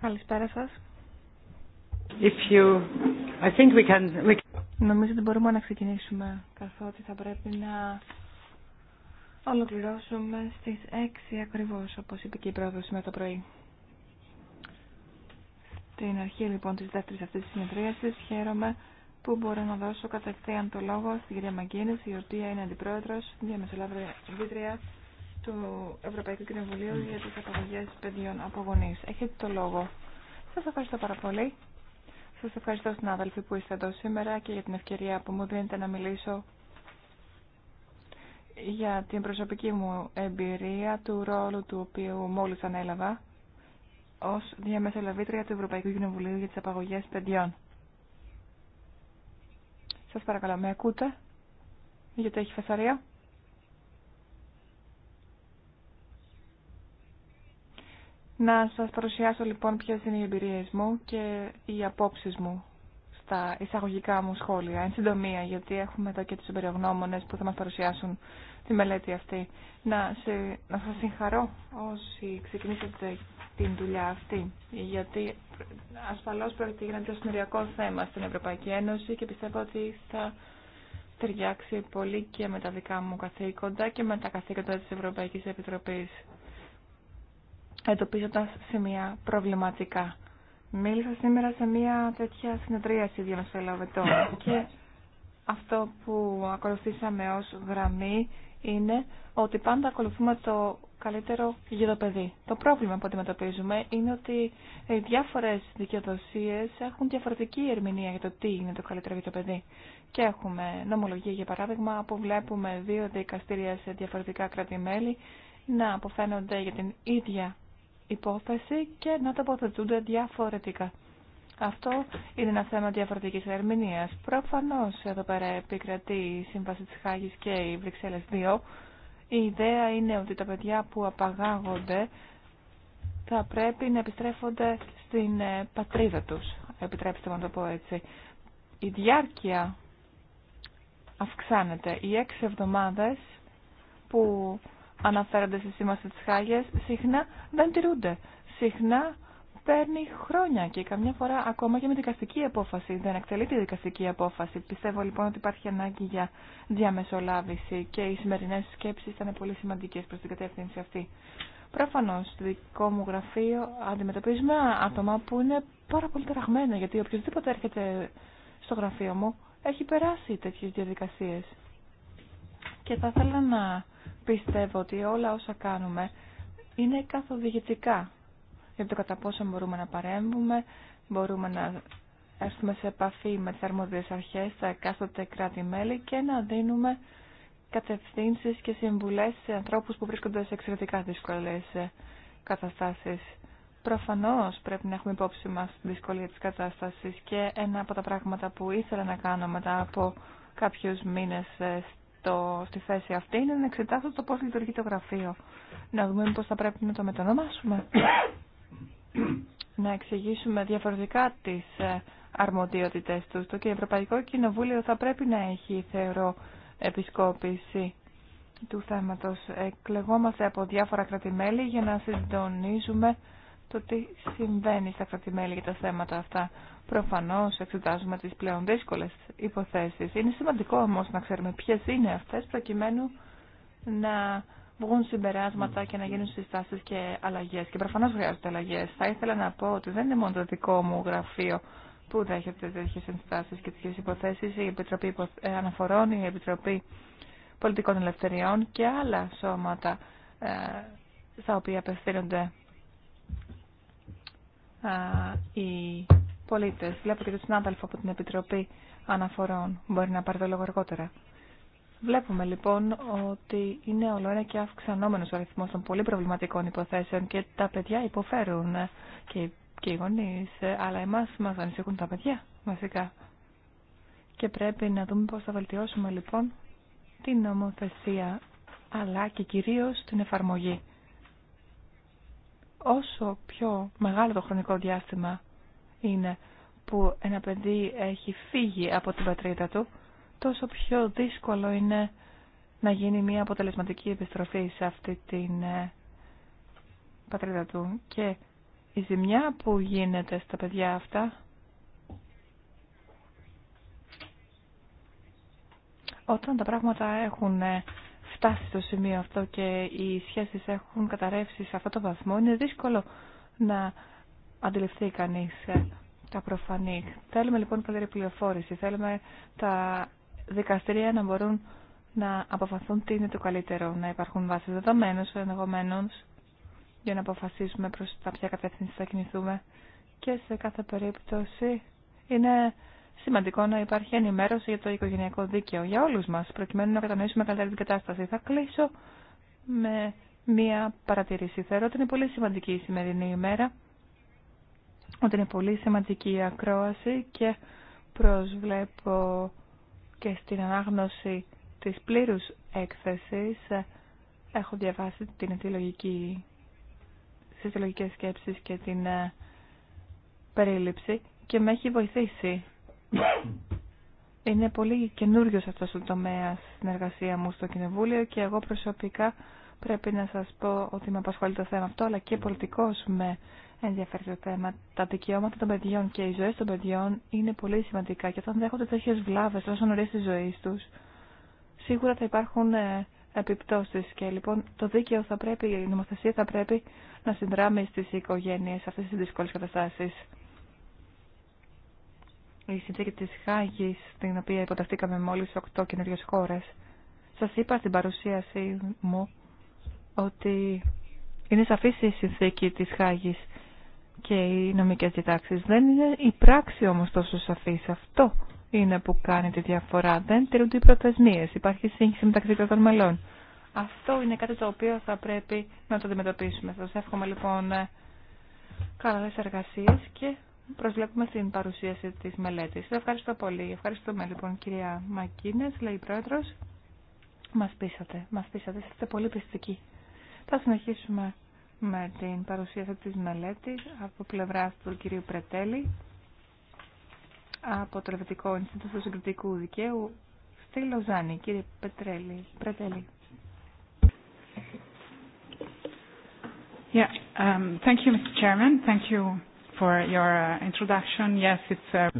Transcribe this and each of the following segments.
Καλησπέρα σας. If you... I think we Νομίζω ότι μπορούμε να ξεκινήσουμε, καθότι θα πρέπει να ολοκληρώσουμε στις 6 ακριβώς, όπως είπε και η πρόεδρος σήμερα το πρωί. Στην αρχή λοιπόν της δεύτερης αυτής της συνεδρίασης χαίρομαι που μπορώ να δώσω κατευθείαν το λόγο στην κυρία Μαγκίνης, η οποία είναι αντιπρόεδρος, διαμεσολάβρια του Ευρωπαϊκού Κοινοβουλίου για τις απαγωγές παιδιών από Έχετε το λόγο. Σας ευχαριστώ πάρα πολύ. Σας ευχαριστώ συνάδελφοι που είστε εδώ σήμερα και για την ευκαιρία που μου δίνετε να μιλήσω για την προσωπική μου εμπειρία του ρόλου του οποίου μόλις ανέλαβα ως διαμεσολαβήτρια του Ευρωπαϊκού Κοινοβουλίου για τι Απαγωγέ παιδιών. Σα παρακαλώ, με ακούτε, γιατί έχει φασαρία. Να σας παρουσιάσω λοιπόν ποιε είναι οι εμπειρίες μου και οι απόψεις μου στα εισαγωγικά μου σχόλια, εν συντομία, γιατί έχουμε εδώ και τους εμπεριογνώμονες που θα μας παρουσιάσουν τη μελέτη αυτή. Να, σε, να σας συγχαρώ όσοι ξεκινήσατε την δουλειά αυτή, γιατί ασφαλώς πρόκειται για ένα θέμα στην Ευρωπαϊκή Ένωση και πιστεύω ότι θα ταιριάξει πολύ και με τα δικά μου καθήκοντα και με τα καθήκοντα της Ευρωπαϊκής Επιτροπής εντοπίζοντας σημεία προβληματικά. Μίλησα σήμερα σε μια τέτοια συνεδρίαση διαμεσολαβητών και αυτό που ακολουθήσαμε ως γραμμή είναι ότι πάντα ακολουθούμε το καλύτερο για το παιδί. Το πρόβλημα που αντιμετωπίζουμε είναι ότι οι διάφορες δικαιοδοσίες έχουν διαφορετική ερμηνεία για το τι είναι το καλύτερο για το παιδί. Και έχουμε νομολογία για παράδειγμα που βλέπουμε δύο δικαστήρια σε διαφορετικά κράτη-μέλη να αποφαίνονται για την ίδια υπόθεση και να τοποθετούνται διαφορετικά. Αυτό είναι ένα θέμα διαφορετική ερμηνεία. Προφανώ εδώ πέρα επικρατεί η Σύμβαση τη Χάγη και η Βρυξέλλε 2. Η ιδέα είναι ότι τα παιδιά που απαγάγονται θα πρέπει να επιστρέφονται στην ε, πατρίδα τους. Επιτρέψτε μου να το πω έτσι. Η διάρκεια αυξάνεται. Οι έξι εβδομάδε που αναφέρονται στη σήμαση της Χάγιας συχνά δεν τηρούνται. Συχνά παίρνει χρόνια και καμιά φορά ακόμα και με δικαστική απόφαση. Δεν εκτελείται η δικαστική απόφαση. Πιστεύω λοιπόν ότι υπάρχει ανάγκη για διαμεσολάβηση και οι σημερινέ σκέψει ήταν πολύ σημαντικέ προ την κατεύθυνση αυτή. Προφανώ, στο δικό μου γραφείο αντιμετωπίζουμε άτομα που είναι πάρα πολύ τραγμένα γιατί οποιοδήποτε έρχεται στο γραφείο μου έχει περάσει τέτοιε διαδικασίε. Και θα ήθελα να πιστεύω ότι όλα όσα κάνουμε είναι καθοδηγητικά για το κατά πόσο μπορούμε να παρέμβουμε, μπορούμε να έρθουμε σε επαφή με τις αρμόδιες αρχές, τα εκάστοτε κράτη-μέλη και να δίνουμε κατευθύνσεις και συμβουλές σε ανθρώπους που βρίσκονται σε εξαιρετικά δύσκολες καταστάσεις. Προφανώς πρέπει να έχουμε υπόψη μας τη δυσκολία της κατάσταση και ένα από τα πράγματα που ήθελα να κάνω μετά από κάποιους μήνες στο, στη θέση αυτή είναι να εξετάσω το πώς λειτουργεί το γραφείο. Να δούμε πώς θα πρέπει να το μετανομάσουμε. να εξηγήσουμε διαφορετικά τις ε, αρμοδιότητες τους. Το Ευρωπαϊκό Κοινοβούλιο θα πρέπει να έχει, θεωρώ, επισκόπηση του θέματος. Εκλεγόμαστε από διάφορα κρατημέλη για να συντονίζουμε το τι συμβαίνει στα κρατημέλη για τα θέματα αυτά. Προφανώς εξετάζουμε τις πλέον δύσκολε υποθέσεις. Είναι σημαντικό όμως να ξέρουμε ποιε είναι αυτές προκειμένου να βγουν συμπεράσματα και να γίνουν συστάσεις και αλλαγέ. Και προφανώς χρειάζονται αλλαγέ. Θα ήθελα να πω ότι δεν είναι μόνο το δικό μου γραφείο που δέχεται τέτοιε συστάσεις και τέτοιε υποθέσεις. Η Επιτροπή ε, Αναφορών, η Επιτροπή Πολιτικών Ελευθεριών και άλλα σώματα ε, στα οποία απευθύνονται οι Βλέπω και τον συνάδελφο από την Επιτροπή Αναφορών. Μπορεί να πάρει το λόγο αργότερα. Βλέπουμε λοιπόν ότι είναι όλο ένα και αυξανόμενο ο αριθμό των πολύ προβληματικών υποθέσεων και τα παιδιά υποφέρουν και, και οι γονεί, αλλά εμά μα ανησυχούν τα παιδιά βασικά. Και πρέπει να δούμε πώ θα βελτιώσουμε λοιπόν την νομοθεσία, αλλά και κυρίως την εφαρμογή. Όσο πιο μεγάλο το χρονικό διάστημα είναι που ένα παιδί έχει φύγει από την πατρίδα του, τόσο πιο δύσκολο είναι να γίνει μια αποτελεσματική επιστροφή σε αυτή την ε, πατρίδα του. Και η ζημιά που γίνεται στα παιδιά αυτά, όταν τα πράγματα έχουν ε, φτάσει στο σημείο αυτό και οι σχέσεις έχουν καταρρεύσει σε αυτό το βαθμό, είναι δύσκολο να αντιληφθεί κανεί ε, τα προφανή. Θέλουμε λοιπόν καλύτερη πληροφόρηση. Θέλουμε τα δικαστηρία να μπορούν να αποφαθούν τι είναι το καλύτερο, να υπάρχουν βάσει δεδομένων ενδεχομένω για να αποφασίσουμε προ τα ποια κατεύθυνση θα κινηθούμε και σε κάθε περίπτωση είναι σημαντικό να υπάρχει ενημέρωση για το οικογενειακό δίκαιο για όλου μα προκειμένου να κατανοήσουμε καλύτερα την κατάσταση. Θα κλείσω με μία παρατηρήση. Θεωρώ ότι είναι πολύ σημαντική η σημερινή ημέρα ότι είναι πολύ σημαντική η ακρόαση και προσβλέπω και στην ανάγνωση της πλήρους έκθεσης έχω διαβάσει την αιτιολογική συστολογικές σκέψεις και την ε, περίληψη και με έχει βοηθήσει. Είναι πολύ καινούριο αυτό το τομέα εργασία μου στο Κοινοβούλιο και εγώ προσωπικά πρέπει να σα πω ότι με απασχολεί το θέμα αυτό, αλλά και πολιτικός με ενδιαφέρει το θέμα. Τα δικαιώματα των παιδιών και οι ζωέ των παιδιών είναι πολύ σημαντικά και όταν δέχονται τέτοιε βλάβε τόσο νωρί τη ζωή του, σίγουρα θα υπάρχουν ε, επιπτώσει. Και λοιπόν το δίκαιο θα πρέπει, η νομοθεσία θα πρέπει να συνδράμει στι οικογένειε αυτέ τι δύσκολε καταστάσει. Η συνθήκη τη Χάγη, την οποία υποταχθήκαμε μόλι 8 καινούριε χώρε, σα είπα στην παρουσίασή μου ότι είναι σαφή η συνθήκη της Χάγης και οι νομικές διδάξεις. Δεν είναι η πράξη όμως τόσο σαφής. Αυτό είναι που κάνει τη διαφορά. Δεν τηρούνται οι προθεσμίες. Υπάρχει σύγχυση μεταξύ των μελών. Αυτό είναι κάτι το οποίο θα πρέπει να το αντιμετωπίσουμε. Σα εύχομαι λοιπόν ε, καλέ εργασίε και προσβλέπουμε στην παρουσίαση τη μελέτη. Σα ευχαριστώ πολύ. Ευχαριστούμε λοιπόν κυρία Μακίνε, λέει η πρόεδρο. Μα πείσατε, μας πείσατε, είστε πολύ πιστικοί. Θα συνεχίσουμε με την παρουσίαση της μελέτης από πλευράς του κυρίου Πρετέλη από το Ελβετικό Ινστιτούτο Συγκριτικού Δικαίου στη Λοζάνη. Κύριε Πετρέλη, Πρετέλη.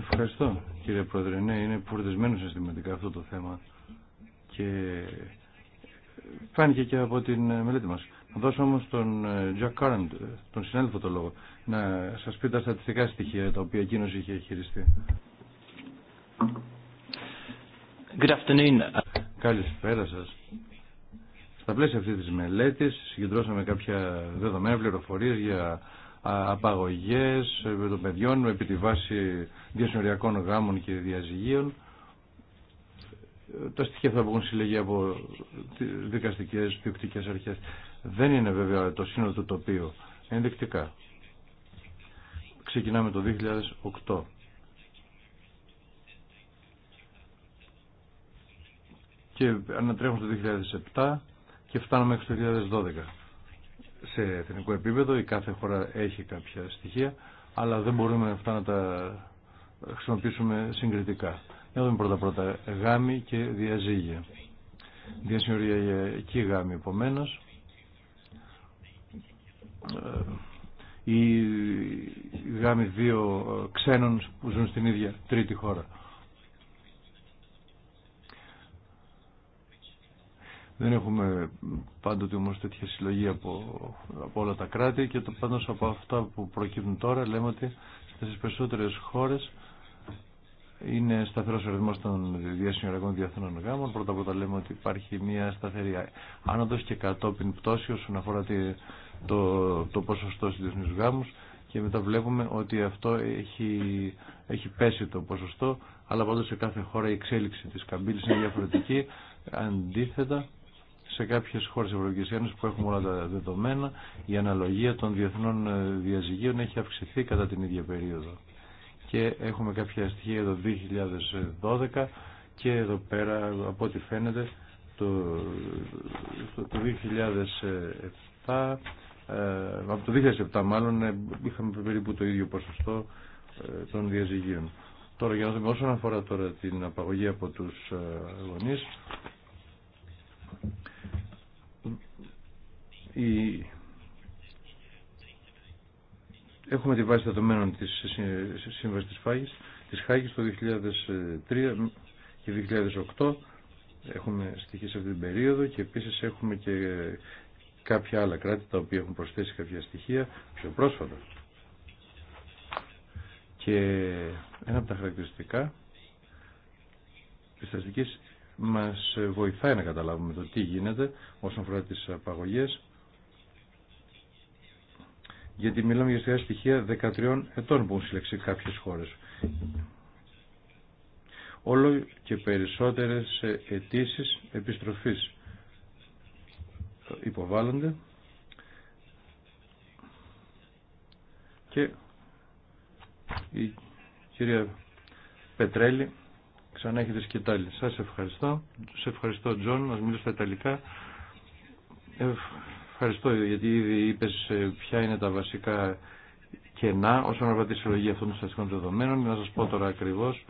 Ευχαριστώ, κύριε Πρόεδρε. Ναι, είναι φορτισμένο συστηματικά αυτό το θέμα και φάνηκε και από την ε, μελέτη μας. Θα δώσω όμω τον ε, Jack Current, ε, τον συνέλφο το λόγο, να σα πει τα στατιστικά στοιχεία τα οποία εκείνο είχε χειριστεί. Good afternoon. Καλησπέρα σα. Στα πλαίσια αυτή τη μελέτη συγκεντρώσαμε κάποια δεδομένα, πληροφορίε για απαγωγέ ε, των παιδιών με τη βάση διασυνοριακών γάμων και διαζυγίων. Τα στοιχεία θα βγουν συλλεγεί από δικαστικέ, ποιοκτικέ αρχέ. Δεν είναι βέβαια το σύνολο του τοπίου. Ενδεικτικά. Ξεκινάμε το 2008. Και ανατρέχουμε το 2007 και φτάνουμε μέχρι το 2012. Σε εθνικό επίπεδο η κάθε χώρα έχει κάποια στοιχεία, αλλά δεν μπορούμε αυτά να τα χρησιμοποιήσουμε συγκριτικά. Να δούμε πρώτα πρώτα γάμοι και διαζύγια. Διασυνοριακή γάμοι επομένω ή ε, γάμοι δύο ε, ξένων που ζουν στην ίδια τρίτη χώρα. Δεν έχουμε πάντοτε όμως τέτοια συλλογή από, από όλα τα κράτη και το πάντως από αυτά που προκύπτουν τώρα λέμε ότι στις περισσότερες χώρες είναι σταθερό ο ρυθμό των διασυνοριακών διεθνών γάμων. Πρώτα απ' όλα λέμε ότι υπάρχει μια σταθερή άνοδος και κατόπιν πτώση όσον αφορά το, το ποσοστό στις διεθνείς γάμους και μετά βλέπουμε ότι αυτό έχει, έχει πέσει το ποσοστό αλλά πάντως σε κάθε χώρα η εξέλιξη της καμπύλης είναι διαφορετική αντίθετα σε κάποιες χώρες της Ευρωπαϊκής Ένωσης που έχουμε όλα τα δεδομένα η αναλογία των διεθνών ε, διαζυγίων έχει αυξηθεί κατά την ίδια περίοδο και έχουμε κάποια στοιχεία το 2012 και εδώ πέρα από ό,τι φαίνεται το, το, το 2007 ε, από το 2007 μάλλον ε, είχαμε περίπου το ίδιο ποσοστό ε, των διαζυγίων. Τώρα για να δούμε όσον αφορά τώρα την απαγωγή από τους γονείς έχουμε τη βάση δεδομένων της Σύμβασης της Φάγης της Χάγης το 2003 και 2008 έχουμε στοιχεία σε αυτή την περίοδο και επίσης έχουμε και κάποια άλλα κράτη τα οποία έχουν προσθέσει κάποια στοιχεία πιο πρόσφατα. Και ένα από τα χαρακτηριστικά της μας βοηθάει να καταλάβουμε το τι γίνεται όσον αφορά τις απαγωγές γιατί μιλάμε για στοιχεία στοιχεία 13 ετών που έχουν συλλεξεί κάποιες χώρες. Όλο και περισσότερες αιτήσει επιστροφής υποβάλλονται και η κυρία Πετρέλη ξανά έχει τη σκητάλη. Σας ευχαριστώ. Σε ευχαριστώ Τζον, μας μιλήσω Ιταλικά. Ευχαριστώ γιατί ήδη είπες ε, ποια είναι τα βασικά κενά όσον αφορά τη συλλογή αυτών των στατιστικών δεδομένων. Να σας πω τώρα ακριβώς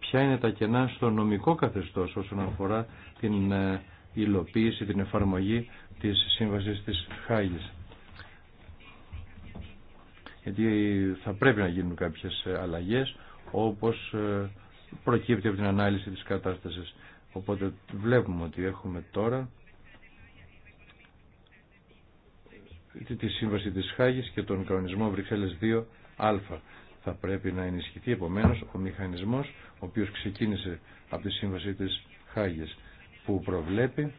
ποια είναι τα κενά στο νομικό καθεστώς όσον αφορά την ε, υλοποίηση, την εφαρμογή της Σύμβασης της Χάγης. Γιατί θα πρέπει να γίνουν κάποιες αλλαγές όπως ε, προκύπτει από την ανάλυση της κατάστασης. Οπότε βλέπουμε ότι έχουμε τώρα τη Σύμβαση της Χάγης και τον κανονισμό Βρυξέλλες 2α. Θα πρέπει να ενισχυθεί επομένως ο μηχανισμός ο οποίος ξεκίνησε από τη Σύμβαση της Χάγης που προβλέπει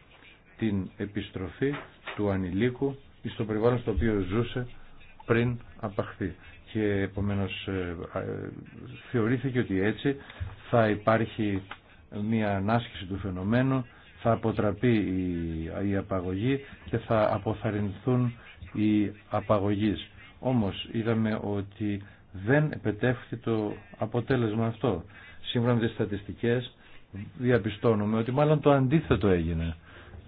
την επιστροφή του ανηλίκου στο περιβάλλον στο οποίο ζούσε πριν απαχθεί. Και επομένως ε, ε, θεωρήθηκε ότι έτσι θα υπάρχει μια ανάσχεση του φαινομένου, θα αποτραπεί η απαγωγή και θα αποθαρρυνθούν οι απαγωγείς. Όμως είδαμε ότι δεν επετεύχθη το αποτέλεσμα αυτό. Σύμφωνα με τις στατιστικές διαπιστώνουμε ότι μάλλον το αντίθετο έγινε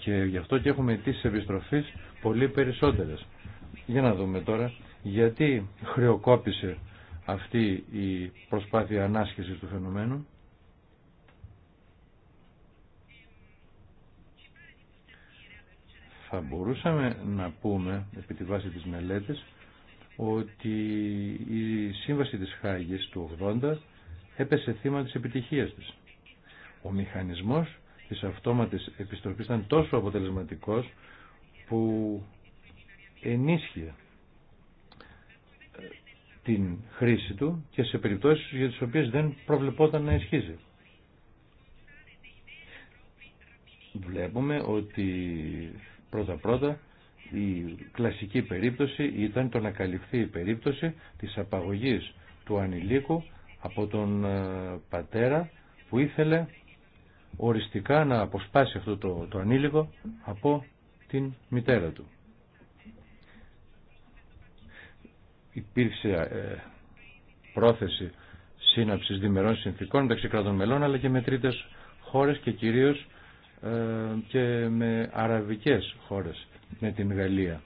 και γι' αυτό και έχουμε τις επιστροφής πολύ περισσότερες. Για να δούμε τώρα γιατί χρεοκόπησε αυτή η προσπάθεια ανάσχεσης του φαινομένου. Θα μπορούσαμε να πούμε, επί τη βάση της μελέτης, ότι η σύμβαση της Χάγης του 80 έπεσε θύμα της επιτυχίας της. Ο μηχανισμός της αυτόματης επιστροφής ήταν τόσο αποτελεσματικός που ενίσχυε ε, την χρήση του και σε περιπτώσεις για τις οποίες δεν προβλεπόταν να ισχύζει. Βλέπουμε ότι πρώτα-πρώτα η κλασική περίπτωση ήταν το να καλυφθεί η περίπτωση της απαγωγής του ανηλίκου από τον ε, πατέρα που ήθελε οριστικά να αποσπάσει αυτό το, το ανήλικο από την μητέρα του. Υπήρξε ε, πρόθεση σύναψης διμερών συνθήκων μεταξύ κρατών μελών αλλά και με τρίτες χώρες και κυρίως ε, και με αραβικές χώρες με την Γαλλία.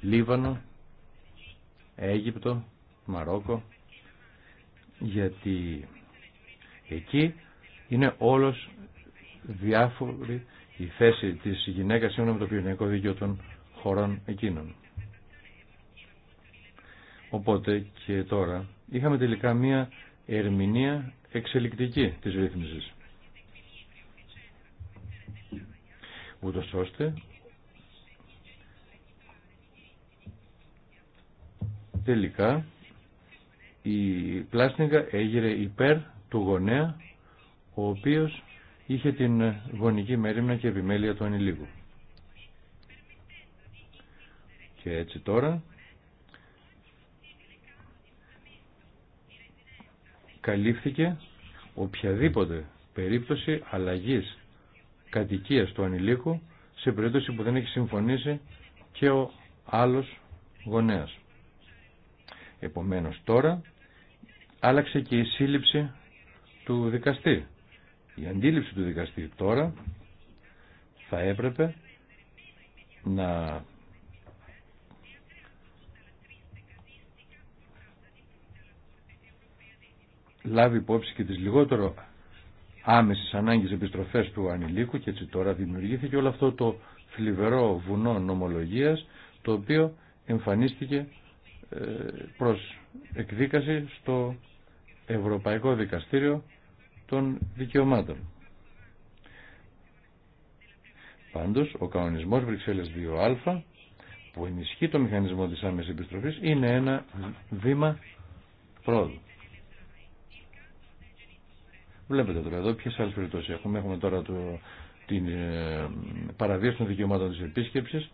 Λίβανο, Αίγυπτο, Μαρόκο γιατί εκεί είναι όλος διάφορη η θέση της γυναίκας σύμφωνα με το ποινικό δίκαιο των χωρών εκείνων. Οπότε και τώρα είχαμε τελικά μία ερμηνεία εξελικτική της ρύθμισης. Ούτως ώστε τελικά η πλάστιγκα έγινε υπέρ του γονέα ο οποίος είχε την γονική μέρημνα και επιμέλεια του ανηλίκου. Και έτσι τώρα καλύφθηκε οποιαδήποτε περίπτωση αλλαγής κατοικίας του ανηλίκου σε περίπτωση που δεν έχει συμφωνήσει και ο άλλος γονέας. Επομένως τώρα άλλαξε και η σύλληψη του δικαστή η αντίληψη του δικαστή τώρα θα έπρεπε να λάβει υπόψη και τις λιγότερο άμεσες ανάγκες επιστροφές του ανηλίκου και έτσι τώρα δημιουργήθηκε όλο αυτό το θλιβερό βουνό νομολογίας το οποίο εμφανίστηκε ε, προς εκδίκαση στο Ευρωπαϊκό Δικαστήριο των δικαιωμάτων. Πάντως, ο κανονισμός Βρυξέλλες 2α που ενισχύει το μηχανισμό της άμεσης επιστροφής είναι ένα βήμα πρόοδου. Βλέπετε τώρα εδώ ποιες άλλες περιπτώσεις έχουμε. Έχουμε τώρα το, την ε, παραβίαση των δικαιωμάτων της επίσκεψη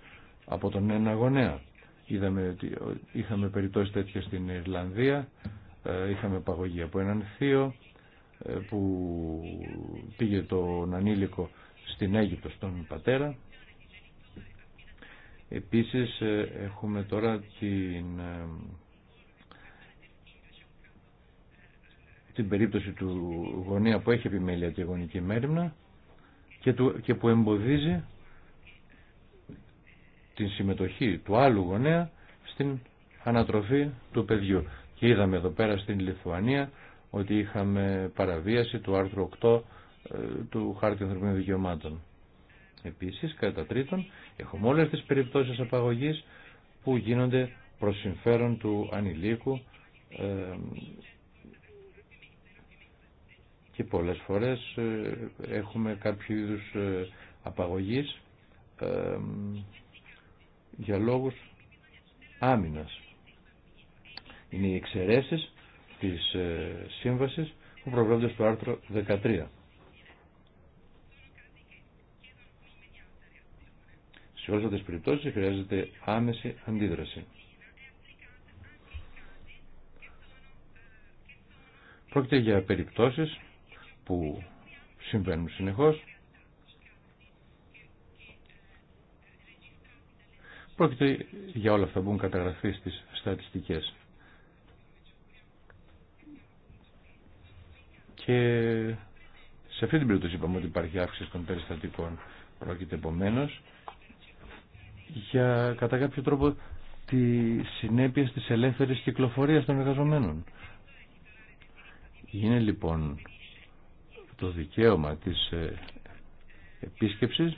από τον ένα γονέα. Είδαμε ότι ε, είχαμε περιπτώσεις τέτοιες στην Ιρλανδία, ε, είχαμε παγωγή από έναν θείο, ε, που πήγε τον ανήλικο στην Αίγυπτο στον πατέρα. Επίσης ε, έχουμε τώρα την, ε, την περίπτωση του γονέα που έχει επιμέλεια και γονική μέρημνα και, και που εμποδίζει την συμμετοχή του άλλου γονέα στην ανατροφή του παιδιού. Και είδαμε εδώ πέρα στην Λιθουανία ότι είχαμε παραβίαση του άρθρου 8 ε, του Χάρτη Ανθρωπίνων Δικαιωμάτων. Επίσης, κατά τρίτον, έχουμε όλες τις περιπτώσεις απαγωγής που γίνονται προς συμφέρον του ανηλίκου ε, και πολλές φορές ε, έχουμε κάποιο είδους απαγωγής για λόγους άμυνας. Είναι οι εξαιρέσεις της ε, σύμβασης που προβλέπονται στο άρθρο 13. Σε όλες αυτές τις περιπτώσεις χρειάζεται άμεση αντίδραση. Πρόκειται για περιπτώσεις που συμβαίνουν συνεχώς. Πρόκειται για όλα αυτά που έχουν καταγραφεί στις στατιστικές. και σε αυτή την περίπτωση είπαμε ότι υπάρχει αύξηση των περιστατικών. Πρόκειται επομένω για κατά κάποιο τρόπο τη συνέπεια της ελεύθερης κυκλοφορίας των εργαζομένων. Είναι λοιπόν το δικαίωμα της ε, επίσκεψης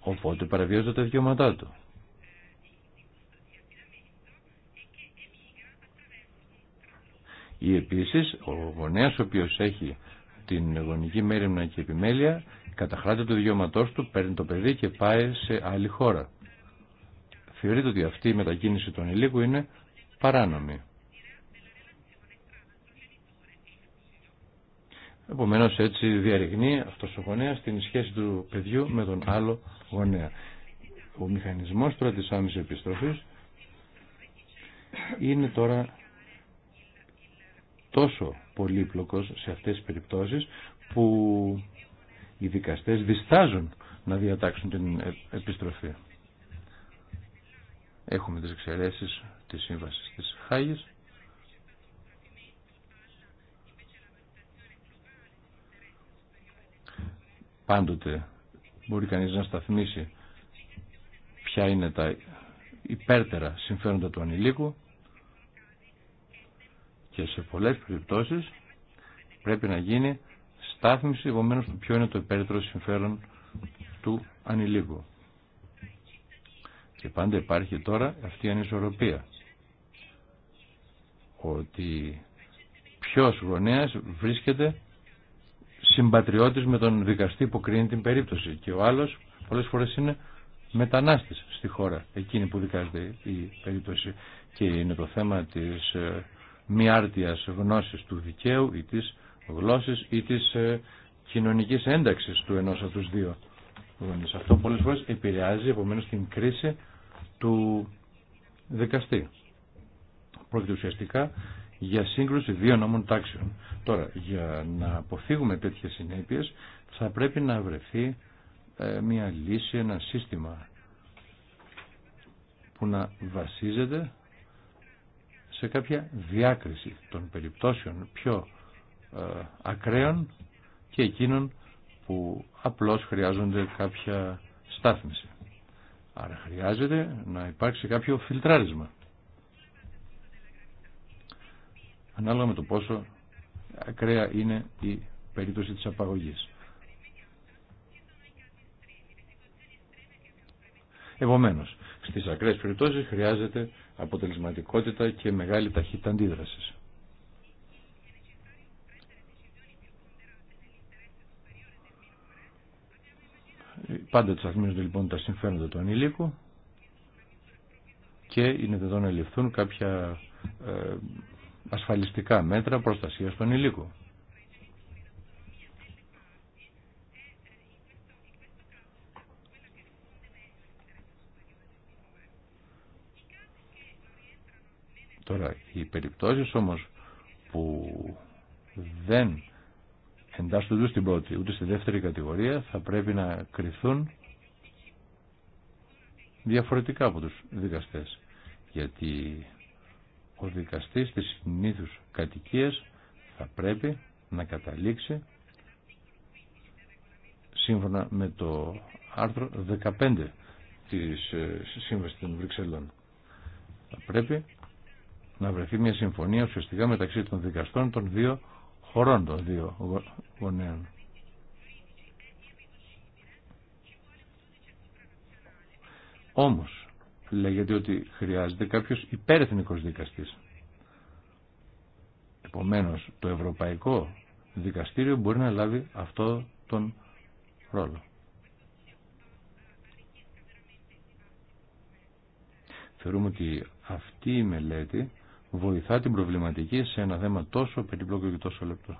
οπότε παραβιάζονται τα δικαιώματά του. Ή επίσης ο γονέας ο οποίος έχει την γονική μέρημνα και επιμέλεια καταχράται του δικαιώματός του, παίρνει το παιδί και πάει σε άλλη χώρα. Θεωρείται ότι αυτή η μετακίνηση των ελίκου είναι παράνομη. Επομένως έτσι διαρριγνεί αυτός ο γονέας την σχέση το παιδιού με τον άλλο γονέα. Ο μηχανισμός τώρα της άμεσης επιστροφής είναι τώρα τόσο πολύπλοκος σε αυτές τις περιπτώσεις που οι δικαστές διστάζουν να διατάξουν την ε, επιστροφή. Έχουμε τις εξαιρέσεις της σύμβασης της Χάγης πάντοτε μπορεί κανείς να σταθμίσει ποια είναι τα υπέρτερα συμφέροντα του ανηλίκου και σε πολλές περιπτώσεις πρέπει να γίνει στάθμιση επομένως του ποιο είναι το υπέρτερο συμφέρον του ανηλίκου. Και πάντα υπάρχει τώρα αυτή η ανισορροπία. Ότι ποιος γονέας βρίσκεται συμπατριώτης με τον δικαστή που κρίνει την περίπτωση και ο άλλος πολλές φορές είναι μετανάστης στη χώρα εκείνη που δικάζεται η περίπτωση και είναι το θέμα της ε, μη άρτιας γνώσης του δικαίου ή της γλώσσης ή της ε, κοινωνικής ένταξης του ενός από τους δύο γονείς. Αυτό πολλές φορές επηρεάζει επομένως την κρίση του δικαστή. Πρόκειται ουσιαστικά για σύγκρουση δύο νόμων τάξεων. Τώρα, για να αποφύγουμε τέτοιες συνέπειες θα πρέπει να βρεθεί ε, μια λύση, ένα σύστημα που να βασίζεται σε κάποια διάκριση των περιπτώσεων πιο ε, ακραίων και εκείνων που απλώς χρειάζονται κάποια στάθμιση. Άρα χρειάζεται να υπάρξει κάποιο φιλτράρισμα. Ανάλογα με το πόσο ακραία είναι η περίπτωση της απαγωγής. Επομένως, στις ακραίες περιπτώσεις χρειάζεται αποτελεσματικότητα και μεγάλη ταχύτητα αντίδρασης. Πάντα τσαθμίζονται λοιπόν τα συμφέροντα του ανηλίκου και είναι δεδομένο να ληφθούν κάποια ε, ασφαλιστικά μέτρα προστασίας του ανηλίκου. Τώρα, οι περιπτώσεις όμως που δεν εντάσσονται ούτε στην πρώτη ούτε στη δεύτερη κατηγορία θα πρέπει να κριθούν διαφορετικά από τους δικαστές γιατί ο δικαστής της συνήθους κατοικίας θα πρέπει να καταλήξει σύμφωνα με το άρθρο 15 της ε, Σύμβασης των Βρυξελών. Θα πρέπει να βρεθεί μια συμφωνία ουσιαστικά μεταξύ των δικαστών των δύο χωρών των δύο γονέων. Όμως, λέγεται ότι χρειάζεται κάποιος υπέρεθνικος δικαστής. Επομένως, το Ευρωπαϊκό Δικαστήριο μπορεί να λάβει αυτό τον ρόλο. Θεωρούμε ότι αυτή η μελέτη βοηθά την προβληματική σε ένα θέμα τόσο περιπλόκο και τόσο λεπτό.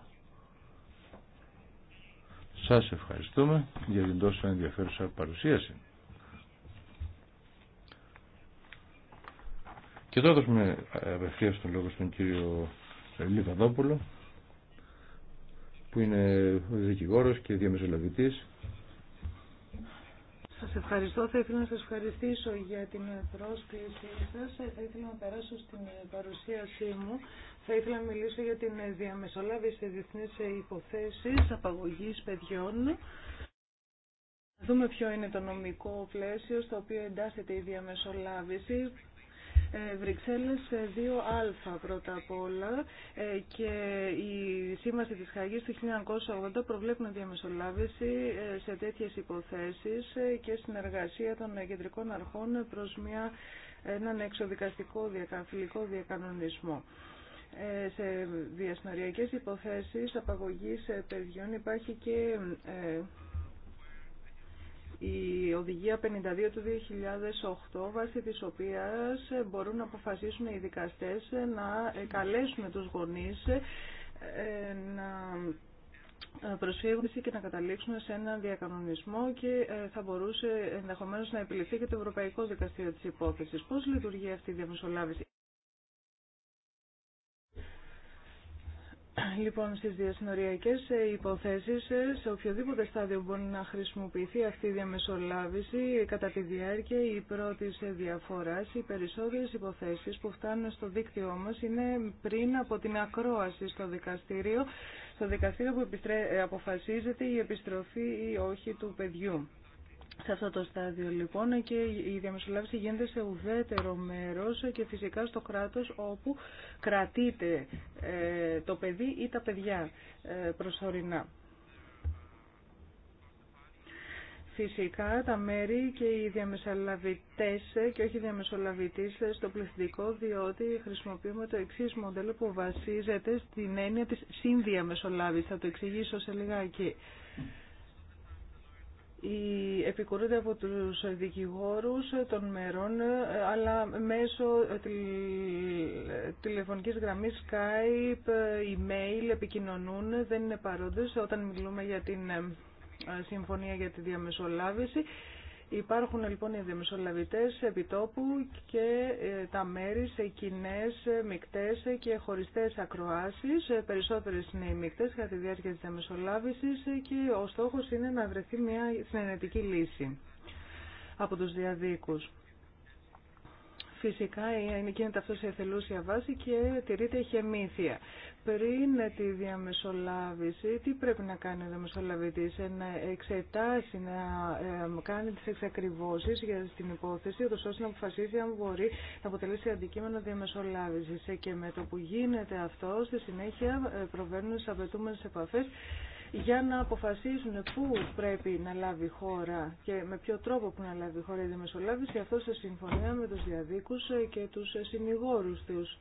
Σας ευχαριστούμε για την τόσο ενδιαφέρουσα παρουσίαση. Και τώρα δώσουμε απευθείας τον λόγο στον κύριο Λιβαδόπουλο που είναι δικηγόρος και διαμεσολαβητής σας ευχαριστώ. Θα ήθελα να σας ευχαριστήσω για την πρόσκλησή σας. Θα ήθελα να περάσω στην παρουσίασή μου. Θα ήθελα να μιλήσω για την διαμεσολάβηση σε διεθνείς υποθέσεις απαγωγής παιδιών. Δούμε ποιο είναι το νομικό πλαίσιο στο οποίο εντάσσεται η διαμεσολάβηση, ε, Βρυξέλλες 2α ε, πρώτα απ' όλα ε, και η σήμαση της Χαγής του 1980 προβλέπουν διαμεσολάβηση σε τέτοιες υποθέσεις και συνεργασία των κεντρικών αρχών προς μια, έναν εξοδικαστικό φιλικό διακανονισμό σε διασυνοριακές υποθέσεις απαγωγής παιδιών υπάρχει και η Οδηγία 52 του 2008, βάσει της οποίας μπορούν να αποφασίσουν οι δικαστές να καλέσουν τους γονείς ε, να προσφύγουν και να καταλήξουν σε έναν διακανονισμό και ε, θα μπορούσε ενδεχομένως να επιληθεί και το Ευρωπαϊκό Δικαστήριο της Υπόθεσης. Πώς λειτουργεί αυτή η διαμεσολάβηση. Λοιπόν, στις διασυνοριακές ε, υποθέσεις, ε, σε οποιοδήποτε στάδιο μπορεί να χρησιμοποιηθεί αυτή η διαμεσολάβηση, ε, κατά τη διάρκεια ή πρώτης διαφοράς, οι περισσότερες υποθέσεις που φτάνουν στο δίκτυό μας είναι πριν από την ακρόαση στο δικαστήριο, στο δικαστήριο που αποφασίζεται η πρώτη διαφορας οι περισσοτερες υποθεσεις που φτανουν στο δικτυο ή όχι του παιδιού σε αυτό το στάδιο λοιπόν και η διαμεσολάβηση γίνεται σε ουδέτερο μέρος και φυσικά στο κράτος όπου κρατείται ε, το παιδί ή τα παιδιά ε, προσωρινά. Φυσικά τα μέρη και οι διαμεσολαβητές και όχι οι διαμεσολαβητής στο πληθυντικό διότι χρησιμοποιούμε το εξή μοντέλο που βασίζεται στην έννοια της συνδιαμεσολάβησης. Θα το εξηγήσω σε λιγάκι η επικουρούνται από τους δικηγόρους των μερών, αλλά μέσω τηλεφωνικής γραμμής Skype, email επικοινωνούν, δεν είναι παρόντες όταν μιλούμε για την ε, Συμφωνία για τη Διαμεσολάβηση. Υπάρχουν λοιπόν οι διαμεσολαβητές επιτόπου και ε, τα μέρη σε κοινέ ε, μικτές και χωριστές ακροάσεις. Ε, περισσότερες είναι οι μικτές κατά τη διάρκεια της και ο στόχος είναι να βρεθεί μια συνενετική λύση από τους διαδίκους. Φυσικά γίνεται αυτό σε εθελούσια βάση και τηρείται χεμήθεια. Πριν τη διαμεσολάβηση, τι πρέπει να κάνει ο διαμεσολαβητής, ε, να εξετάσει, να ε, κάνει τις εξακριβώσεις για την υπόθεση, ώστε να αποφασίσει αν μπορεί να αποτελέσει αντικείμενο διαμεσολάβησης. Ε, και με το που γίνεται αυτό, στη συνέχεια προβαίνουν στις απαιτούμενες επαφές για να αποφασίσουν πού πρέπει να λάβει χώρα και με ποιο τρόπο που να λάβει η χώρα η διαμεσολάβηση, αυτό σε συμφωνία με τους διαδίκους και τους συνηγόρους τους.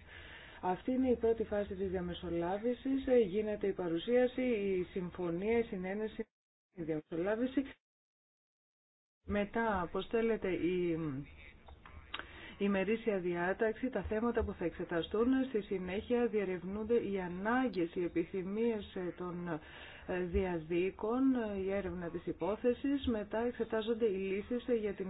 Αυτή είναι η πρώτη φάση της διαμεσολάβησης, γίνεται η παρουσίαση, η συμφωνία, η συνένεση, η διαμεσολάβηση. Μετά αποστέλλεται η ημερήσια διάταξη, τα θέματα που θα εξεταστούν, στη συνέχεια διερευνούνται οι ανάγκες, οι επιθυμίες των διαδίκων η έρευνα της υπόθεσης, μετά εξετάζονται οι λύσεις για την,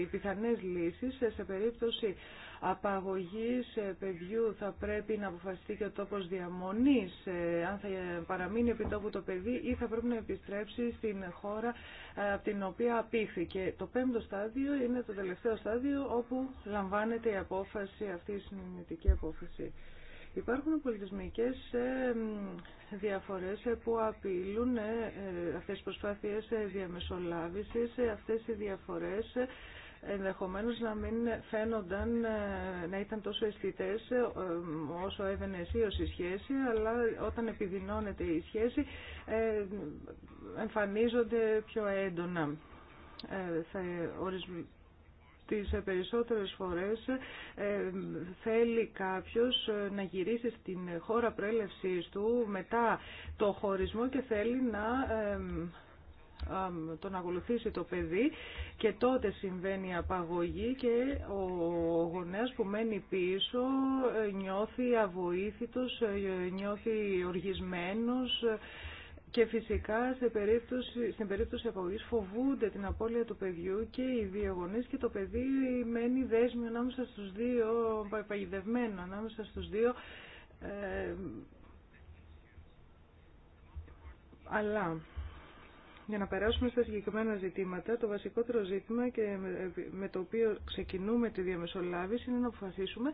οι πιθανές λύσεις σε περίπτωση απαγωγής παιδιού θα πρέπει να αποφασιστεί και ο τόπος διαμονής ε, αν θα παραμείνει επί τόπου το παιδί ή θα πρέπει να επιστρέψει στην χώρα ε, από την οποία απήχθηκε. Το πέμπτο στάδιο είναι το τελευταίο στάδιο όπου λαμβάνεται η απόφαση αυτή η συνειδητική απόφαση. Υπάρχουν πολιτισμικές ε, διαφορές ε, που απειλούν ε, αυτές τις προσπάθειες διαμεσολάβησης, αυτές οι διαφορές ενδεχομένως να μην φαίνονταν να ήταν τόσο αισθητέ όσο έβαινε αισίως η σχέση, αλλά όταν επιδεινώνεται η σχέση εμφανίζονται πιο έντονα. Θα τις περισσότερες φορές ε, θέλει κάποιος να γυρίσει στην χώρα πρέλευσης του μετά το χωρισμό και θέλει να τον ακολουθήσει το παιδί και τότε συμβαίνει η απαγωγή και ο γονέας που μένει πίσω ε, νιώθει αβοήθητος, ε, νιώθει οργισμένος, και φυσικά σε περίπτωση, στην περίπτωση απαγωγής φοβούνται την απώλεια του παιδιού και οι δύο γονείς και το παιδί μένει δέσμιο ανάμεσα στους δύο, παγιδευμένο ανάμεσα στους δύο. Ε, αλλά για να περάσουμε στα συγκεκριμένα ζητήματα, το βασικότερο ζήτημα και με το οποίο ξεκινούμε τη διαμεσολάβηση είναι να αποφασίσουμε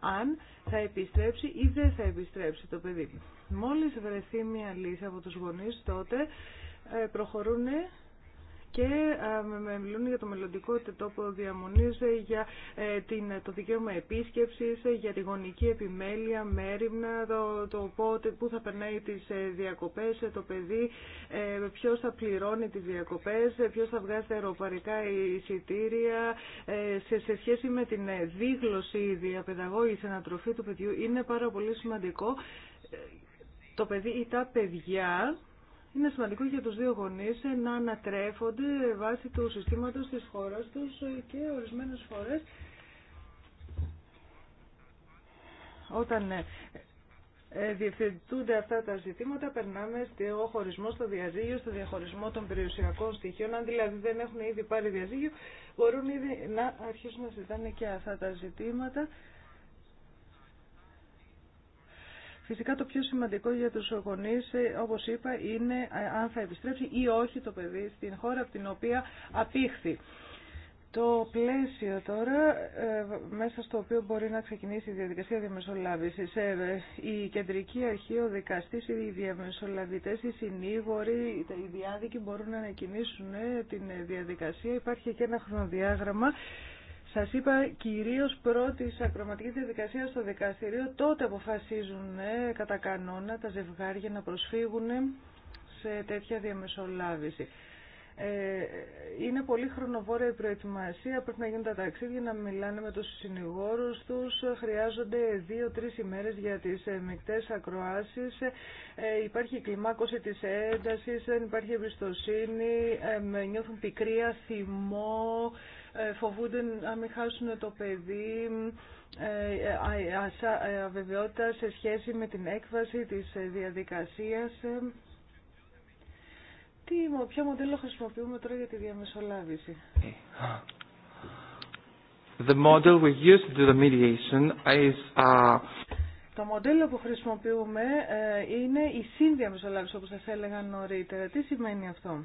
αν θα επιστρέψει ή δεν θα επιστρέψει το παιδί. Μόλις βρεθεί μια λύση από τους γονείς τότε ε, προχωρούν και μιλούν για το μελλοντικό τόπο διαμονής, ε, για ε, το δικαίωμα επίσκεψης, ε, για τη γονική επιμέλεια, μέρημνα, το, το πότε, πού θα περνάει τις διακοπές, το παιδί, ποιος θα πληρώνει τις διακοπές, ποιος θα βγάζει τα αεροπαρικά εισιτήρια, σε, σε σχέση με την δίγλωση, η διαπαιδαγώγηση, η ανατροφή του παιδιού, είναι πάρα πολύ σημαντικό το παιδί ή τα παιδιά είναι σημαντικό για τους δύο γονείς να ανατρέφονται βάσει του συστήματος της χώρας τους και ορισμένες φορές όταν ε, ε, διευθυντούνται αυτά τα ζητήματα, περνάμε στο χωρισμό, στο διαζύγιο, στο διαχωρισμό των περιουσιακών στοιχείων. Αν δηλαδή δεν έχουν ήδη πάρει διαζύγιο, μπορούν ήδη να αρχίσουν να συζητάνε και αυτά τα ζητήματα. Φυσικά το πιο σημαντικό για τους γονείς, ε, όπως είπα, είναι ε, αν θα επιστρέψει ή όχι το παιδί στην χώρα από την οποία απήχθη. Το πλαίσιο τώρα, ε, μέσα στο οποίο μπορεί να ξεκινήσει η διαδικασία διαμεσολάβησης, η κεντρική αρχή, ο δικαστής, οι διαμεσολαβητές, οι συνήγοροι, οι διάδικοι μπορούν να ανακοινήσουν την διαδικασία. Υπάρχει και ένα χρονοδιάγραμμα Σα είπα κυρίως πρώτης ακροματική διαδικασίας στο δικαστήριο, τότε αποφασίζουν ε, κατά κανόνα τα ζευγάρια να προσφύγουν σε τέτοια διαμεσολάβηση. Ε, είναι πολύ χρονοβόρα η προετοιμασία, πρέπει να γίνουν τα ταξίδια, να μιλάνε με τους συνηγόρους τους, χρειάζονται δύο-τρεις ημέρες για τις ε, μεικτές ακροάσεις, ε, υπάρχει κλιμάκωση της έντασης, δεν υπάρχει εμπιστοσύνη, νιώθουν πικρία, θυμό, ε, φοβούνται να μην χάσουν το παιδί, ε, ε, αβεβαιότητα σε σχέση με την έκβαση της διαδικασίας. Τι, ποιο μοντέλο χρησιμοποιούμε τώρα για τη διαμεσολάβηση. The model we use to do the mediation is, a. Uh, το μοντέλο που χρησιμοποιούμε είναι η σύνδια μεσολάβηση, όπως σας έλεγα νωρίτερα. Τι σημαίνει αυτό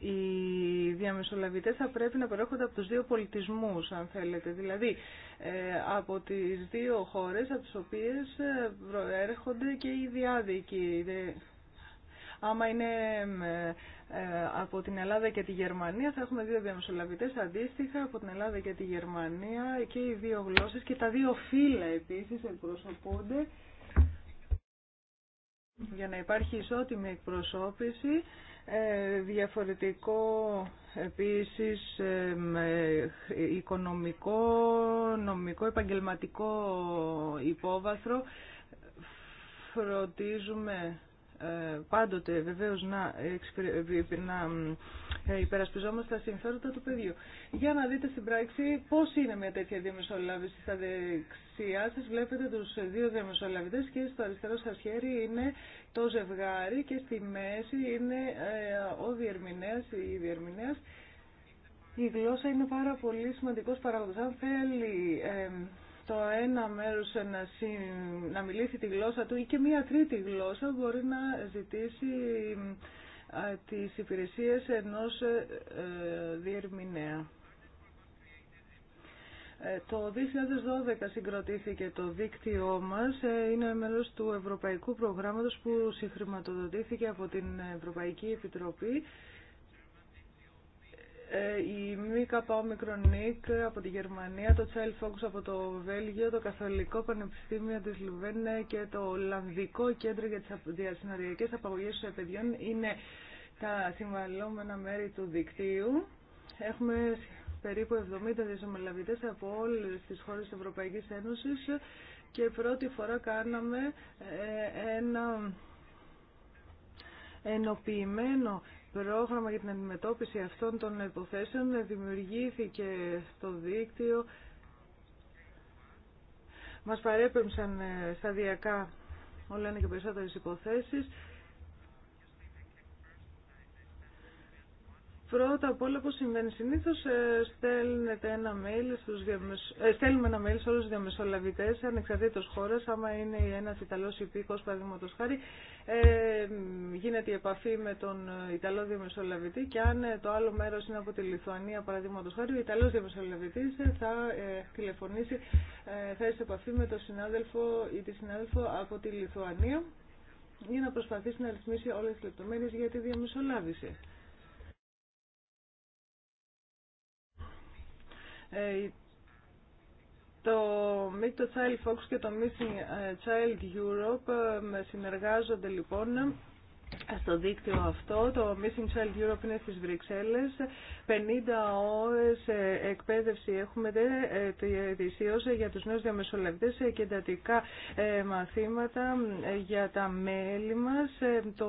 οι διαμεσολαβητές θα πρέπει να προέρχονται από τους δύο πολιτισμούς, αν θέλετε. Δηλαδή, ε, από τις δύο χώρες από τις οποίες ε, προέρχονται και οι διάδικοι. Άμα είναι ε, από την Ελλάδα και τη Γερμανία θα έχουμε δύο διαμεσολαβητές αντίστοιχα από την Ελλάδα και τη Γερμανία και οι δύο γλώσσες και τα δύο φύλλα επίσης εκπροσωπούνται για να υπάρχει ισότιμη εκπροσώπηση ε, διαφορετικό επίσης ε, οικονομικό, νομικό, επαγγελματικό υπόβαθρο. Φροντίζουμε ε, πάντοτε βεβαίως να, να ε, υπερασπιζόμαστε τα συμφέροντα του παιδιού. Για να δείτε στην πράξη πώς είναι μια τέτοια διαμεσολάβηση. Στα δεξιά σα βλέπετε τους δύο διαμεσολάβητέ και στο αριστερό σα χέρι είναι το ζευγάρι και στη μέση είναι ε, ο διερμηνέας ή η διερμηνέας. Η γλώσσα είναι πάρα πολύ σημαντικός παράγοντας. Αν θέλει το ένα μέρος να μιλήσει τη γλώσσα του ή και μία τρίτη γλώσσα μπορεί να ζητήσει της υπηρεσίας ενός ε, ε, διερμηνέα. Ε, το 2012 συγκροτήθηκε το δίκτυό μας, είναι μέλος του Ευρωπαϊκού Προγράμματος που συγχρηματοδοτήθηκε από την Ευρωπαϊκή Επιτροπή ε, η ΜΚΑ Μικρονίκ από τη Γερμανία, το Child Focus από το Βέλγιο, το Καθολικό Πανεπιστήμιο της Λουβέν και το Ολλανδικό Κέντρο για τις Διασυνοριακές Απαγωγές των Παιδιών είναι τα συμβαλλόμενα μέρη του δικτύου. Έχουμε περίπου 70 διασωμελαβητές από όλες τις χώρες της Ευρωπαϊκής Ένωσης και πρώτη φορά κάναμε ε, ένα ενοποιημένο πρόγραμμα για την αντιμετώπιση αυτών των υποθέσεων δημιουργήθηκε στο δίκτυο. Μας παρέπεμψαν ε, σταδιακά όλα είναι και περισσότερες υποθέσεις. Πρώτα απ' όλα, όπως συμβαίνει συνήθως, ε, ένα mail στους ε, στέλνουμε ένα mail σε όλους τους διαμεσολαβητές, ανεξαρτήτως χώρας, άμα είναι ένας Ιταλός υπήκος, παραδείγματο χάρη, ε, γίνεται η επαφή με τον ε, Ιταλό διαμεσολαβητή και αν το άλλο μέρος είναι από τη Λιθουανία, παραδείγματο χάρη, ο Ιταλός διαμεσολαβητής θα ε, τηλεφωνήσει, ε, θα έρθει επαφή με τον συνάδελφο ή τη συνάδελφο από τη Λιθουανία για να προσπαθήσει να ρυθμίσει όλες τις λεπτομέρειες για τη διαμεσολάβηση. Ε, το Meet the Child Fox και το Missing ε, Child Europe ε, συνεργάζονται λοιπόν στο δίκτυο αυτό. Το Missing Child Europe είναι στις Βρυξέλλες. 50 ώρες εκπαίδευση έχουμε δυσίως για τους νέους διαμεσολαβητές και εντατικά μαθήματα για τα μέλη μας. Το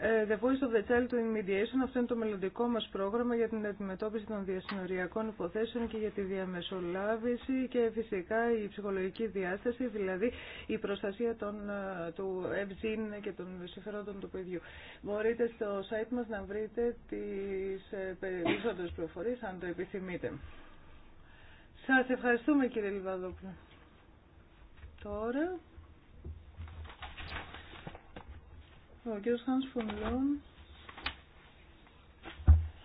ε, the Voice of the Child in Mediation, αυτό είναι το μελλοντικό μας πρόγραμμα για την αντιμετώπιση των διασυνοριακών υποθέσεων και για τη διαμεσολάβηση και φυσικά η ψυχολογική διάσταση, δηλαδή η προστασία των, ε, του ευζήν και των συμφερόντων του παιδιού. Μπορείτε στο site μας να βρείτε τις ε, περισσότερες πληροφορίες αν το επιθυμείτε. Σας ευχαριστούμε κύριε Λιβαδόπουλο. Τώρα... Ο κ. Χάνς Φουνλούν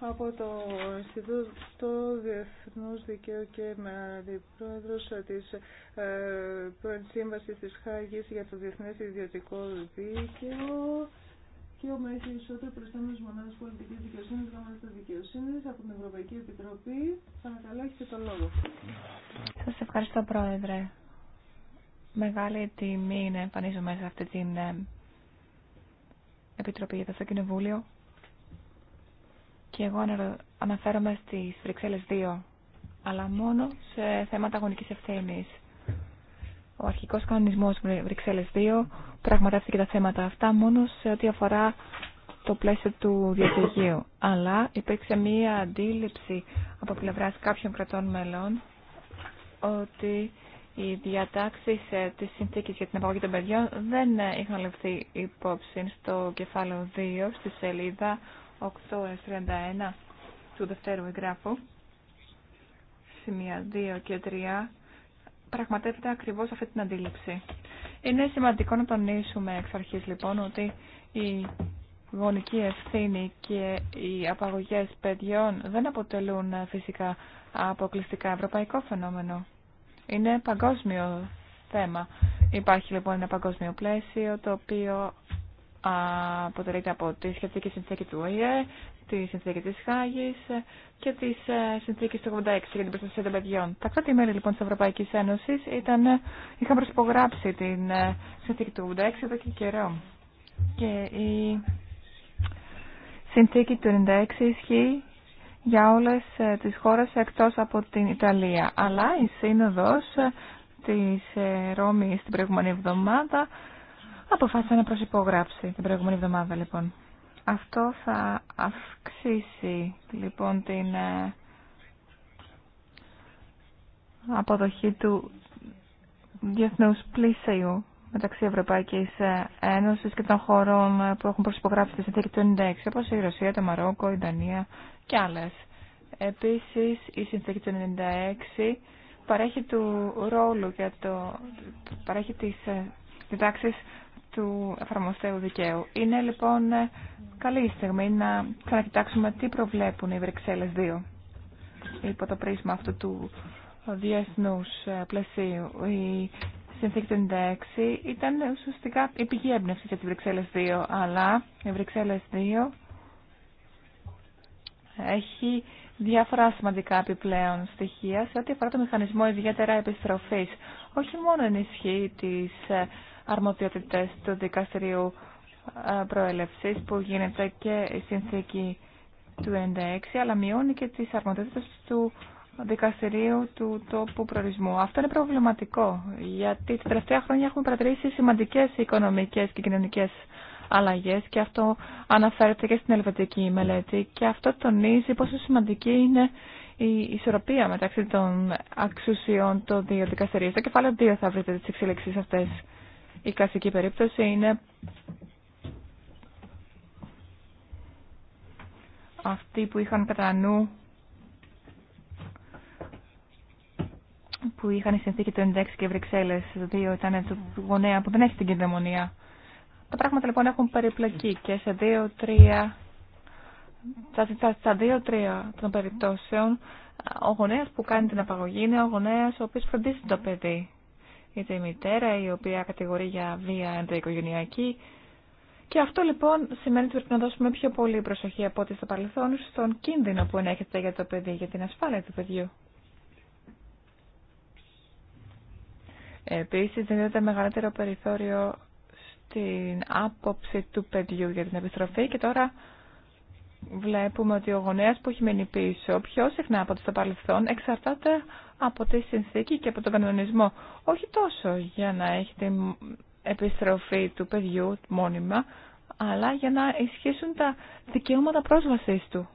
από το Ινστιτούτο Διεθνού Δικαίου και με αντιπρόεδρο τη ε, πρώην Σύμβαση τη Χάγη για το Διεθνέ Ιδιωτικό Δίκαιο και ο Μέση Ισότο, προστάμενο μονάδα πολιτική δικαιοσύνη, γραμματέα δικαιοσύνη από την Ευρωπαϊκή Επιτροπή. Παρακαλώ, έχετε τον λόγο. Σα ευχαριστώ, Πρόεδρε. Μεγάλη τιμή είναι εμφανίζομαι σε αυτή την ε, Επιτροπή για το Κοινοβούλιο και εγώ αναφέρομαι στις Βρυξέλλες 2, αλλά μόνο σε θέματα αγωνικής ευθύνης. Ο αρχικός κανονισμός Βρυξέλλες 2 πραγματεύτηκε τα θέματα αυτά μόνο σε ό,τι αφορά το πλαίσιο του διαζυγίου. Αλλά υπήρξε μία αντίληψη από πλευράς κάποιων κρατών μελών ότι οι διατάξει ε, τη συνθήκη για την απαγωγή των παιδιών δεν ε, είχαν ληφθεί υπόψη στο κεφάλαιο 2 στη σελίδα 831 του δευτέρου εγγράφου. Σημεία 2 και 3 πραγματεύεται ακριβώς αυτή την αντίληψη. Είναι σημαντικό να τονίσουμε εξ αρχής λοιπόν ότι η γονική ευθύνη και οι απαγωγές παιδιών δεν αποτελούν ε, φυσικά αποκλειστικά ευρωπαϊκό φαινόμενο. Είναι παγκόσμιο θέμα. Υπάρχει λοιπόν ένα παγκόσμιο πλαίσιο το οποίο αποτελείται από τη σχετική συνθήκη του ΟΗΕ, τη συνθήκη της Χάγης και τη ε, συνθήκη του 86 για την προστασία των παιδιών. Τα κράτη-μέλη λοιπόν της Ευρωπαϊκής Ένωσης ήταν, ε, είχαν προσπογράψει την ε, συνθήκη του 86 εδώ και καιρό. Και η συνθήκη του 96 ισχύει για όλες ε, τις χώρες εκτός από την Ιταλία. Αλλά η σύνοδος ε, της ε, Ρώμης την προηγούμενη εβδομάδα αποφάσισε να προσυπογράψει την προηγούμενη εβδομάδα λοιπόν. Αυτό θα αυξήσει λοιπόν την αποδοχή του διεθνούς πλήσεου μεταξύ Ευρωπαϊκής Ένωσης και των χωρών που έχουν προσυπογράψει τη συνθήκη του 96, όπως η Ρωσία, το Μαρόκο, η Δανία, και Επίσης, η συνθήκη του 96 παρέχει του ρόλου για το... παρέχει τις ε, διδάξεις του εφαρμοστέου δικαίου. Είναι λοιπόν ε, καλή στιγμή να ξανακοιτάξουμε τι προβλέπουν οι Βρυξέλλες 2 υπό το πρίσμα αυτού του διεθνούς ε, πλαισίου. Η συνθήκη του 96 ήταν ουσιαστικά η πηγή έμπνευση για τις Βρυξέλλες 2, αλλά οι Βρυξέλλες 2 έχει διάφορα σημαντικά επιπλέον στοιχεία σε ό,τι αφορά το μηχανισμό ιδιαίτερα επιστροφής. Όχι μόνο ενισχύει τις ε, αρμοδιότητες του δικαστηρίου ε, προέλευσης που γίνεται και η συνθήκη του 96, αλλά μειώνει και τις αρμοδιότητες του δικαστηρίου του τόπου προορισμού. Αυτό είναι προβληματικό, γιατί τα τελευταία χρόνια έχουμε παρατηρήσει σημαντικές οικονομικές και κοινωνικές αλλαγές και αυτό αναφέρεται και στην ελβετική μελέτη και αυτό τονίζει πόσο σημαντική είναι η ισορροπία μεταξύ των αξουσιών των δύο δικαστηρίων. Στο κεφάλαιο 2 θα βρείτε τις εξελίξεις αυτές. Η κλασική περίπτωση είναι αυτοί που είχαν κατά νου που είχαν η συνθήκη του 96 και Βρυξέλλες, δύο ήταν του γονέα που δεν έχει την κυδαιμονία. Τα πράγματα λοιπόν έχουν περιπλοκεί και σε δύο-τρία στα δύο-τρία των περιπτώσεων ο γονέας που κάνει την απαγωγή είναι ο γονέας ο οποίος φροντίζει το παιδί. Είτε η μητέρα η οποία κατηγορεί για βία ενδοοικογενειακή. Και αυτό λοιπόν σημαίνει ότι πρέπει να δώσουμε πιο πολύ προσοχή από ό,τι στο παρελθόν στον κίνδυνο που ενέχεται για το παιδί, για την ασφάλεια του παιδιού. Επίσης δίνεται μεγαλύτερο περιθώριο την άποψη του παιδιού για την επιστροφή και τώρα βλέπουμε ότι ο γονέας που έχει μείνει πίσω πιο συχνά από το παρελθόν εξαρτάται από τη συνθήκη και από τον κανονισμό. Όχι τόσο για να έχει την επιστροφή του παιδιού μόνιμα, αλλά για να ισχύσουν τα δικαιώματα πρόσβασης του.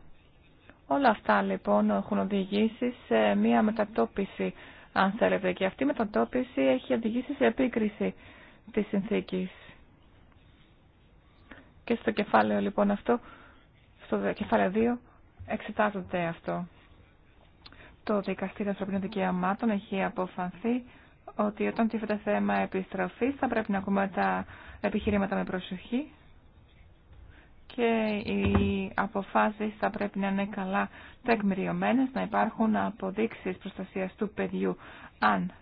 Όλα αυτά λοιπόν έχουν οδηγήσει σε μία μετατόπιση, αν θέλετε, και αυτή η μετατόπιση έχει οδηγήσει σε επίκριση της συνθήκης και στο κεφάλαιο λοιπόν αυτό, στο κεφάλαιο 2, εξετάζονται αυτό. Το Δικαστήριο Ανθρωπίνων Δικαιωμάτων έχει αποφανθεί ότι όταν τίθεται θέμα επιστροφής θα πρέπει να ακούμε τα επιχειρήματα με προσοχή και οι αποφάσεις θα πρέπει να είναι καλά τεκμηριωμένες, να υπάρχουν αποδείξεις προστασίας του παιδιού αν,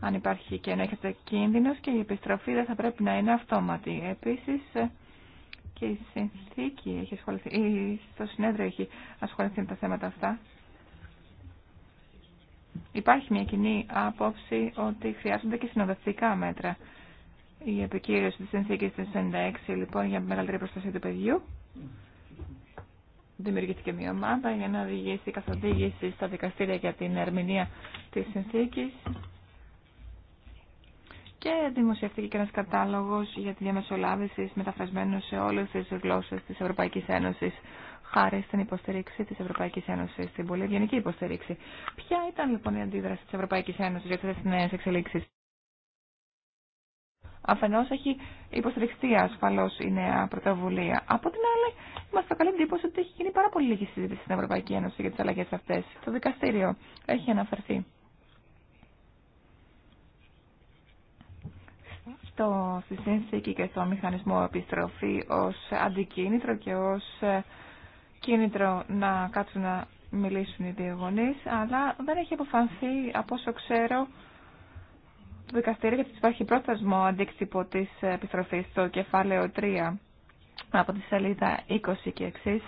αν υπάρχει και έχετε κίνδυνος και η επιστροφή δεν θα πρέπει να είναι αυτόματη. Επίσης, και η συνθήκη έχει ασχοληθεί, το συνέδριο έχει ασχοληθεί με τα θέματα αυτά. Υπάρχει μια κοινή άποψη ότι χρειάζονται και συνοδευτικά μέτρα. Η επικύρωση της συνθήκης της 96 λοιπόν για μεγαλύτερη προστασία του παιδιού. Δημιουργήθηκε μια ομάδα για να οδηγήσει καθοδήγηση στα δικαστήρια για την ερμηνεία της συνθήκης και δημοσιεύτηκε και ένα κατάλογο για τη διαμεσολάβηση μεταφρασμένου σε όλε τι γλώσσε τη Ευρωπαϊκή Ένωση. χάρη στην υποστήριξη τη Ευρωπαϊκή Ένωση, στην πολύ ευγενική υποστήριξη. Ποια ήταν λοιπόν η αντίδραση τη Ευρωπαϊκή Ένωση για αυτέ τι νέε εξελίξει. Αφενό έχει υποστηριχθεί ασφαλώ η νέα πρωτοβουλία. Από την άλλη, μα προκαλεί εντύπωση ότι έχει γίνει πάρα πολύ λίγη συζήτηση στην Ευρωπαϊκή Ένωση για τι αλλαγέ αυτέ. Το δικαστήριο έχει αναφερθεί στο, στη συνθήκη και στο μηχανισμό επιστροφή ως αντικίνητρο και ως ε, κίνητρο να κάτσουν να μιλήσουν οι δύο γονείς, αλλά δεν έχει αποφανθεί, από όσο ξέρω, το δικαστήριο γιατί υπάρχει πρόθεσμο αντίκτυπο της επιστροφής στο κεφάλαιο 3 από τη σελίδα 20 και εξή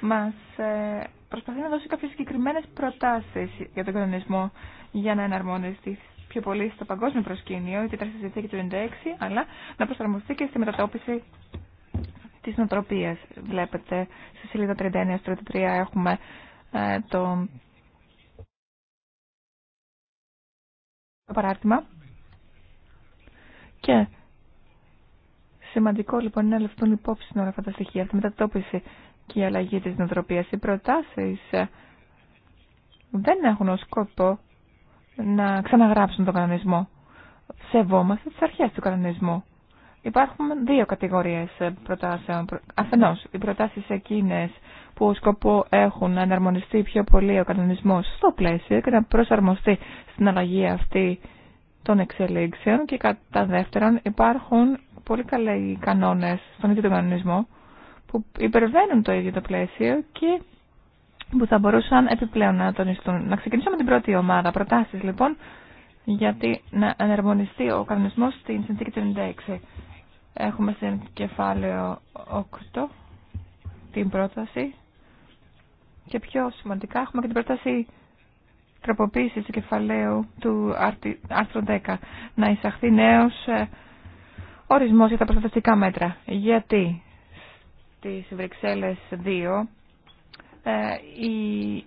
μας ε, προσπαθεί να δώσει κάποιες συγκεκριμένες προτάσεις για τον κανονισμό για να εναρμονιστεί πιο πολύ στο παγκόσμιο προσκήνιο, ιδιαίτερα στη συνθήκη του 96, αλλά να προσαρμοστεί και στη μετατόπιση τη νοοτροπία. Βλέπετε, στη σελίδα 39-33 έχουμε ε, το... το παράρτημα. Και σημαντικό λοιπόν είναι να λεφτούν υπόψη όλα αυτά τα στοιχεία, αυτή μετατόπιση και η αλλαγή τη νοοτροπία. Οι προτάσεις ε, δεν έχουν ως σκόπο να ξαναγράψουν τον κανονισμό. Σεβόμαστε τι αρχές του κανονισμού. Υπάρχουν δύο κατηγορίε ε, προτάσεων. Αφενό, οι προτάσεις εκείνε που σκοπό έχουν να εναρμονιστεί πιο πολύ ο κανονισμό στο πλαίσιο και να προσαρμοστεί στην αλλαγή αυτή των εξελίξεων και κατά δεύτερον υπάρχουν πολύ καλοί κανόνε στον ίδιο τον κανονισμό που υπερβαίνουν το ίδιο το πλαίσιο και που θα μπορούσαν επιπλέον να τονιστούν. Να ξεκινήσουμε την πρώτη ομάδα. Προτάσει λοιπόν γιατί να ενερμονιστεί ο κανονισμό στην συνθήκη του 96. Έχουμε στην κεφάλαιο 8 την πρόταση και πιο σημαντικά έχουμε και την πρόταση τροποποίησης του κεφαλαίου του άρθρου 10 να εισαχθεί νέος ε, ορισμός για τα προστατευτικά μέτρα. Γιατί στις Βρυξέλλες 2 ε, οι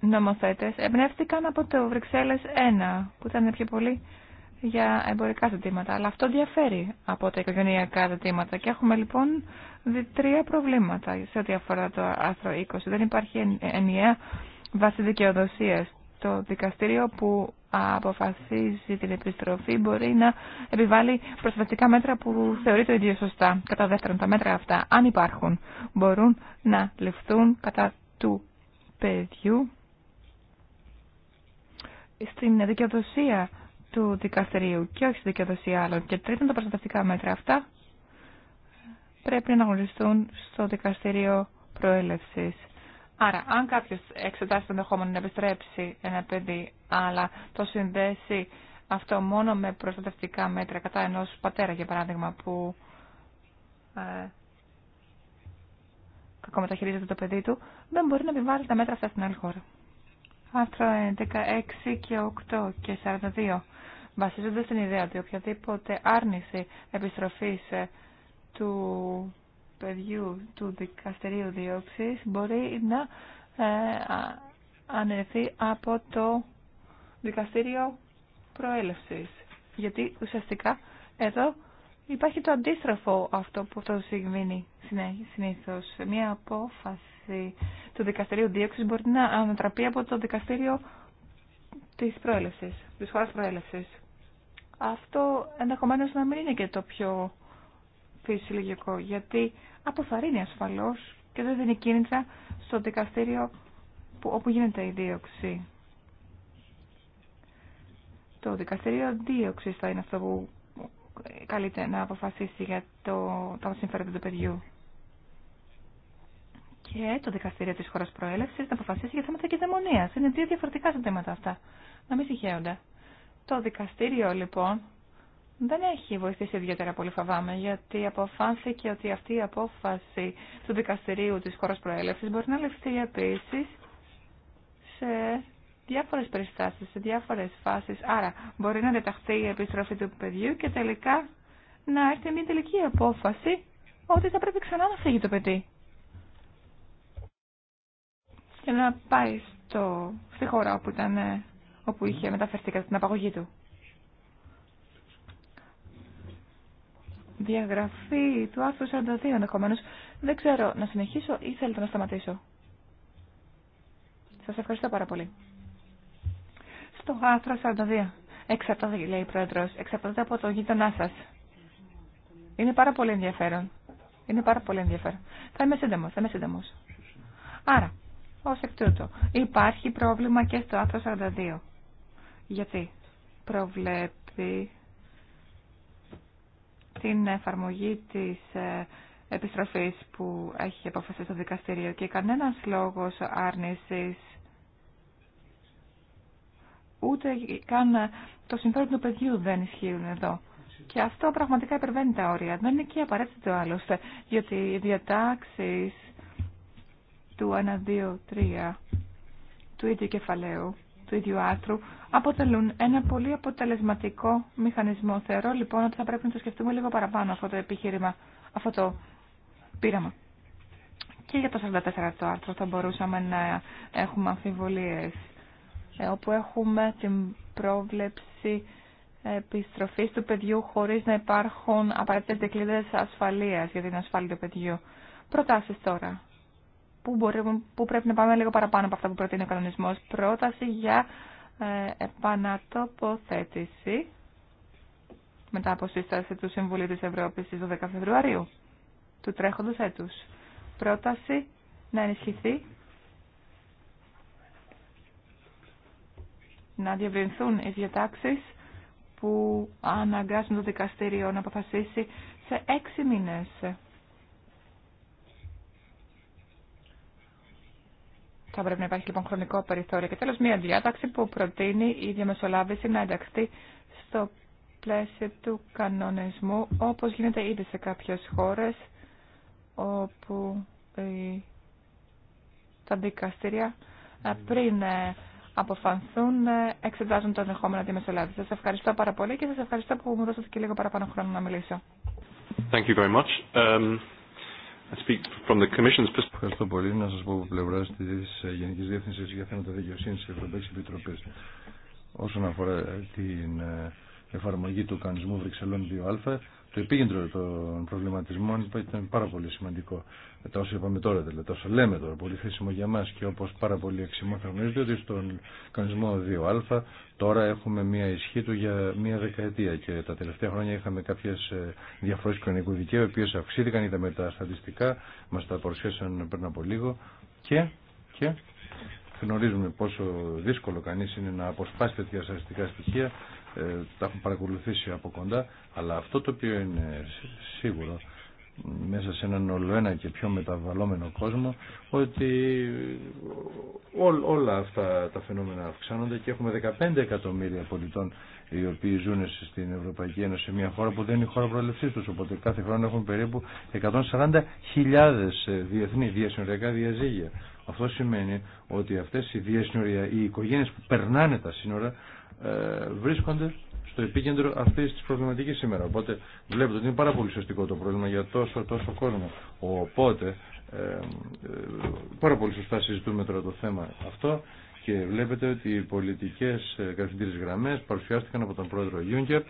νομοθέτες εμπνεύστηκαν από το Βρυξέλλες 1, που ήταν πιο πολύ για εμπορικά ζητήματα. Αλλά αυτό διαφέρει από τα οικογενειακά ζητήματα. Και έχουμε λοιπόν τρία προβλήματα σε ό,τι αφορά το άρθρο 20. Δεν υπάρχει ενιαία βάση δικαιοδοσία. Το δικαστήριο που αποφασίζει την επιστροφή μπορεί να επιβάλλει προστατευτικά μέτρα που θεωρεί το ίδιο σωστά. Κατά δεύτερον, τα μέτρα αυτά, αν υπάρχουν, μπορούν να ληφθούν κατά του παιδιού στην δικαιοδοσία του δικαστηρίου και όχι στη δικαιοδοσία άλλων. Και τρίτον, τα προστατευτικά μέτρα αυτά πρέπει να αναγνωριστούν στο δικαστηρίο προέλευσης. Άρα, αν κάποιος εξετάσει το ενδεχόμενο να επιστρέψει ένα παιδί, αλλά το συνδέσει αυτό μόνο με προστατευτικά μέτρα κατά ενός πατέρα, για παράδειγμα, που ε, ακόμα τα χειρίζεται το παιδί του, δεν μπορεί να επιβάλλει τα μέτρα αυτά στην άλλη χώρα. Άρθρο 11, 6 και 8 και 42 βασίζονται στην ιδέα ότι οποιαδήποτε άρνηση επιστροφή ε, του παιδιού του δικαστηρίου δίωξη μπορεί να ε, αναιρεθεί από το δικαστήριο προέλευση. Γιατί ουσιαστικά εδώ Υπάρχει το αντίστροφο αυτό που αυτό συμβαίνει συνήθω. Μία απόφαση του δικαστηρίου δίωξη μπορεί να ανατραπεί από το δικαστήριο τη προέλευση, τη χώρα προέλευση. Αυτό ενδεχομένω να μην είναι και το πιο φυσιολογικό, γιατί αποθαρρύνει ασφαλώ και δεν δίνει κίνητρα στο δικαστήριο όπου γίνεται η δίωξη. Το δικαστήριο δίωξη θα είναι αυτό που καλείται να αποφασίσει για το, τα συμφέροντα του παιδιού. Και το δικαστήριο της χώρας προέλευσης να αποφασίσει για θέματα δαιμονία. Είναι δύο διαφορετικά θέματα αυτά. Να μην συγχέονται. Το δικαστήριο λοιπόν δεν έχει βοηθήσει ιδιαίτερα πολύ φοβάμαι, γιατί αποφάνθηκε ότι αυτή η απόφαση του δικαστηρίου της χώρας προέλευσης μπορεί να ληφθεί επίσης σε διάφορες περιστάσεις, σε διάφορες φάσεις. Άρα μπορεί να διαταχθεί η επιστροφή του παιδιού και τελικά να έρθει μια τελική απόφαση ότι θα πρέπει ξανά να φύγει το παιδί. Και να πάει στο, στη χώρα όπου, ήταν, ε, όπου είχε μεταφερθεί κατά την απαγωγή του. Διαγραφή του άρθρου 42 ενδεχομένω. Δεν ξέρω να συνεχίσω ή θέλετε να σταματήσω. Σας ευχαριστώ πάρα πολύ το άρθρο 42. Εξαρτάται, λέει η πρόεδρο. Εξαρτάται από το γείτονά σα. Είναι πάρα πολύ ενδιαφέρον. Είναι πάρα πολύ ενδιαφέρον. Θα είμαι σύντομο, θα είμαι σύντομο. Άρα, ω εκ τούτου, υπάρχει πρόβλημα και στο άθρο 42. Γιατί προβλέπει την εφαρμογή της ε, επιστροφής που έχει αποφασίσει το δικαστήριο και κανένας λόγος άρνησης ούτε καν το συμφέρον του παιδιού δεν ισχύουν εδώ. Και αυτό πραγματικά υπερβαίνει τα όρια. Δεν είναι και απαραίτητο άλλωστε, γιατί οι διατάξει του 1, 2, 3 του ίδιου κεφαλαίου, του ίδιου άρθρου, αποτελούν ένα πολύ αποτελεσματικό μηχανισμό. Θεωρώ λοιπόν ότι θα πρέπει να το σκεφτούμε λίγο παραπάνω αυτό το επιχείρημα, αυτό το πείραμα. Και για το 44 το άρθρο θα μπορούσαμε να έχουμε αμφιβολίες. Ε, όπου έχουμε την πρόβλεψη επιστροφής του παιδιού χωρίς να υπάρχουν απαραίτητες δικλείδες ασφαλείας για την ασφάλεια του παιδιού. Προτάσεις τώρα. Πού, μπορεί, πού πρέπει να πάμε λίγο παραπάνω από αυτά που προτείνει ο κανονισμός. Πρόταση για ε, επανατοποθέτηση μετά από σύσταση του Συμβουλίου της Ευρώπης στις 12 Φεβρουαρίου του τρέχοντος έτους. Πρόταση να ενισχυθεί να διευρυνθούν οι διατάξει που αναγκάζουν το δικαστήριο να αποφασίσει σε έξι μήνες. Θα πρέπει να υπάρχει λοιπόν χρονικό περιθώριο. Και τέλος μια διάταξη που προτείνει η διαμεσολάβηση να ενταχθεί στο πλαίσιο του κανονισμού όπως γίνεται ήδη σε κάποιες χώρες όπου τα δικαστήρια ε, πριν ε, αποφανθούν ε, εξετάζουν το ενδεχόμενο διαμεσολάβηση. Σα ευχαριστώ πάρα πολύ και σα ευχαριστώ που μου δώσατε και λίγο παραπάνω χρόνο να μιλήσω. Thank you very much. Um, I speak from the Commission's perspective. Ευχαριστώ πολύ. Να σα πω από πλευρά τη ε, Γενική Διεύθυνσης για θέματα Δικαιοσύνη της Ευρωπαϊκής Επιτροπής. Όσον αφορά την ε, εφαρμογή του κανονισμού Βρυξελών 2α, το επίκεντρο των προβληματισμών ήταν πάρα πολύ σημαντικό. Τα όσα είπαμε τώρα, δηλαδή, τα όσα λέμε τώρα, πολύ χρήσιμο για μα και όπω πάρα πολύ εξημό θα γνωρίζετε ότι στον κανονισμό 2α τώρα έχουμε μία ισχύ του για μία δεκαετία και τα τελευταία χρόνια είχαμε κάποιε διαφορέ κοινωνικού δικαίου, οι οποίε αυξήθηκαν, είδαμε τα στατιστικά, μα τα παρουσίασαν πριν από λίγο και, και γνωρίζουμε πόσο δύσκολο κανεί είναι να αποσπάσει τέτοια στατιστικά στοιχεία ε, τα έχουν παρακολουθήσει από κοντά, αλλά αυτό το οποίο είναι σίγουρο μέσα σε έναν ολοένα και πιο μεταβαλλόμενο κόσμο ότι όλα αυτά τα φαινόμενα αυξάνονται και έχουμε 15 εκατομμύρια πολιτών οι οποίοι ζουν στην Ευρωπαϊκή Ένωση μια χώρα που δεν είναι η χώρα προελευθής οπότε κάθε χρόνο έχουν περίπου 140.000 ε, διεθνή διασυνοριακά διαζύγια αυτό σημαίνει ότι αυτές οι διασυνορια, οι οικογένειες που περνάνε τα σύνορα ε, βρίσκονται στο επίκεντρο αυτή τη προβληματική σήμερα. Οπότε βλέπετε ότι είναι πάρα πολύ σωστικό το πρόβλημα για τόσο, τόσο κόσμο. Οπότε ε, ε πάρα πολύ σωστά συζητούμε τώρα το θέμα αυτό και βλέπετε ότι οι πολιτικέ ε, καθημερινέ γραμμέ παρουσιάστηκαν από τον πρόεδρο Γιούγκερ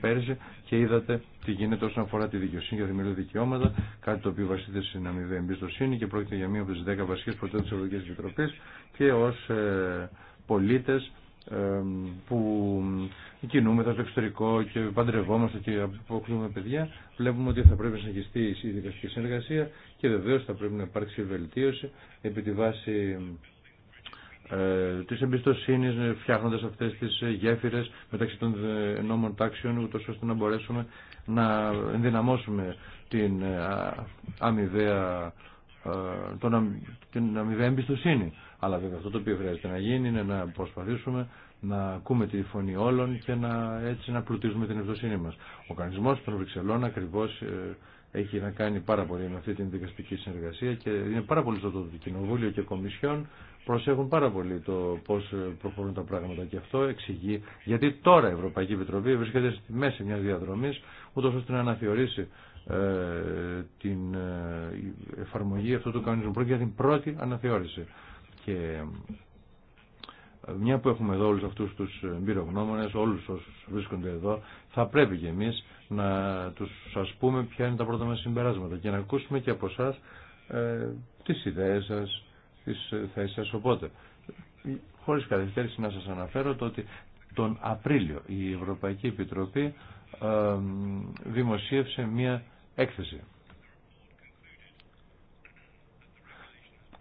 πέρσι και είδατε τι γίνεται όσον αφορά τη δικαιοσύνη για δημιουργία δικαιώματα, κάτι το οποίο βασίζεται στην αμοιβή εμπιστοσύνη και πρόκειται για μία από τι 10 βασικέ πρωτεύουσε τη Ευρωπαϊκή Επιτροπή και ω πολίτε που κινούμε στο εξωτερικό και παντρευόμαστε και αποκλούμε παιδιά, βλέπουμε ότι θα πρέπει να συνεχιστεί η δικαστική συνεργασία και βεβαίω θα πρέπει να υπάρξει βελτίωση επί τη βάση ε, της εμπιστοσύνης ε, φτιάχνοντας αυτές τις ε, γέφυρες μεταξύ των ε, νόμων τάξεων ούτω ώστε να μπορέσουμε να ενδυναμώσουμε την αμοιβαία, τον, την αμοιβαία εμπιστοσύνη αλλά βέβαια αυτό το οποίο χρειάζεται να γίνει είναι να προσπαθήσουμε να ακούμε τη φωνή όλων και να, έτσι να πλουτίζουμε την ευθοσύνη μας. Ο κανονισμός των Βρυξελών ακριβώς ε, έχει να κάνει πάρα πολύ με αυτή την δικαστική συνεργασία και είναι πάρα πολύ στο το Κοινοβούλιο και Κομισιόν προσέχουν πάρα πολύ το πώς ε, προχωρούν τα πράγματα και αυτό εξηγεί γιατί τώρα η Ευρωπαϊκή Επιτροπή βρίσκεται στη μέση μιας διαδρομής ούτως ώστε να αναθεωρήσει ε, την εφαρμογή αυτού του κανονισμού. για την πρώτη αναθεώρηση. Και μια που έχουμε εδώ όλους αυτούς τους εμπειρογνώμονες, όλους όσους βρίσκονται εδώ, θα πρέπει και εμείς να τους σας πούμε ποια είναι τα πρώτα μας συμπεράσματα και να ακούσουμε και από εσά ε, τις ιδέες σας, τις ε, θέσεις σας. Οπότε, χωρίς καθυστέρηση να σας αναφέρω το ότι τον Απρίλιο η Ευρωπαϊκή Επιτροπή ε, δημοσίευσε μια έκθεση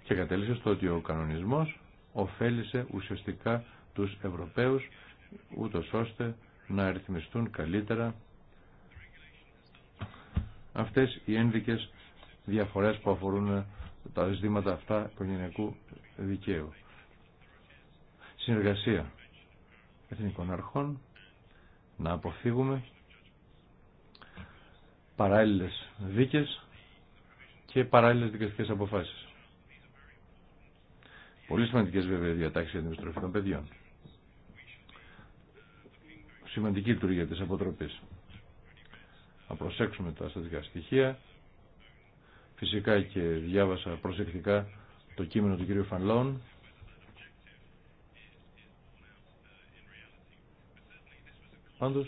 και κατέληξε στο ότι ο κανονισμός ωφέλησε ουσιαστικά τους Ευρωπαίους ούτω ώστε να ρυθμιστούν καλύτερα αυτές οι ένδικες διαφορές που αφορούν τα ζητήματα αυτά οικογενειακού δικαίου. Συνεργασία εθνικών αρχών να αποφύγουμε παράλληλες δίκες και παράλληλες δικαστικές αποφάσεις. Πολύ σημαντικέ βέβαια διατάξει για την επιστροφή των παιδιών. Σημαντική λειτουργία τη αποτροπή. Να προσέξουμε τα στατικά στοιχεία. Φυσικά και διάβασα προσεκτικά το κείμενο του κ. Φανλόν. Πάντω.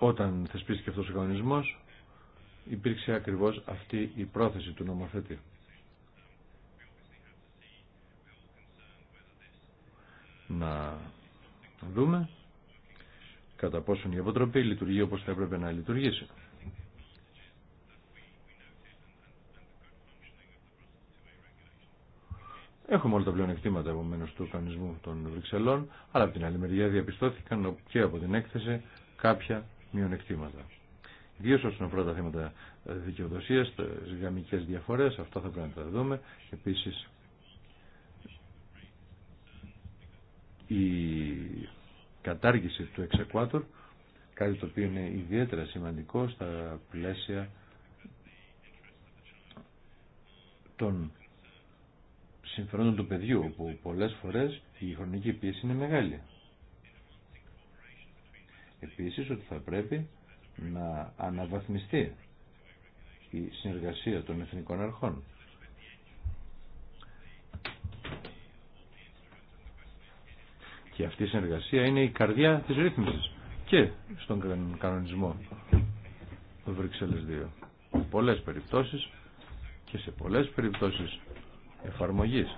όταν θεσπίστηκε αυτός ο κανονισμός, υπήρξε ακριβώς αυτή η πρόθεση του νομοθετή. Να δούμε κατά πόσον η αποτροπή λειτουργεί όπως θα έπρεπε να λειτουργήσει. Έχουμε όλα τα πλέον επομένω του κανονισμού των Βρυξελών, αλλά από την άλλη μεριά διαπιστώθηκαν και από την έκθεση κάποια μειονεκτήματα. Ιδίω όσον αφορά τα θέματα δικαιοδοσία, τι γαμικέ διαφορέ, αυτά θα πρέπει να τα δούμε. Επίση, η κατάργηση του εξεκουάτορ, κάτι το οποίο είναι ιδιαίτερα σημαντικό στα πλαίσια των συμφερόντων του παιδιού, που πολλές φορές η χρονική πίεση είναι μεγάλη. Επίσης ότι θα πρέπει να αναβαθμιστεί η συνεργασία των εθνικών αρχών. Και αυτή η συνεργασία είναι η καρδιά της ρύθμισης και στον κανονισμό του Βρυξέλλες 2. Πολλές περιπτώσεις και σε πολλές περιπτώσεις εφαρμογής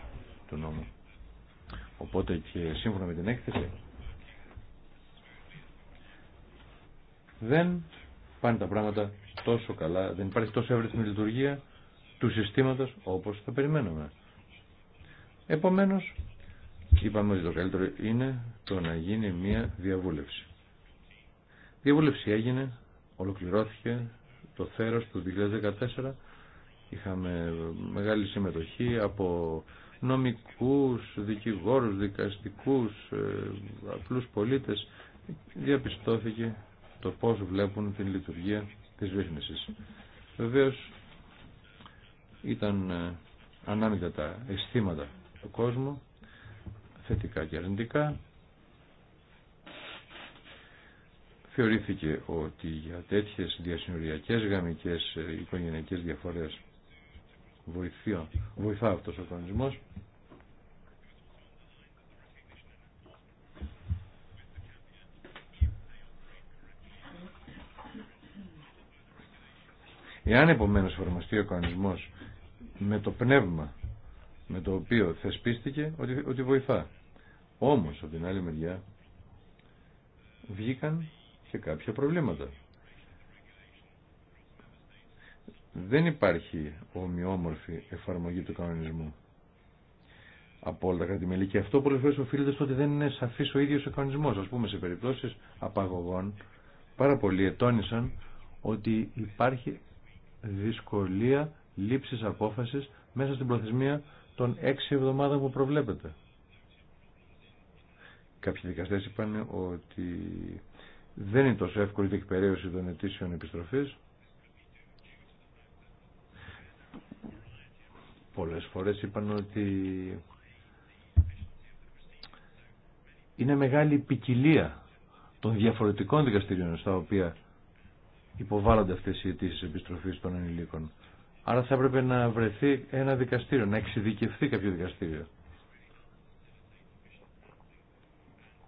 του νόμου. Οπότε και σύμφωνα με την έκθεση δεν πάνε τα πράγματα τόσο καλά, δεν υπάρχει τόσο εύρυθμη λειτουργία του συστήματος όπως θα περιμέναμε. Επομένως, είπαμε ότι το καλύτερο είναι το να γίνει μια διαβούλευση. Η διαβούλευση έγινε, ολοκληρώθηκε το θέρος του 2014, είχαμε μεγάλη συμμετοχή από νομικούς, δικηγόρους, δικαστικούς, ε, απλούς πολίτες, διαπιστώθηκε το πώς βλέπουν την λειτουργία της ρύθμισης. Βεβαίως ήταν ε, ανάμεικτα τα αισθήματα του κόσμου, θετικά και αρνητικά. Θεωρήθηκε ότι για τέτοιες διασυνοριακές γαμικές ε, οικογενειακές διαφορές βοηθά αυτός ο οργανισμός. Εάν επομένω εφαρμοστεί ο κανονισμό με το πνεύμα με το οποίο θεσπίστηκε ότι, ότι βοηθά. Όμως, από την άλλη μεριά, βγήκαν και κάποια προβλήματα. Δεν υπάρχει ομοιόμορφη εφαρμογή του κανονισμού από όλα τα κρατημέλη και αυτό πολλές φορές οφείλεται στο ότι δεν είναι σαφής ο ίδιος ο κανονισμός. Ας πούμε σε περιπτώσεις απαγωγών πάρα πολλοί ετώνησαν ότι υπάρχει δυσκολία λήψης απόφασης μέσα στην προθεσμία των έξι εβδομάδων που προβλέπεται. Κάποιοι δικαστές είπαν ότι δεν είναι τόσο εύκολη η εκπαιρέωση των αιτήσεων επιστροφής. Πολλές φορές είπαν ότι είναι μεγάλη ποικιλία των διαφορετικών δικαστηρίων στα οποία υποβάλλονται αυτές οι αιτήσει επιστροφής των ενηλίκων. Άρα θα έπρεπε να βρεθεί ένα δικαστήριο, να εξειδικευθεί κάποιο δικαστήριο.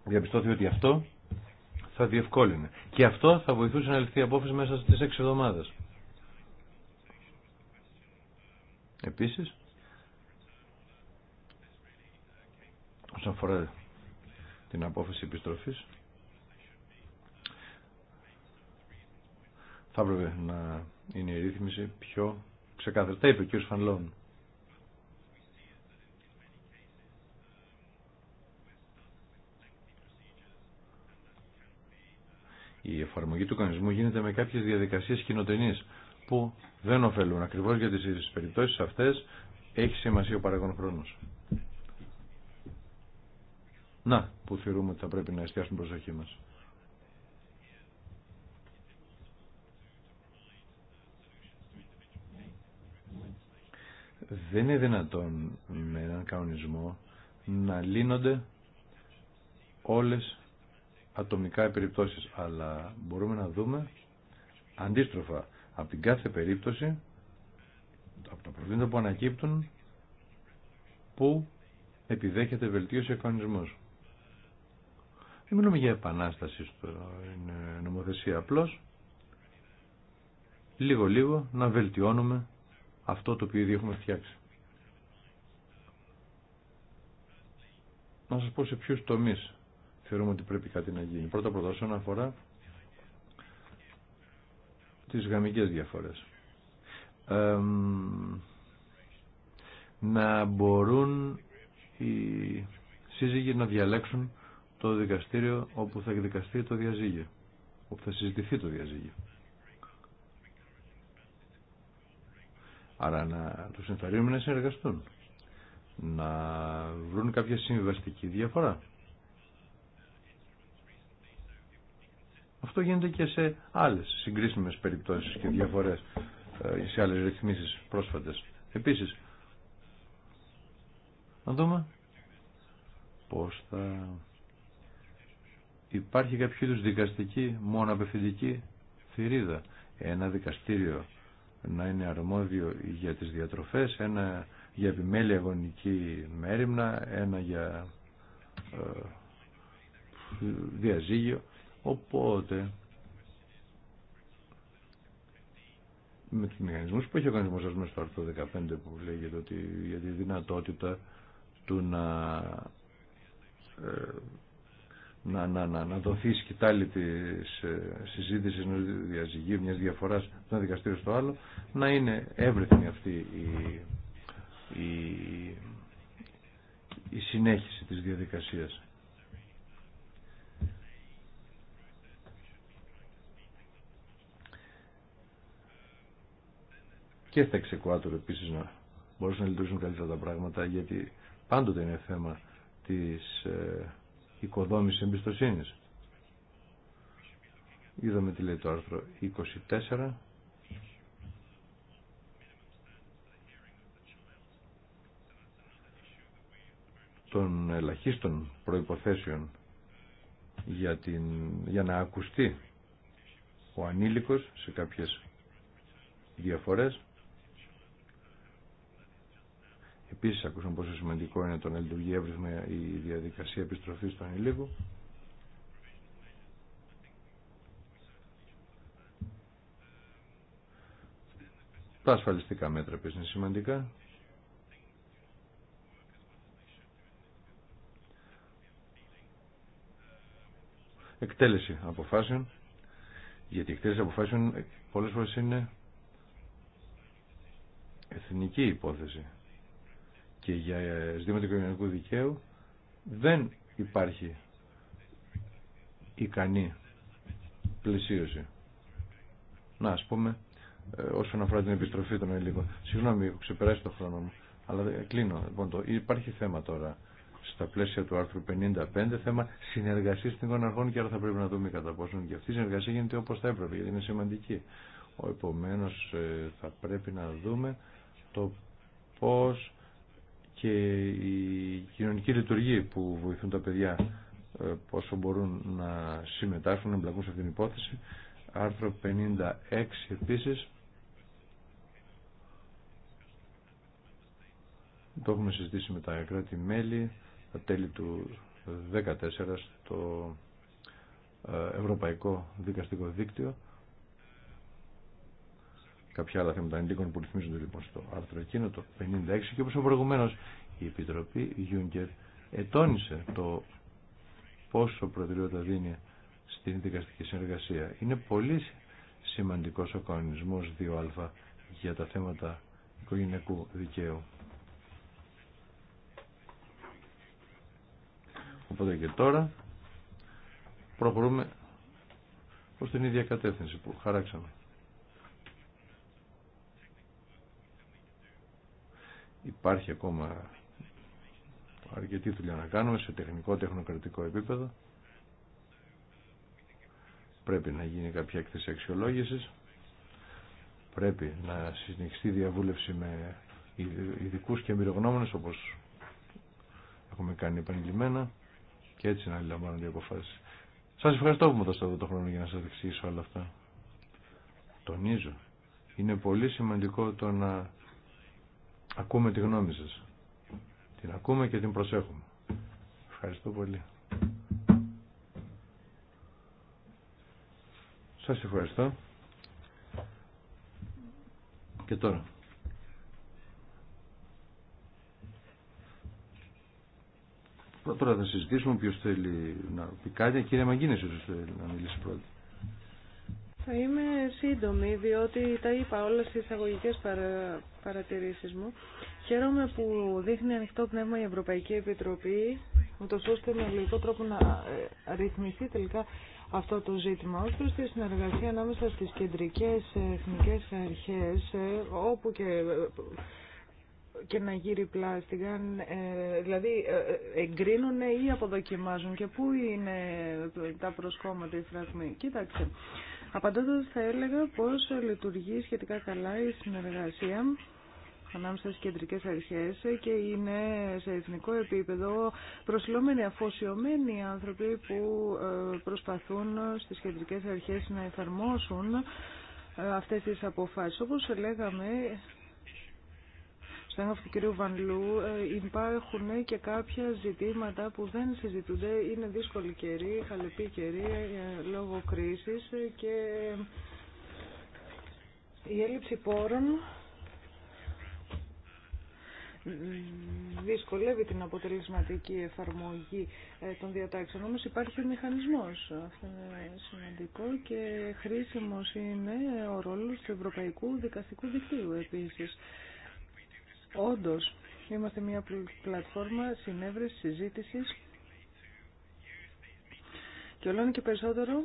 Διαπιστώθηκε ότι αυτό θα διευκόλυνε. Και αυτό θα βοηθούσε να ληφθεί απόφαση μέσα στις 6 εβδομάδες. Επίσης, όσον αφορά την απόφαση επιστροφής, θα έπρεπε να είναι η ρύθμιση πιο ξεκάθαρη. Τα είπε ο κ. Φανλόν. Η εφαρμογή του κανονισμού γίνεται με κάποιε διαδικασίε κοινοτενή που δεν ωφελούν. ακριβώ για τι περιπτώσει αυτέ έχει σημασία ο παραγόν χρόνο. Να, που θεωρούμε ότι θα πρέπει να εστιάσουμε προσοχή μας. δεν είναι δυνατόν με έναν κανονισμό να λύνονται όλες ατομικά οι αλλά μπορούμε να δούμε αντίστροφα από την κάθε περίπτωση, από τα προβλήματα που ανακύπτουν, που επιδέχεται βελτίωση ο κανονισμός. Δεν μιλούμε για επανάσταση στην νομοθεσία απλώς, λίγο-λίγο να βελτιώνουμε αυτό το οποίο ήδη έχουμε φτιάξει. Να σας πω σε ποιους τομείς θεωρούμε ότι πρέπει κάτι να γίνει. Πρώτα πρώτα όσον αφορά τις γαμικές διαφορές. να μπορούν οι σύζυγοι να διαλέξουν το δικαστήριο όπου θα εκδικαστεί το διαζύγιο, όπου θα συζητηθεί το διαζύγιο. Άρα να τους ενθαρρύνουμε να συνεργαστούν, να βρουν κάποια συμβαστική διαφορά. Αυτό γίνεται και σε άλλες συγκρίσιμες περιπτώσεις και διαφορές, ε, σε άλλες ρυθμίσεις πρόσφατες. Επίσης, να δούμε πώς θα υπάρχει κάποιο δικαστική μόνο απευθυντική θηρίδα. Ένα δικαστήριο να είναι αρμόδιο για τις διατροφές, ένα για επιμέλεια γονική μέρημνα, ένα για ε, διαζύγιο. Οπότε, με τους μηχανισμούς που έχει ο κανισμός σας μέσα στο άρθρο 15 που λέγεται ότι για τη δυνατότητα του να ε, να, να, να, να δοθεί η σκητάλη τη ε, συζήτηση ενό διαζυγίου, μια διαφορά από ένα δικαστήριο στο άλλο, να είναι εύρυθμη αυτή η, η, η συνέχιση της διαδικασίας. Και στα εξεκουάτωρα επίσης να μπορούσαν να λειτουργήσουν καλύτερα τα πράγματα γιατί πάντοτε είναι θέμα της ε, οικοδόμηση εμπιστοσύνης. Είδαμε τι λέει το άρθρο 24. των ελαχίστων προϋποθέσεων για, την, για να ακουστεί ο ανήλικος σε κάποιες διαφορές Επίση, ακούσαμε πόσο σημαντικό είναι το να λειτουργεί εύρυθμα η διαδικασία επιστροφής των υλίκων. Τα ασφαλιστικά μέτρα επίση είναι σημαντικά. Εκτέλεση αποφάσεων. Γιατί η εκτέλεση αποφάσεων πολλέ φορέ είναι εθνική υπόθεση και για ζητήματα κοινωνικού δικαίου δεν υπάρχει ικανή πλησίωση. Να, ας πούμε, ε, όσον αφορά την επιστροφή των ελλήνων. Συγγνώμη, έχω ξεπεράσει το χρόνο μου, αλλά ε, κλείνω. Λοιπόν, το, υπάρχει θέμα τώρα στα πλαίσια του άρθρου 55, θέμα συνεργασίας των εγγονεργών και άρα θα πρέπει να δούμε κατά πόσον και αυτή η συνεργασία γίνεται όπως θα έπρεπε, γιατί είναι σημαντική. Επομένω, ε, θα πρέπει να δούμε το πώς και η κοινωνική λειτουργία που βοηθούν τα παιδιά ε, πόσο μπορούν να συμμετάσχουν, να εμπλακούν σε αυτήν την υπόθεση. Άρθρο 56 επίσης. Το έχουμε συζητήσει με τα κράτη-μέλη τα τέλη του 2014 στο ε, Ευρωπαϊκό Δικαστικό Δίκτυο κάποια άλλα θέματα ανηλίκων που ρυθμίζονται λοιπόν στο άρθρο εκείνο το 56 και όπως ο προηγουμένως η Επιτροπή Γιούγκερ ετώνησε το πόσο προτεραιότητα δίνει στην δικαστική συνεργασία. Είναι πολύ σημαντικός ο κανονισμός 2α για τα θέματα οικογενειακού δικαίου. Οπότε και τώρα προχωρούμε προς την ίδια κατεύθυνση που χαράξαμε. Υπάρχει ακόμα αρκετή δουλειά να κάνουμε σε τεχνικό, τεχνοκρατικό επίπεδο. Πρέπει να γίνει κάποια έκθεση αξιολόγηση. Πρέπει να συνεχιστεί διαβούλευση με ειδικού και εμπειρογνώμονε όπως έχουμε κάνει επανειλημμένα και έτσι να λαμβάνονται οι αποφάσεις. Σας ευχαριστώ που μου δώσατε εδώ το χρόνο για να σας δεξίσω όλα αυτά. Τονίζω. Είναι πολύ σημαντικό το να ακούμε τη γνώμη σας. Την ακούμε και την προσέχουμε. Ευχαριστώ πολύ. Σας ευχαριστώ. Και τώρα. Τώρα θα συζητήσουμε ποιος θέλει να πει κάτι. Κύριε Μαγκίνης, ίσως θέλει να μιλήσει πρώτα. Θα είμαι σύντομη, διότι τα είπα όλα στις εισαγωγικέ παρα... παρατηρήσεις μου. Χαίρομαι που δείχνει ανοιχτό πνεύμα η Ευρωπαϊκή Επιτροπή, ούτως ώστε με λογικό τρόπο να ε, ρυθμιστεί τελικά αυτό το ζήτημα. Ως προς τη συνεργασία ανάμεσα στις κεντρικές εθνικές αρχές, ε, όπου και ε, και να γύρει πλάστηκαν, δηλαδή εγκρίνουν ή αποδοκιμάζουν και πού είναι τα προσκόμματα, οι φραγμοί. Κοίταξε, Απαντώντα θα έλεγα πως λειτουργεί σχετικά καλά η συνεργασία ανάμεσα στις κεντρικές αρχές και είναι σε εθνικό επίπεδο προσιλωμένοι, αφοσιωμένοι άνθρωποι που ε, προσπαθούν στις κεντρικές αρχές να εφαρμόσουν ε, αυτές τις αποφάσεις. Όπως λέγαμε, έγγραφο του κυρίου Βανλού, ε, υπάρχουν και κάποια ζητήματα που δεν συζητούνται. Είναι δύσκολη καιρή, χαλεπή καιρή ε, λόγω κρίσης ε, και η έλλειψη πόρων δυσκολεύει την αποτελεσματική εφαρμογή των διατάξεων. Όμως υπάρχει ο μηχανισμός. Αυτό είναι σημαντικό και χρήσιμος είναι ο ρόλος του Ευρωπαϊκού Δικαστικού Δικτύου επίσης. Όντως, είμαστε μια πλατφόρμα συνέβρεσης συζήτησης και όλο και περισσότερο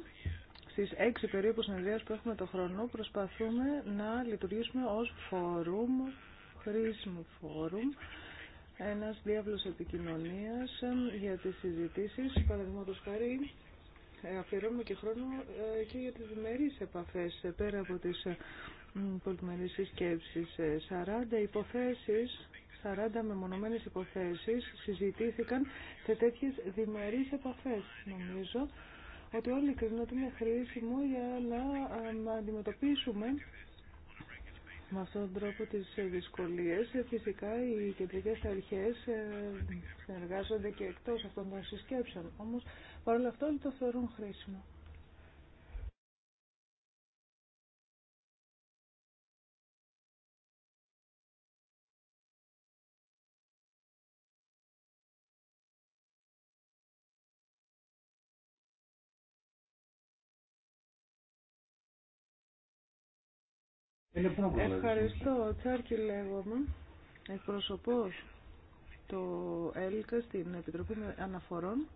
στις έξι περίπου συνεδρίες που έχουμε το χρόνο προσπαθούμε να λειτουργήσουμε ως φόρουμ, χρήσιμο φόρουμ, ένας διάβλος επικοινωνίας για τις συζητήσεις, παραδείγματος χάρη ε, αφιερώνουμε και χρόνο ε, και για τις διμερείς επαφές ε, πέρα από τις πολυμερείς συσκέψεις. 40 ε, υποθέσεις 40 μεμονωμένες υποθέσεις συζητήθηκαν σε τέτοιες διμερείς επαφές. Νομίζω ότι όλοι κρίνουν είναι χρήσιμο για ε, να αντιμετωπίσουμε με αυτόν τον τρόπο τις ε, δυσκολίες. Φυσικά οι κεντρικές αρχές συνεργάζονται και εκτός αυτών των συσκέψεων. Όμως παρόλα αυτά όλοι το θεωρούν χρήσιμο. Ευχαριστώ. Τσάρκη λέγομαι. Εκπροσωπώ το ΕΛΚΑ στην Επιτροπή Αναφορών.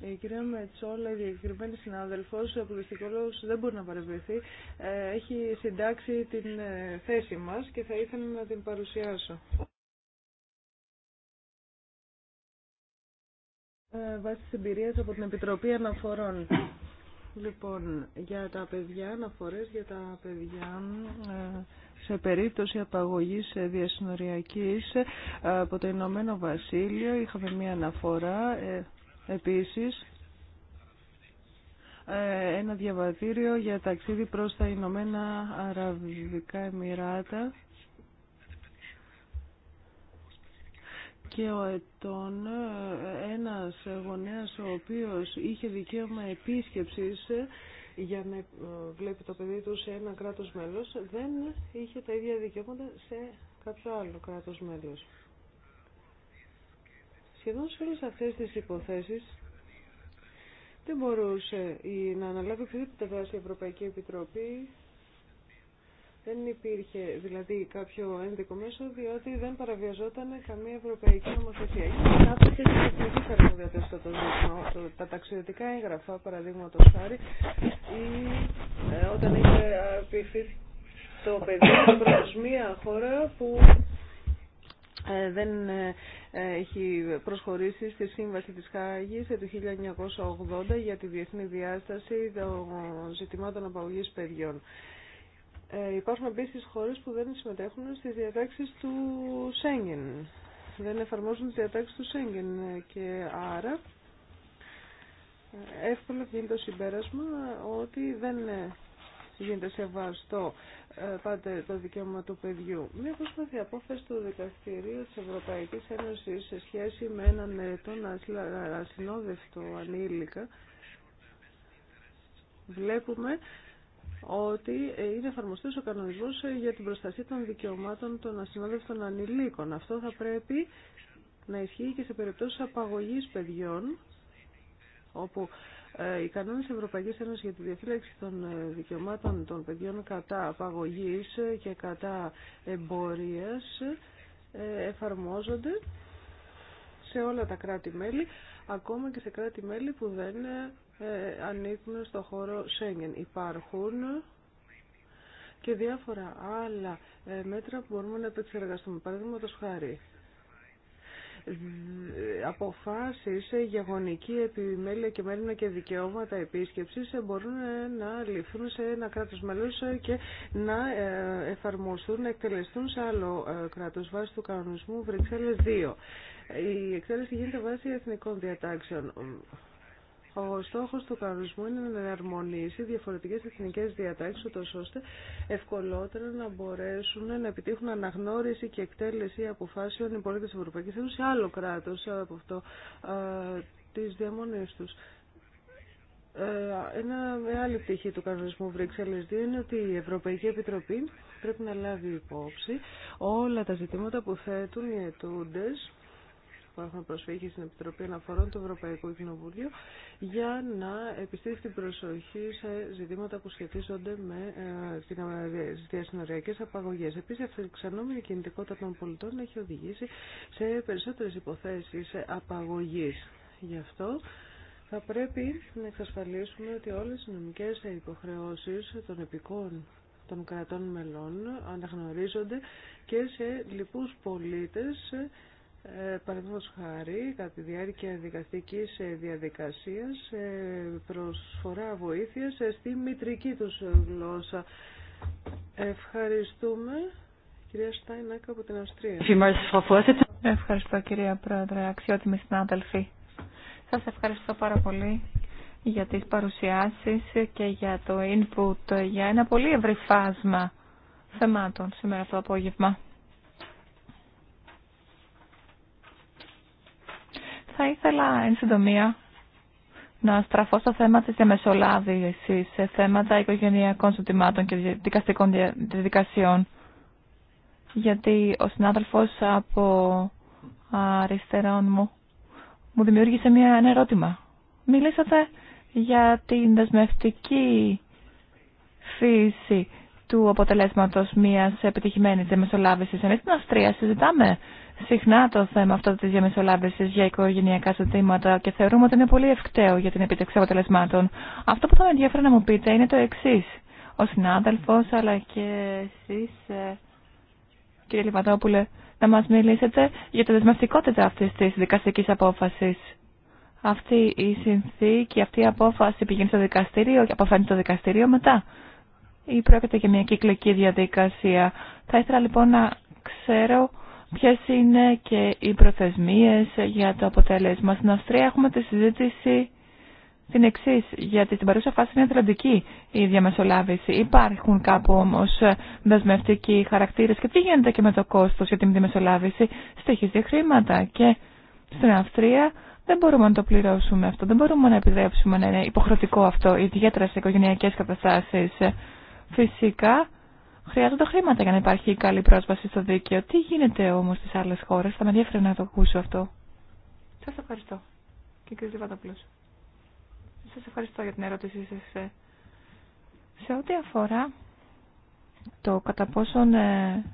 Η κυρία Μετσόλα, η διακεκριμένη ο απλουστικόλογο δεν μπορεί να παρευρεθεί. Ε, έχει συντάξει την ε, θέση μας και θα ήθελα να την παρουσιάσω. Ε, βάσει τη εμπειρία από την Επιτροπή Αναφορών. Λοιπόν, για τα παιδιά, αναφορές για τα παιδιά ε, σε περίπτωση απαγωγής ε, διασυνοριακής ε, από το Ηνωμένο Βασίλειο είχαμε μία αναφορά επίσης ένα διαβατήριο για ταξίδι προς τα Ηνωμένα Αραβικά Εμμυράτα ο ετών ε, ένας γονέας ο οποίος είχε δικαίωμα επίσκεψης ε, για να ε, βλέπει το παιδί του σε ένα κράτος μέλος δεν είχε τα ίδια δικαιώματα σε κάποιο άλλο κράτος μέλος. Σχεδόν σε όλες αυτές τις υποθέσεις δεν μπορούσε να αναλάβει οποιοδήποτε η Ευρωπαϊκή Επιτροπή δεν υπήρχε δηλαδή κάποιο ένδικο μέσο διότι δεν παραβιαζόταν καμία ευρωπαϊκή νομοθεσία. Είναι κάποιε εθνική αρμοδιότητα αυτό το ζήτημα. Τα ταξιδιωτικά έγγραφα, παραδείγματο χάρη, ή ε, όταν είχε απειχθεί το παιδί προ μία χώρα που ε, δεν ε, έχει προσχωρήσει στη Σύμβαση της Χάγης του 1980 για τη διεθνή διάσταση των ζητημάτων απαγωγή παιδιών. Ε, υπάρχουν επίσης χώρε που δεν συμμετέχουν στις διατάξεις του Σέγγεν. Δεν εφαρμόζουν τις διατάξεις του Σέγγεν ε, και άρα ε, εύκολα βγαίνει το συμπέρασμα ότι δεν ε, γίνεται σεβαστό πάντα το δικαίωμα του παιδιού. Μια προσπάθεια απόφαση του Δικαστηρίου της Ευρωπαϊκής Ένωσης σε σχέση με έναν ασυνόδευτο ανήλικα βλέπουμε ότι είναι εφαρμοστή ο κανονισμός για την προστασία των δικαιωμάτων των ασυνόδευτων ανηλίκων. Αυτό θα πρέπει να ισχύει και σε περιπτώσει απαγωγή παιδιών, όπου ε, οι κανόνες Ευρωπαϊκής Ένωση για τη διαφύλαξη των ε, δικαιωμάτων των παιδιών κατά απαγωγής ε, και κατά εμπορίας εφαρμόζονται σε όλα τα κράτη-μέλη, ακόμα και σε κράτη-μέλη που δεν ε, ανήκουν στο χώρο Σέγγεν. Υπάρχουν και διάφορα άλλα ε, μέτρα που μπορούμε να επεξεργαστούμε. Παραδείγματο χάρη, αποφάσεις για γονική επιμέλεια και μέλη και δικαιώματα επίσκεψης μπορούν ε, να ληφθούν σε ένα κράτος και να ε, εφαρμοστούν, να εκτελεστούν σε άλλο κράτος βάσει του κανονισμού Βρυξέλλες 2. Η εκτέλεση γίνεται βάσει εθνικών διατάξεων. Ο στόχος του κανονισμού είναι να εναρμονίσει διαφορετικές εθνικές διατάξεις, ούτως ώστε ευκολότερα να μπορέσουν να επιτύχουν αναγνώριση και εκτέλεση αποφάσεων οι πολίτες της Ευρωπαϊκής Ένωσης σε άλλο κράτος από αυτό ε, τη διαμονή διαμονής τους. Ε, ένα με άλλη πτυχή του κανονισμού Βρυξέλλες 2 είναι ότι η Ευρωπαϊκή Επιτροπή πρέπει να λάβει υπόψη όλα τα ζητήματα που θέτουν οι ετούντες που έχουμε προσφύγει στην Επιτροπή Αναφορών του Ευρωπαϊκού Κοινοβουλίου για να επιστρέψει την προσοχή σε ζητήματα που σχετίζονται με ε, ε, τι διασυνοριακέ απαγωγέ. Επίση, η αυξανόμενη κινητικότητα των πολιτών έχει οδηγήσει σε περισσότερε υποθέσει απαγωγή. Γι' αυτό θα πρέπει να εξασφαλίσουμε ότι όλε οι νομικέ υποχρεώσει των επικών των κρατών μελών αναγνωρίζονται και σε λοιπούς πολίτες ε, Παραδείγματος χάρη, κατά τη διάρκεια δικαστικής ε, διαδικασίας, ε, προσφορά βοήθειας ε, στη μητρική τους γλώσσα. Ευχαριστούμε. Κυρία Στάινακα από την Αυστρία. Ευχαριστώ κυρία Πρόεδρε, αξιότιμοι συνάδελφοι. Σας ευχαριστώ πάρα πολύ για τις παρουσιάσεις και για το input για ένα πολύ ευρύ θεμάτων σήμερα το απόγευμα. θα ήθελα εν συντομία να στραφώ στο θέμα της διαμεσολάβησης σε θέματα οικογενειακών ζητημάτων και δικαστικών διαδικασιών. Γιατί ο συνάδελφος από αριστερά μου μου δημιούργησε μια, ένα ερώτημα. Μιλήσατε για την δεσμευτική φύση του αποτελέσματος μιας επιτυχημένης διαμεσολάβησης. Εμείς στην Αυστρία συζητάμε συχνά το θέμα αυτό τη διαμεσολάβηση για οικογενειακά ζητήματα και θεωρούμε ότι είναι πολύ ευκταίο για την επίτευξη αποτελεσμάτων. Αυτό που θα με ενδιαφέρει να μου πείτε είναι το εξή. Ο συνάδελφο, αλλά και εσείς, ε, κύριε Λιβαδόπουλε, να μα μιλήσετε για τη δεσμευτικότητα αυτή τη δικαστική απόφαση. Αυτή η συνθήκη, αυτή η απόφαση πηγαίνει στο δικαστήριο και αποφαίνεται το δικαστήριο μετά. Ή πρόκειται για μια κυκλική διαδικασία. Θα ήθελα λοιπόν να ξέρω ποιες είναι και οι προθεσμίες για το αποτέλεσμα. Στην Αυστρία έχουμε τη συζήτηση την εξή, γιατί στην παρούσα φάση είναι αθλαντική η διαμεσολάβηση. Υπάρχουν κάπου όμω δεσμευτικοί χαρακτήρε. Και τι γίνεται και με το κόστο για την διαμεσολάβηση. Στοιχίζει χρήματα και στην Αυστρία δεν μπορούμε να το πληρώσουμε αυτό. Δεν μπορούμε να επιτρέψουμε να είναι υποχρεωτικό αυτό, ιδιαίτερα σε οικογενειακέ καταστάσει. Φυσικά Χρειάζονται χρήματα για να υπάρχει καλή πρόσβαση στο δίκαιο. Τι γίνεται όμω στι άλλε χώρε, θα με ενδιαφέρει να το ακούσω αυτό. Σα ευχαριστώ. Και κύριε Λιβαδοπλού. Σα ευχαριστώ για την ερώτησή σα. Ε. Σε ό,τι αφορά το κατά πόσον ε,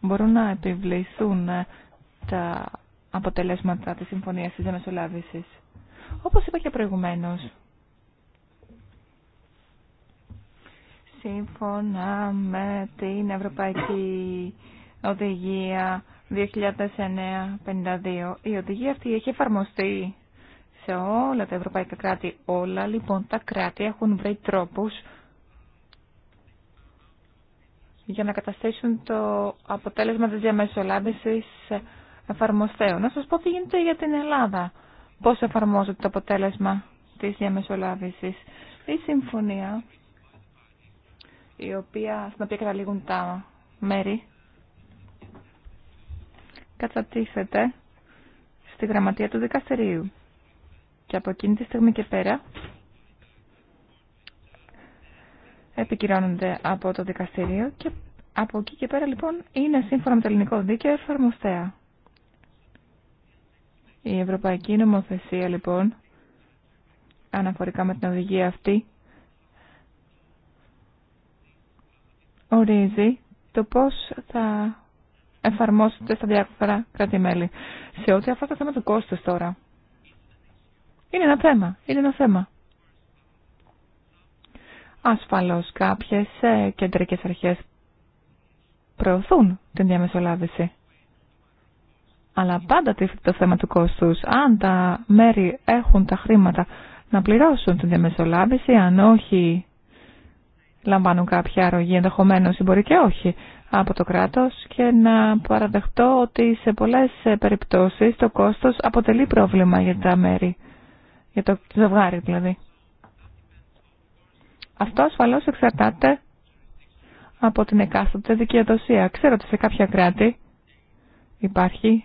μπορούν να επιβληθούν ε, τα αποτελέσματα της Συμφωνίας της Δεμεσολάβησης. Όπως είπα και προηγουμένως, σύμφωνα με την Ευρωπαϊκή Οδηγία 2009-52. Η οδηγία αυτή έχει εφαρμοστεί σε όλα τα ευρωπαϊκά κράτη. Όλα λοιπόν τα κράτη έχουν βρει τρόπους για να καταστήσουν το αποτέλεσμα της διαμεσολάβησης εφαρμοστέων. Να σας πω τι γίνεται για την Ελλάδα. Πώς εφαρμόζεται το αποτέλεσμα της διαμεσολάβησης. Η συμφωνία η οποία, στην οποία καταλήγουν τα μέρη κατατίθεται στη γραμματεία του δικαστηρίου. Και από εκείνη τη στιγμή και πέρα επικυρώνονται από το δικαστηρίο και από εκεί και πέρα λοιπόν είναι σύμφωνα με το ελληνικό δίκαιο εφαρμοστέα. Η Ευρωπαϊκή Νομοθεσία λοιπόν αναφορικά με την οδηγία αυτή ορίζει το πώς θα εφαρμόσετε στα διάφορα κράτη-μέλη. Σε ό,τι αφορά το θέμα του κόστους τώρα. Είναι ένα θέμα. Είναι ένα θέμα. Ασφαλώς κάποιες ε, κεντρικές αρχές προωθούν την διαμεσολάβηση. Αλλά πάντα τίθεται το θέμα του κόστους. Αν τα μέρη έχουν τα χρήματα να πληρώσουν την διαμεσολάβηση, αν όχι λαμβάνουν κάποια αρρωγή ενδεχομένω ή μπορεί και όχι από το κράτος και να παραδεχτώ ότι σε πολλές ε, περιπτώσεις το κόστος αποτελεί πρόβλημα για τα μέρη, για το ζευγάρι δηλαδή. Αυτό ασφαλώς εξαρτάται από την εκάστοτε δικαιοδοσία. Ξέρω ότι σε κάποια κράτη υπάρχει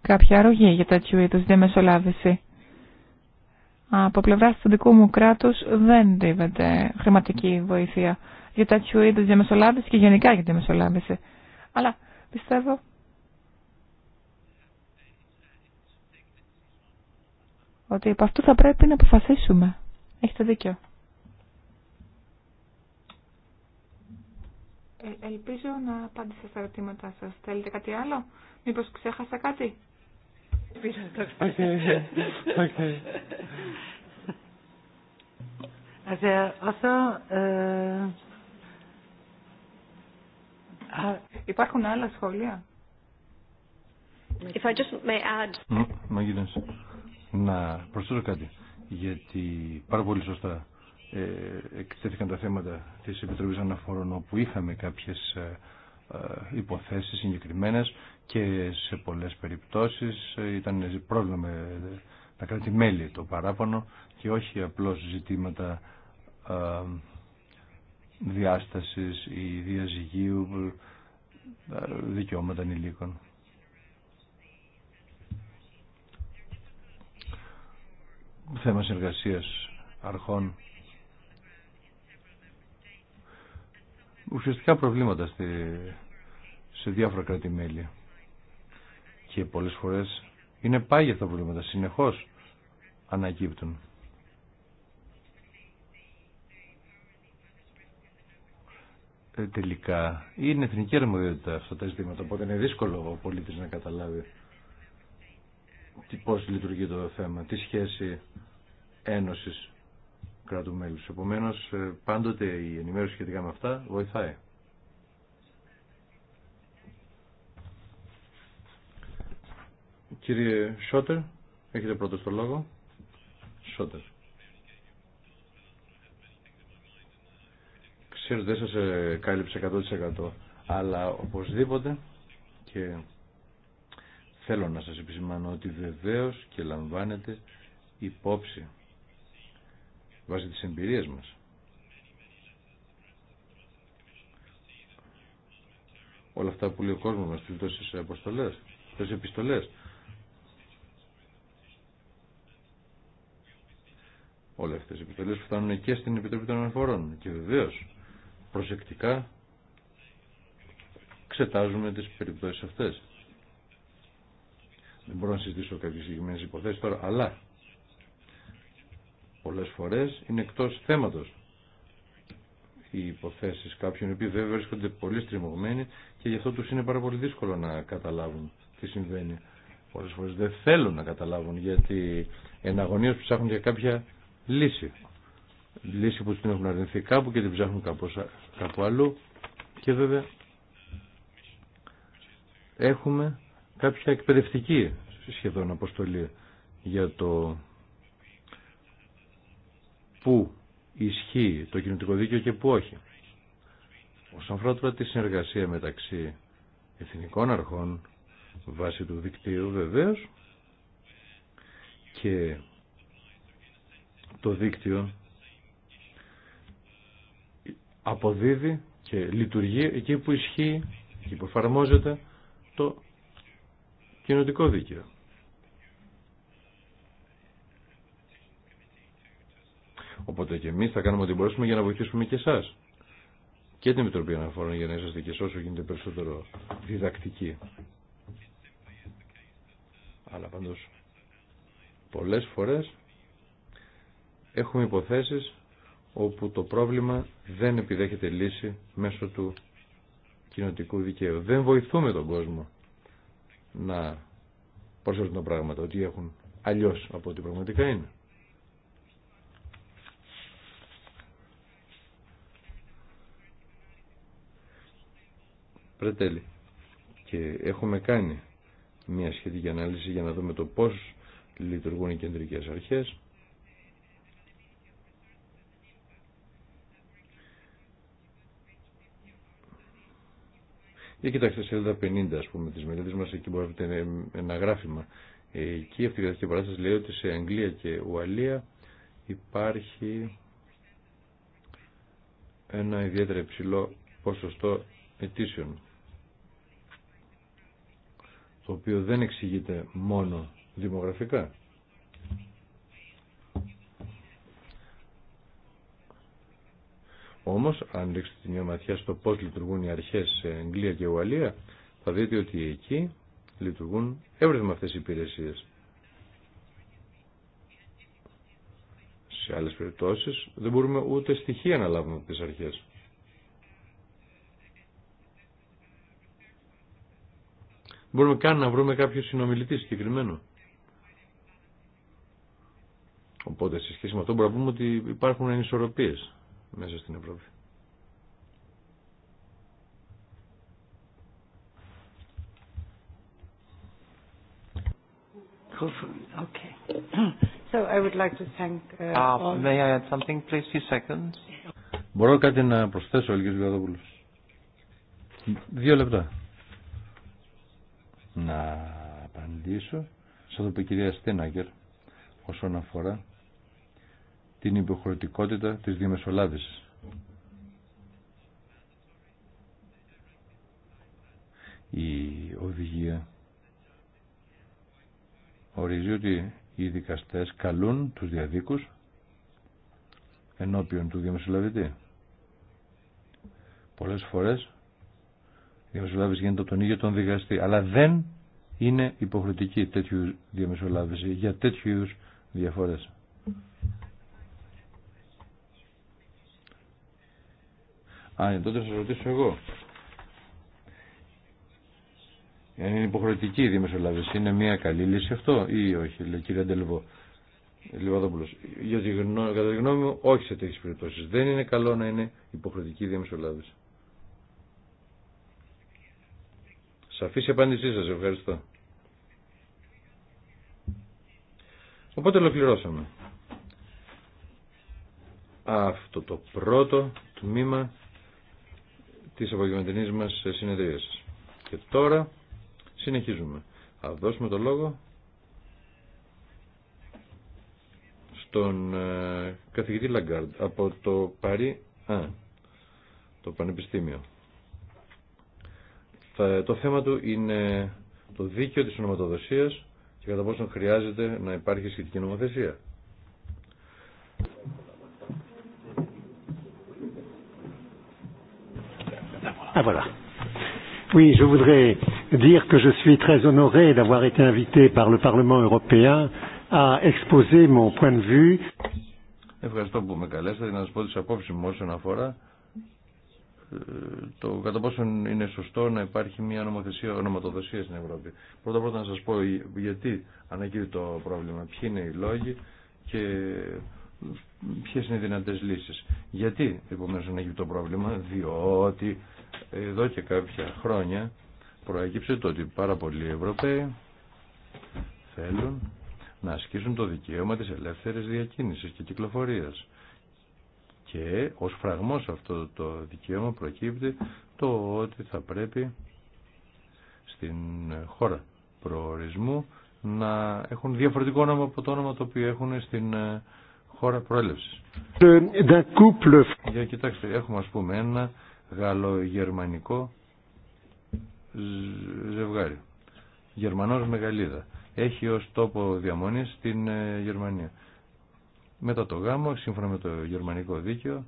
κάποια αρρωγή για τέτοιου είδους διαμεσολάβηση από πλευράς του δικού μου κράτους δεν δίδεται χρηματική βοήθεια για τέτοιου είδους διαμεσολάβηση και γενικά για τη διαμεσολάβηση. Αλλά πιστεύω ότι από αυτού θα πρέπει να αποφασίσουμε. Έχετε δίκιο. Ε, ελπίζω να απάντησα στα ερωτήματά σας. Θέλετε κάτι άλλο? Μήπως ξέχασα κάτι? Okay. Uh, uh, Υπάρχουν άλλα σχόλια. If I just may add... να προσθέσω κάτι, γιατί πάρα πολύ σωστά ε, εκτέθηκαν τα θέματα της Επιτροπής Αναφορών όπου είχαμε κάποιες ε, ε, υποθέσεις συγκεκριμένες και σε πολλές περιπτώσεις ε, ήταν πρόβλημα με τα κράτη-μέλη το παράπονο και όχι απλώς ζητήματα ε, διάστασης ή διαζυγίου δικαιώματα ανηλίκων. Θέμα εργασίας αρχών ουσιαστικά προβλήματα στη, σε διάφορα κράτη-μέλη. Και πολλές φορές είναι πάγια αυτά τα προβλήματα, συνεχώς ανακύπτουν. Ε, τελικά είναι εθνική αρμοδιότητα αυτά τα ζητήματα, οπότε είναι δύσκολο ο πολίτης να καταλάβει τι, πώς λειτουργεί το θέμα, τη σχέση ένωσης κράτου μέλους. Επομένως, ε, πάντοτε η ενημέρωση σχετικά με αυτά βοηθάει. Κύριε Σότερ, έχετε πρώτο το λόγο. Σότερ. Ξέρω δεν σας ε, κάλυψε 100% αλλά οπωσδήποτε και θέλω να σας επισημάνω ότι βεβαίως και λαμβάνετε υπόψη βάσει της εμπειρίας μας. Όλα αυτά που λέει ο κόσμος μας, τις τόσες αποστολές, τόσες επιστολές. Όλα αυτές οι επιστολές φτάνουν και στην Επιτροπή των Αναφορών και βεβαίως προσεκτικά εξετάζουμε τις περιπτώσεις αυτές. Δεν μπορώ να συζητήσω κάποιες συγκεκριμένες υποθέσεις τώρα, αλλά πολλές φορές είναι εκτός θέματος οι υποθέσεις κάποιων οι οποίοι βέβαια βρίσκονται πολύ στριμωγμένοι και γι' αυτό τους είναι πάρα πολύ δύσκολο να καταλάβουν τι συμβαίνει. Πολλές φορές δεν θέλουν να καταλάβουν γιατί εναγωνίως ψάχνουν για κάποια λύση. Λύση που την έχουν αρνηθεί κάπου και την ψάχνουν κάπου αλλού και βέβαια έχουμε κάποια εκπαιδευτική σχεδόν αποστολή για το πού ισχύει το κοινωτικό δίκαιο και πού όχι. Όσον αφορά τώρα τη συνεργασία μεταξύ εθνικών αρχών βάσει του δικτύου βεβαίως και το δίκτυο αποδίδει και λειτουργεί εκεί που ισχύει και που εφαρμόζεται το κοινωτικό δίκαιο. Οπότε και εμεί θα κάνουμε ό,τι μπορέσουμε για να βοηθήσουμε και εσά και την Επιτροπή Αναφορών για να είσαστε και εσείς όσο γίνεται περισσότερο διδακτικοί. Αλλά πάντως πολλές φορές έχουμε υποθέσεις όπου το πρόβλημα δεν επιδέχεται λύση μέσω του κοινοτικού δικαίου. Δεν βοηθούμε τον κόσμο να προσέλθουν τα πράγματα, ότι έχουν αλλιώς από ό,τι πραγματικά είναι. Πρετέλη. Και έχουμε κάνει μια σχετική ανάλυση για να δούμε το πώς λειτουργούν οι κεντρικές αρχές. Για κοιτάξτε σε 50 ας πούμε της μελέτης μας, εκεί μπορείτε να ένα γράφημα. Εκεί αυτή η κρατική παράσταση λέει ότι σε Αγγλία και Ουαλία υπάρχει ένα ιδιαίτερα υψηλό ποσοστό αιτήσεων το οποίο δεν εξηγείται μόνο δημογραφικά. Όμως, αν ρίξετε μια ματιά στο πώς λειτουργούν οι αρχές σε Αγγλία και Ουαλία, θα δείτε ότι εκεί λειτουργούν εύρυθμα αυτές οι υπηρεσίες. Σε άλλες περιπτώσεις δεν μπορούμε ούτε στοιχεία να λάβουμε από τις αρχές. μπορούμε καν να βρούμε κάποιο συνομιλητή συγκεκριμένο. Οπότε σε σχέση με αυτό μπορούμε να πούμε ότι υπάρχουν ανισορροπίες μέσα στην Ευρώπη. Μπορώ κάτι να προσθέσω, Ελγής Βιαδόπουλος. Δύο λεπτά να απαντήσω σε αυτό που η κυρία Στέναγκερ όσον αφορά την υποχρεωτικότητα της διαμεσολάβησης. Η οδηγία ορίζει ότι οι δικαστές καλούν τους διαδίκους ενώπιον του διαμεσολαβητή. Πολλές φορές διαμεσολάβηση γίνεται από τον ίδιο τον δικαστή. Αλλά δεν είναι υποχρεωτική τέτοιου διαμεσολάβηση για τέτοιου είδου διαφορέ. Α, ναι, τότε σα ρωτήσω εγώ. Αν είναι υποχρεωτική η διαμεσολάβηση, είναι μια καλή λύση αυτό ή όχι, λέει κύριε Αντελβό. Λιβαδόπουλο. Για κατά τη γνώμη μου, όχι σε τέτοιε περιπτώσει. Δεν είναι καλό να είναι υποχρεωτική η διαμεσολάβηση. Σαφής η απάντησή σας. Ευχαριστώ. Οπότε ολοκληρώσαμε αυτό το πρώτο τμήμα της απογευματινής μας συνεδρίασης. Και τώρα συνεχίζουμε. Θα δώσουμε το λόγο στον ε, καθηγητή Λαγκάρντ από το Παρί Α, το Πανεπιστήμιο το θέμα του είναι το δίκαιο της ονοματοδοσίας και κατά πόσο χρειάζεται να υπάρχει σχετική νομοθεσία. Ah, voilà. Oui, je voudrais dire que je suis très honoré d'avoir été invité par le Parlement européen à exposer mon point de vue. Ευχαριστώ που με καλέσατε να σας πω τις απόψεις μου όσον αφορά το κατά πόσον είναι σωστό να υπάρχει μια νομοθεσία, ονοματοδοσία στην Ευρώπη. Πρώτα πρώτα να σας πω γιατί ανακύπτει το πρόβλημα, ποιοι είναι οι λόγοι και ποιες είναι οι δυνατές λύσεις. Γιατί επομένως ανακύπτει το πρόβλημα, διότι εδώ και κάποια χρόνια προέκυψε το ότι πάρα πολλοί Ευρωπαίοι θέλουν να ασκήσουν το δικαίωμα της ελεύθερης διακίνησης και κυκλοφορίας και ως φραγμός αυτό το δικαίωμα προκύπτει το ότι θα πρέπει στην χώρα προορισμού να έχουν διαφορετικό όνομα από το όνομα το οποίο έχουν στην ε, χώρα προέλευσης. Ε, Για κοιτάξτε, έχουμε ας πούμε ένα γαλλογερμανικό ζευγάρι. Γερμανός με Γαλλίδα. Έχει ως τόπο διαμονής την ε, Γερμανία μετά το γάμο, σύμφωνα με το γερμανικό δίκαιο,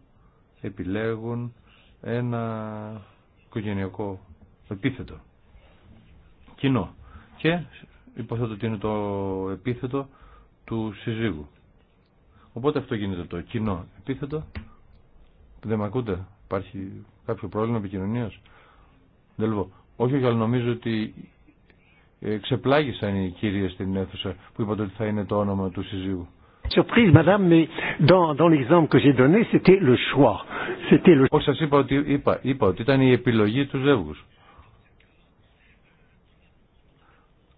επιλέγουν ένα οικογενειακό επίθετο κοινό και υποθέτω ότι είναι το επίθετο του συζύγου. Οπότε αυτό γίνεται το κοινό επίθετο. Δεν με ακούτε, υπάρχει κάποιο πρόβλημα επικοινωνία. Δεν λέω. Όχι, αλλά νομίζω ότι ε, ξεπλάγησαν οι κύριε στην αίθουσα που είπατε ότι θα είναι το όνομα του συζύγου. Surprise, madame, mais dans, dans είπα ότι, είπα, είπα ότι ήταν η επιλογή του ζευγού.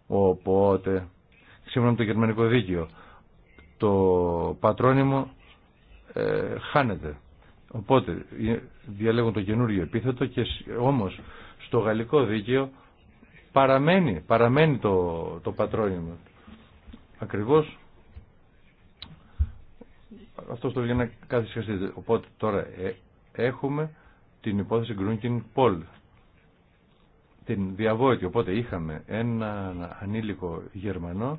Οπότε, σύμφωνα με το γερμανικό δίκαιο, το πατρόνιμο ε, χάνεται. Οπότε, ε, διαλέγουν το καινούριο επίθετο και όμως στο γαλλικό δίκαιο παραμένει, παραμένει το, το πατρόνιμο. Ακριβώς αυτό το για να καθυσιαστείτε. Οπότε τώρα ε, έχουμε την υπόθεση Γκρούνκιν Πολ. Την διαβόητη. Οπότε είχαμε ένα ανήλικο Γερμανό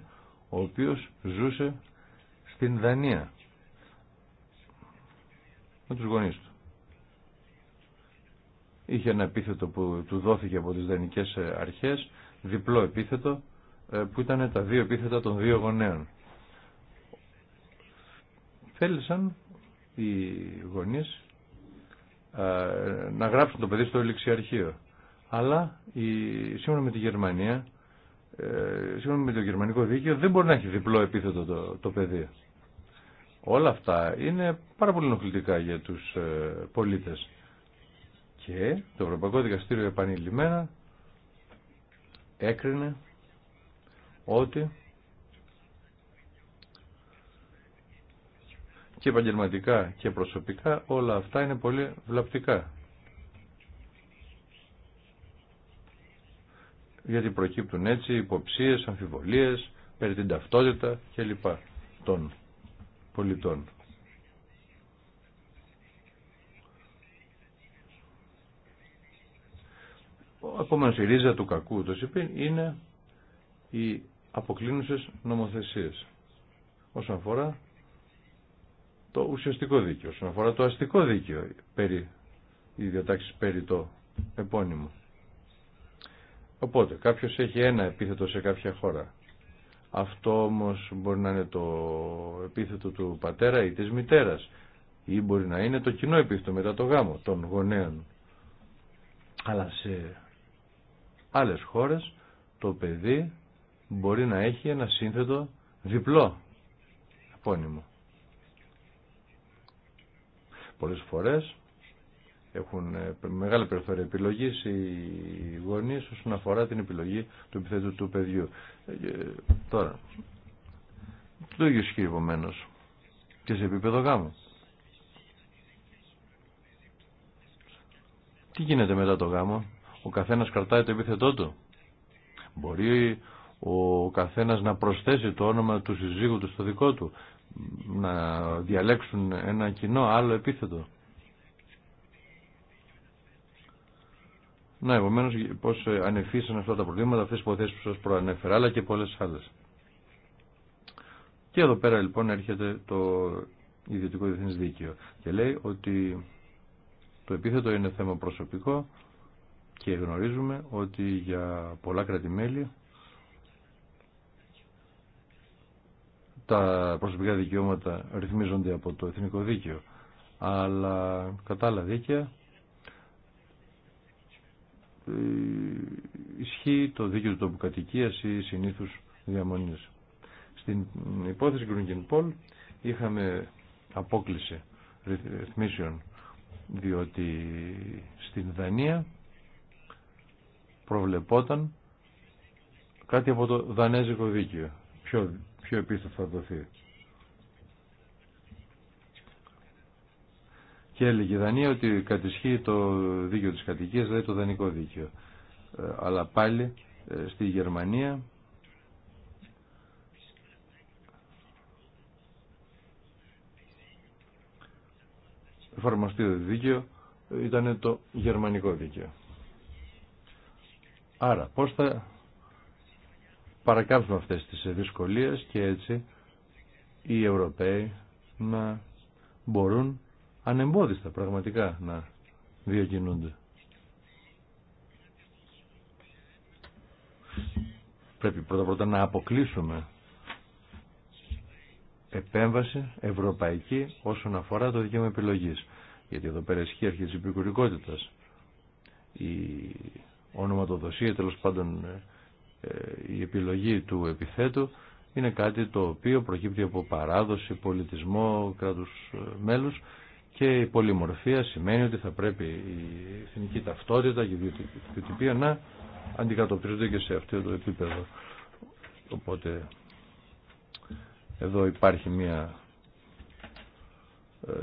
ο οποίος ζούσε στην Δανία με τους γονείς του. Είχε ένα επίθετο που του δόθηκε από τις Δανικές αρχές, διπλό επίθετο, ε, που ήταν τα δύο επίθετα των δύο γονέων θέλησαν οι γονείς ε, να γράψουν το παιδί στο ληξιαρχείο. Αλλά η, σύμφωνα με τη Γερμανία, ε, σύμφωνα με το γερμανικό δίκαιο, δεν μπορεί να έχει διπλό επίθετο το, το παιδί. Όλα αυτά είναι πάρα πολύ ενοχλητικά για τους ε, πολίτες. Και το Ευρωπαϊκό Δικαστήριο επανειλημμένα έκρινε ότι και επαγγελματικά και προσωπικά, όλα αυτά είναι πολύ βλαπτικά. Γιατί προκύπτουν έτσι υποψίες, αμφιβολίες, περί την ταυτότητα κλπ. των πολιτών. Επομένως η ρίζα του κακού το ΣΥΠΗΝ είναι οι αποκλίνουσες νομοθεσίες όσον αφορά το ουσιαστικό δίκαιο. Όσον αφορά το αστικό δίκαιο, περί, οι διατάξει περί το επώνυμο. Οπότε, κάποιο έχει ένα επίθετο σε κάποια χώρα. Αυτό όμω μπορεί να είναι το επίθετο του πατέρα ή τη μητέρα. Ή μπορεί να είναι το κοινό επίθετο μετά το γάμο των γονέων. Αλλά σε άλλες χώρες το παιδί μπορεί να έχει ένα σύνθετο διπλό επώνυμο. Πολλές φορές έχουν ε, μεγάλη περιθώρια επιλογής οι γονείς όσον αφορά την επιλογή του επιθέτου του παιδιού. Ε, ε, τώρα, το ίδιο ισχύει και σε επίπεδο γάμου. Τι γίνεται μετά το γάμο, ο καθένας κρατάει το επίθετό του. Μπορεί ο καθένας να προσθέσει το όνομα του συζύγου του στο δικό του να διαλέξουν ένα κοινό άλλο επίθετο. Να, επομένω, πώ ανεφίσαν αυτά τα προβλήματα, αυτέ τι υποθέσει που σα προανέφερα, αλλά και πολλέ άλλε. Και εδώ πέρα λοιπόν έρχεται το ιδιωτικό διεθνή δίκαιο και λέει ότι το επίθετο είναι θέμα προσωπικό και γνωρίζουμε ότι για πολλά κρατημέλη τα προσωπικά δικαιώματα ρυθμίζονται από το εθνικό δίκαιο, αλλά κατά άλλα δίκαια ε, ισχύει το δίκαιο του τόπου κατοικίας ή συνήθους διαμονής. Στην υπόθεση Γκρουνγκεν Πολ είχαμε απόκληση ρυθμίσεων διότι στην Δανία προβλεπόταν κάτι από το δανέζικο δίκαιο πιο πιο επίσης θα δοθεί. Και έλεγε η Δανία ότι κατησχύει το δίκαιο της κατοικίας, δηλαδή το δανεικό δίκαιο. Ε, αλλά πάλι ε, στη Γερμανία εφαρμοστεί το δίκαιο ήταν το γερμανικό δίκαιο. Άρα πώς θα παρακάμψουμε αυτές τις δυσκολίες και έτσι οι Ευρωπαίοι να μπορούν ανεμπόδιστα πραγματικά να διακινούνται. Πρέπει πρώτα πρώτα να αποκλείσουμε επέμβαση ευρωπαϊκή όσον αφορά το δικαίωμα επιλογής. Γιατί εδώ πέρα ισχύει αρχή της Η ονοματοδοσία τέλος πάντων η επιλογή του επιθέτου είναι κάτι το οποίο προκύπτει από παράδοση, πολιτισμό, κράτους ε, μέλους και η πολυμορφία σημαίνει ότι θα πρέπει η εθνική ταυτότητα και η βιοτυπία να αντικατοπτρίζονται και σε αυτό το επίπεδο. Οπότε εδώ υπάρχει μια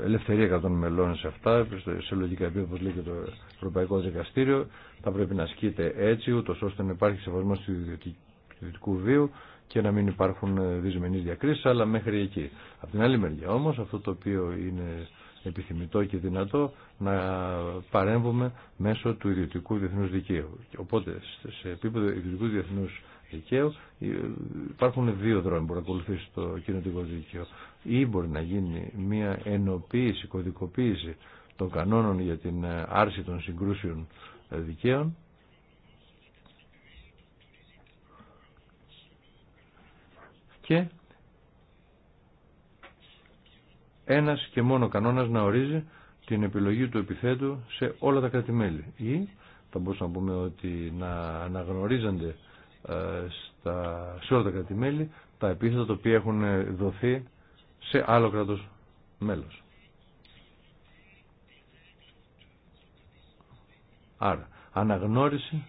ελευθερία των μελών σε αυτά, σε λογικά επίπεδο, όπως λέει και το Ευρωπαϊκό Δικαστήριο, θα πρέπει να ασκείται έτσι, ούτω ώστε να υπάρχει σεβασμό του ιδιωτικού βίου και να μην υπάρχουν ε, δυσμενεί διακρίσει, αλλά μέχρι εκεί. Από την άλλη μεριά όμω, αυτό το οποίο είναι επιθυμητό και δυνατό να παρέμβουμε μέσω του ιδιωτικού διεθνούς δικαίου. Οπότε σε επίπεδο ιδιωτικού διεθνούς δικαίου. Ε, υπάρχουν δύο δρόμοι που να ακολουθήσει το κοινωτικό δίκαιο. Ή μπορεί να γίνει μια ενοποίηση, κωδικοποίηση των κανόνων για την ε, άρση των συγκρούσεων ε, δικαίων και ένας και μόνο κανόνας να ορίζει την επιλογή του επιθέτου σε όλα τα κράτη-μέλη. Ή θα μπορούσαμε να πούμε ότι να αναγνωρίζονται ε, στα, σε όλα τα κράτη-μέλη τα επίθετα τα οποία έχουν ε, δοθεί σε άλλο κράτος μέλος. Άρα, αναγνώριση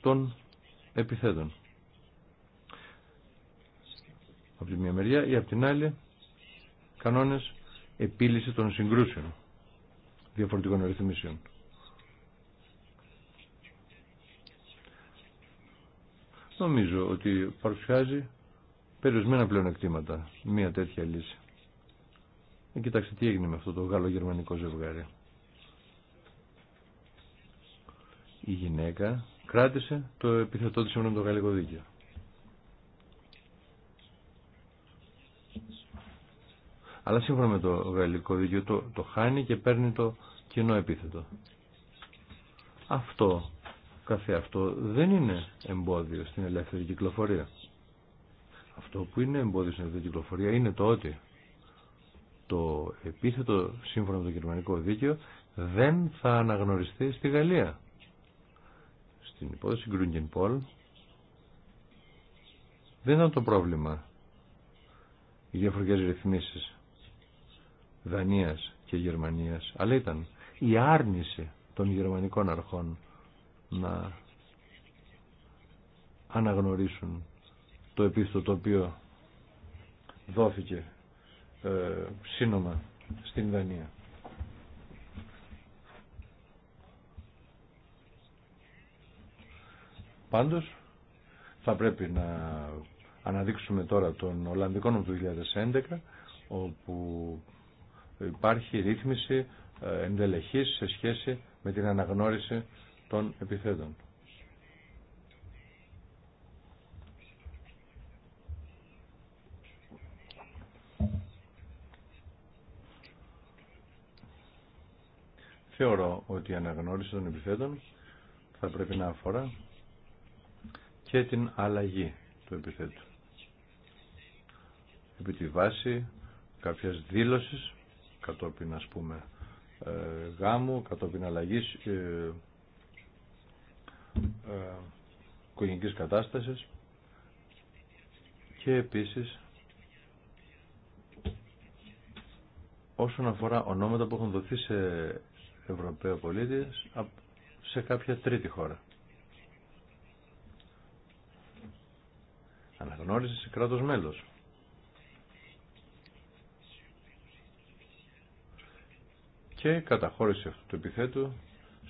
των επιθέτων. Από τη μία μεριά ή από την άλλη κανόνες επίλυση των συγκρούσεων διαφορετικών ρυθμίσεων. Νομίζω ότι παρουσιάζει περιορισμένα πλεονεκτήματα μία τέτοια λύση. Ε, κοιτάξτε τι έγινε με αυτό το γαλλογερμανικό ζευγάρι. Η γυναίκα κράτησε το επιθετό της σύμφωνα με το γαλλικό δίκαιο. Αλλά σύμφωνα με το γαλλικό δίκαιο το, το χάνει και παίρνει το κοινό επίθετο. Αυτό αυτό δεν είναι εμπόδιο στην ελεύθερη κυκλοφορία. Αυτό που είναι εμπόδιο στην ελεύθερη κυκλοφορία είναι το ότι το επίθετο σύμφωνα με το γερμανικό δίκαιο δεν θα αναγνωριστεί στη Γαλλία. Στην υπόθεση Γκρούνγκεν Πολ δεν ήταν το πρόβλημα οι διαφορετικές ρυθμίσεις Δανίας και Γερμανίας αλλά ήταν η άρνηση των γερμανικών αρχών να αναγνωρίσουν το επίστο το οποίο δόθηκε ε, σύνομα στην Δανία. Πάντως θα πρέπει να αναδείξουμε τώρα τον Ολλανδικό του 2011 όπου υπάρχει ρύθμιση ε, εντελεχής σε σχέση με την αναγνώριση των επιθέτων. Θεωρώ ότι η αναγνώριση των επιθέτων θα πρέπει να αφορά και την αλλαγή του επιθέτου. Επί τη βάση κάποιας δήλωσης, κατόπιν ας πούμε ε, γάμου, κατόπιν αλλαγής ε, ε, οικογενικής κατάστασης και επίσης όσον αφορά ονόματα που έχουν δοθεί σε Ευρωπαίο πολίτες σε κάποια τρίτη χώρα. Αναγνώριση σε κράτος μέλος. Και καταχώρηση αυτού του επιθέτου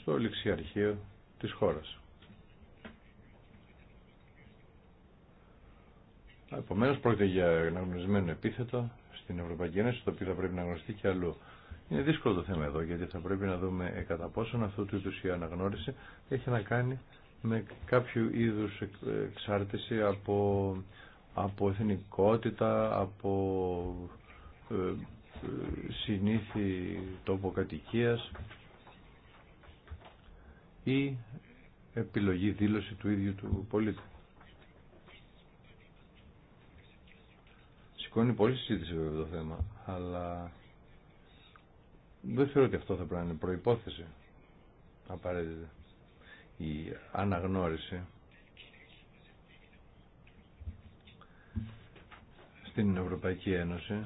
στο ληξιαρχείο της χώρας. Επομένω, πρόκειται για αναγνωρισμένο επίθετο στην Ευρωπαϊκή Ένωση, το οποίο θα πρέπει να γνωριστεί και αλλού. Είναι δύσκολο το θέμα εδώ, γιατί θα πρέπει να δούμε ε, κατά πόσον αυτό του είδου η αναγνώριση έχει να κάνει με κάποιο είδου εξάρτηση από, από εθνικότητα, από ε, ε συνήθι τόπο κατοικία ή επιλογή δήλωση του ίδιου του πολίτη. Είναι πολύ συζήτηση βέβαια το θέμα, αλλά δεν θεωρώ ότι αυτό θα πρέπει να είναι προϋπόθεση απαραίτητα. Η αναγνώριση στην Ευρωπαϊκή Ένωση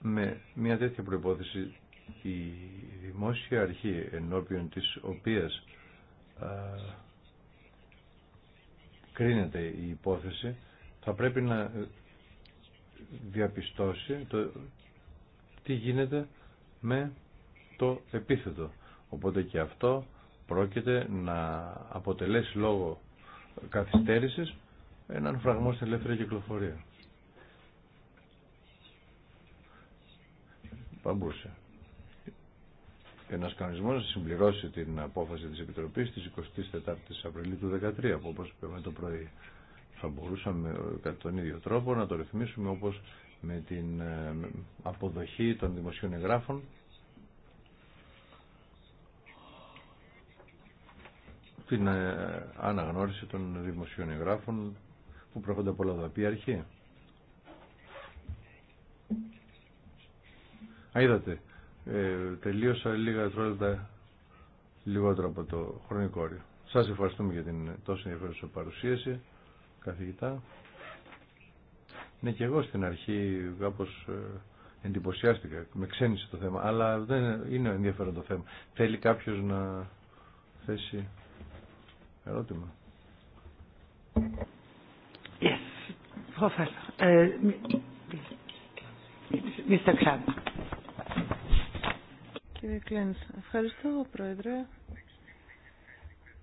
με μια τέτοια προϋπόθεση η δημόσια αρχή ενώπιον της οποίας α, κρίνεται η υπόθεση θα πρέπει να διαπιστώσει τι γίνεται με το επίθετο. Οπότε και αυτό πρόκειται να αποτελέσει λόγω καθυστέρησης έναν φραγμό στην ελεύθερη κυκλοφορία. Παμπούσε. Ένας κανονισμός να συμπληρώσει την απόφαση της Επιτροπής τη 24η Απριλίου του 2013, όπως όπω είπαμε το πρωί θα μπορούσαμε ε, κατά τον ίδιο τρόπο να το ρυθμίσουμε όπως με την ε, αποδοχή των δημοσίων εγγράφων την ε, αναγνώριση των δημοσίων εγγράφων που προχωρούνται από λαδαπή αρχή. Α, είδατε, ε, τελείωσα λίγα τρόλεπτα λιγότερο από το χρονικό όριο. Σας ευχαριστούμε για την τόσο ενδιαφέρουσα παρουσίαση καθηγητά. Ναι και εγώ στην αρχή κάπως ε, εντυπωσιάστηκα, με ξένησε το θέμα, αλλά δεν είναι ενδιαφέρον το θέμα. Θέλει κάποιος να θέσει ερώτημα. Yes, Mr. Ε, Κύριε Κλέντς, ευχαριστώ Πρόεδρε.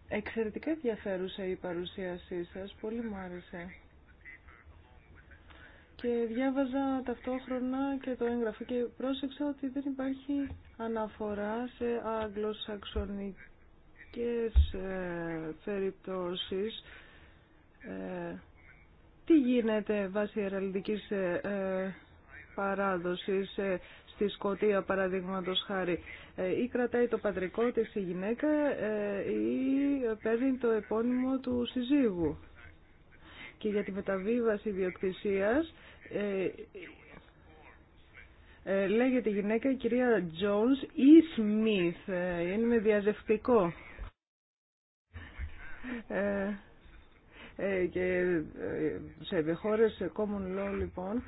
Εξαιρετικά ενδιαφέρουσα η παρουσίασή σας, πολύ μου άρεσε. Και διάβαζα ταυτόχρονα και το έγγραφο και πρόσεξα ότι δεν υπάρχει αναφορά σε αγγλοσαξονικές ε, περιπτώσεις. Ε, τι γίνεται βάσει αεραλυντικής ε, ε, παράδοσης, ε, στη Σκωτία παραδείγματο χάρη. Ε, ή κρατάει το πατρικό της η γυναίκα ε, ή παίρνει το επώνυμο του συζύγου. Και για τη μεταβίβαση ιδιοκτησίας ε, λέγεται η γυναίκα η κυρία Τζόνς ή Σμιθ. Είναι με διαζευτικό. Ε, και σε χώρες common law λοιπόν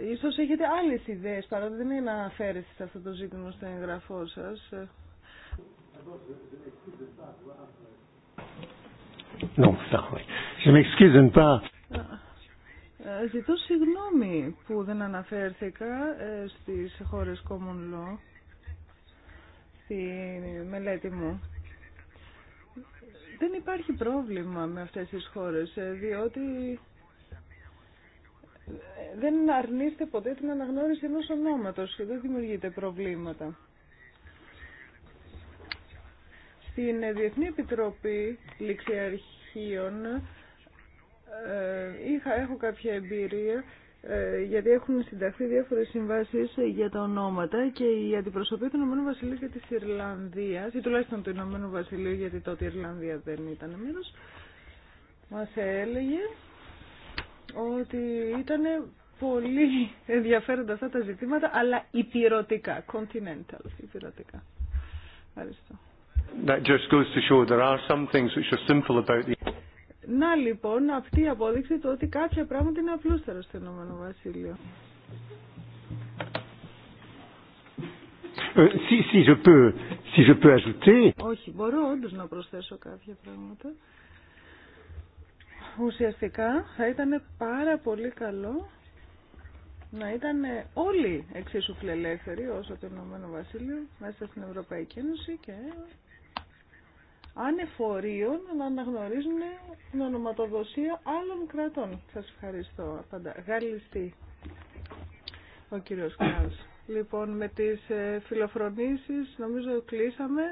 Ε, ίσως έχετε άλλες ιδέες, παρά δεν είναι αναφέρεστε σε αυτό το ζήτημα στο εγγραφό σας. Ε, ζητώ συγγνώμη που δεν αναφέρθηκα ε, στις χώρες Common Law στη μελέτη μου. Δεν υπάρχει πρόβλημα με αυτές τις χώρες, διότι δεν αρνείστε ποτέ την αναγνώριση ενός ονόματος και δεν δημιουργείται προβλήματα. Στην Διεθνή Επιτροπή Ληξιαρχείων ε, είχα, έχω κάποια εμπειρία ε, γιατί έχουν συνταχθεί διάφορες συμβάσεις για τα ονόματα και η αντιπροσωπή του Ηνωμένου Βασιλείου και της Ιρλανδίας ή τουλάχιστον του Ηνωμένου Βασιλείου γιατί τότε η Ιρλανδία δεν ήταν μέρος μας έλεγε ότι ήταν πολύ ενδιαφέροντα αυτά τα ζητήματα, αλλά υπηρετικά, continental, υπηρετικά. Ευχαριστώ. That just goes to show there are some things which are simple about the... Να λοιπόν, αυτή η απόδειξη το ότι κάποια πράγματα είναι απλούστερα στο Ηνωμένο Βασίλειο. Ε, si, si, je peux, si je peux ajouter... Όχι, μπορώ όντω να προσθέσω κάποια πράγματα ουσιαστικά θα ήταν πάρα πολύ καλό να ήταν όλοι εξίσου φιλελεύθεροι όσο το Ηνωμένο Βασίλειο μέσα στην Ευρωπαϊκή Ένωση και ανεφορείων να αναγνωρίζουν την ονοματοδοσία άλλων κρατών. Σας ευχαριστώ πάντα. Γαλλιστή ο κύριος Κράου. Λοιπόν, με τις ε, φιλοφρονήσεις νομίζω κλείσαμε.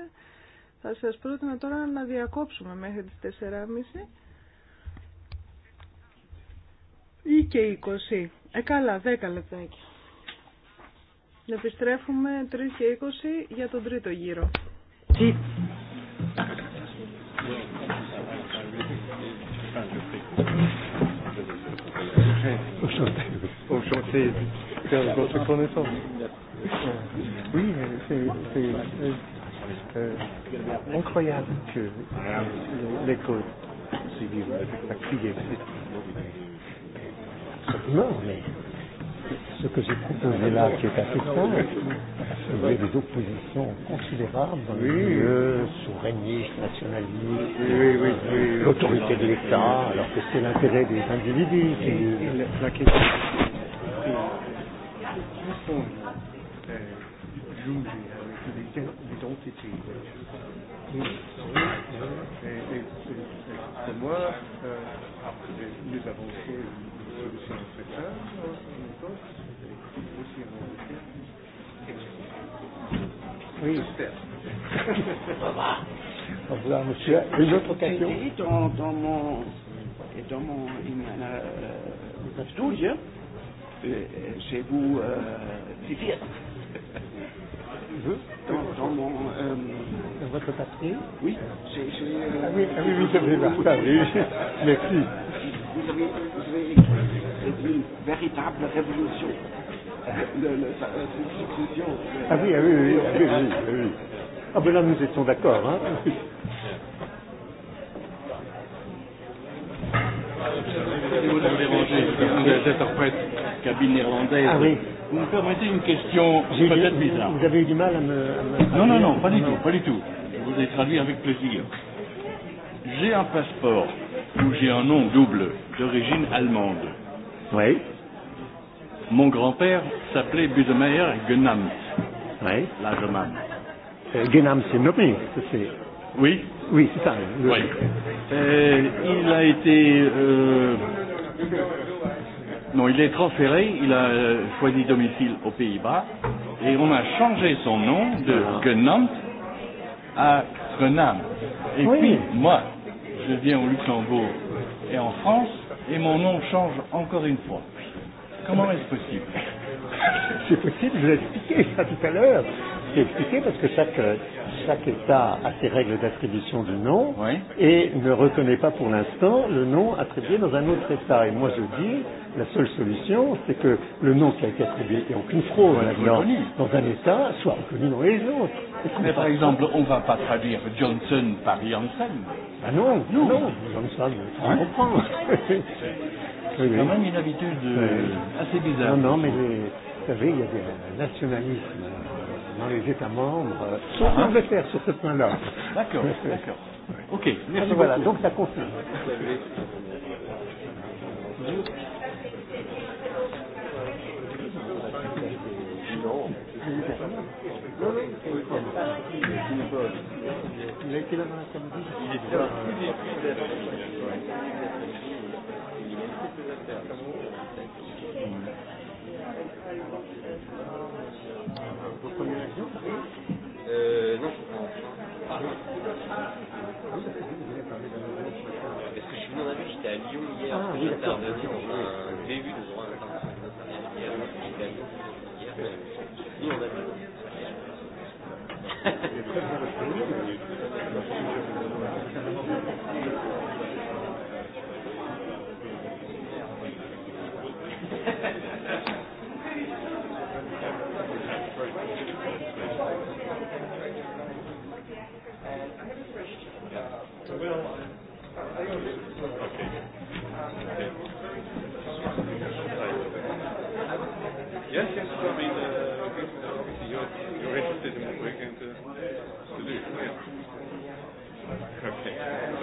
Θα σας πρότεινα τώρα να διακόψουμε μέχρι τις 4.30 ή και 20. Ε, καλά, 10 λεπτάκια. Να επιστρέφουμε 3 και 20 για τον τρίτο γύρο. Τι. Oui, c'est euh, incroyable que l'écho s'est dit, a Non, mais ce que j'ai proposé là, qui est assez simple, il y a des oppositions considérables dans le milieu souverainiste, nationaliste, oui, oui, oui, l'autorité de l'État, alors que c'est l'intérêt des individus. Qui... La question pour moi, nous avons fait Oui. monsieur. dans, mon, dans mon euh, studio, c'est vous euh, Dans, dans mon... Euh, dans votre papier Oui. j'ai... ah oui, oui, c'est vrai. Merci vous avez, vous avez une véritable révolution de la Ah oui, oui, oui, oui, oui, oui. Ah ben là, nous étions d'accord. Hein. Vous Ah oui. Vous me permettez une question peut-être bizarre. Vous avez eu du mal à me. non, non, non, pas du tout, pas du tout. Je vous ai traduit avec plaisir. J'ai un passeport où j'ai un nom double, d'origine allemande. Oui. Mon grand-père s'appelait Budemeyer Genamt. Oui. La Euh, Genamt, c'est nommé. C'est... Oui. Oui, c'est ça. Oui. Euh, il a été. Euh... Non, il est transféré. Il a choisi domicile aux Pays-Bas et on a changé son nom de Genamt à Renam. Et puis moi, je viens au Luxembourg et en France, et mon nom change encore une fois. Comment est-ce possible C'est possible, je l'ai expliqué tout à l'heure. C'est expliqué parce que chaque, chaque État a ses règles d'attribution du nom et ne reconnaît pas pour l'instant le nom attribué dans un autre État. Et moi je dis, la seule solution, c'est que le nom qui a été attribué, et aucune fraude là-dedans, dans un État, soit reconnu dans les autres. Mais par exemple, on ne va pas traduire Johnson par Janssen. Ah non, non, non. Johnson, on comprend. C'est quand même une habitude assez bizarre. Non, non, mais vous savez, il y a des nationalismes dans les États membres, sauf l'Angleterre sur ce point-là. D'accord, d'accord. Ok, merci voilà, donc ça confirme. Non, Il a que je suis dans la j'étais à Lyon hier,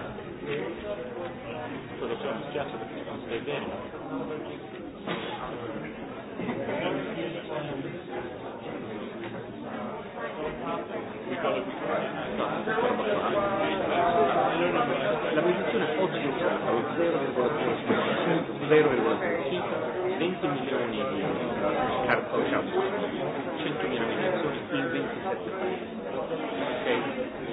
La posizione oggi è lo 0,05, 20 milioni di cartoni, 100 milioni di persone in 27 paesi.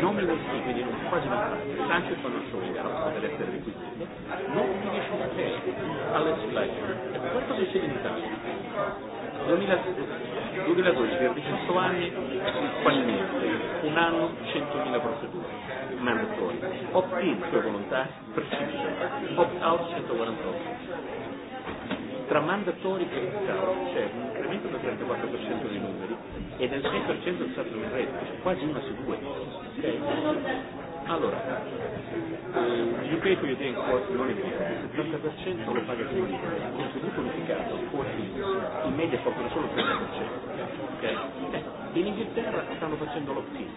non mi consiglio, quindi non quasi non anche quando sono in per essere requisiti, non mi riesce a fare alle slide. E questo cosa in Italia? 2012, per 18 anni, il fallimento, un anno, 100.000 procedure, mandatori, opt-in, sua volontà, precisa, opt-out, 148. Tra mandatori e opt-out c'è un incremento del 34% di numero ed è il 6% stato in rete, quasi una su due. Allora, eh, UK per idea in non il 30% lo paga più libero, il contributo unificato fuori in media portano solo il 30%. Okay? In Inghilterra stanno facendo l'opt-in,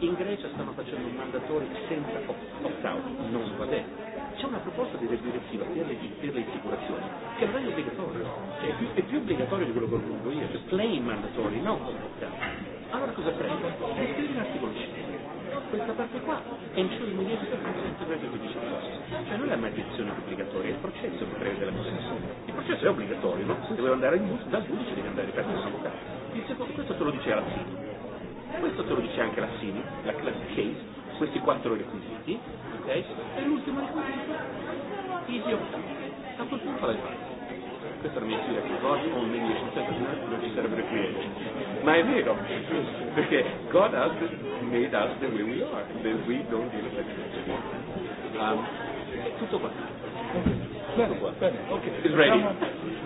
in Grecia stanno facendo un mandatore senza opt-out, non va bene c'è una proposta di direttiva per le, per le assicurazioni che non è obbligatorio, cioè è più, è più obbligatorio di quello che ho detto io, cioè play mandatory, non Allora cosa prendo? E scrivi articolo 5. Questa parte qua è in ciò immediato per Cioè non è la maledizione obbligatoria, è il processo che prevede la possessione. Il processo è obbligatorio, no? Se devo andare in, dal giudice devi andare per l'avvocato. Questo te lo dice la Sini. Questo te lo dice anche la Sini, la class case, questi quattro requisiti, ok? E l'ultimo requisito, idiota. A quel punto l'hai fatto. Questa è la mia sfida che God con me dice non ci sarebbero niente. Ma è vero, perché God has made us the way we are, the we don't deal with um, Tutto qua. bene qua. Ok, it's ready.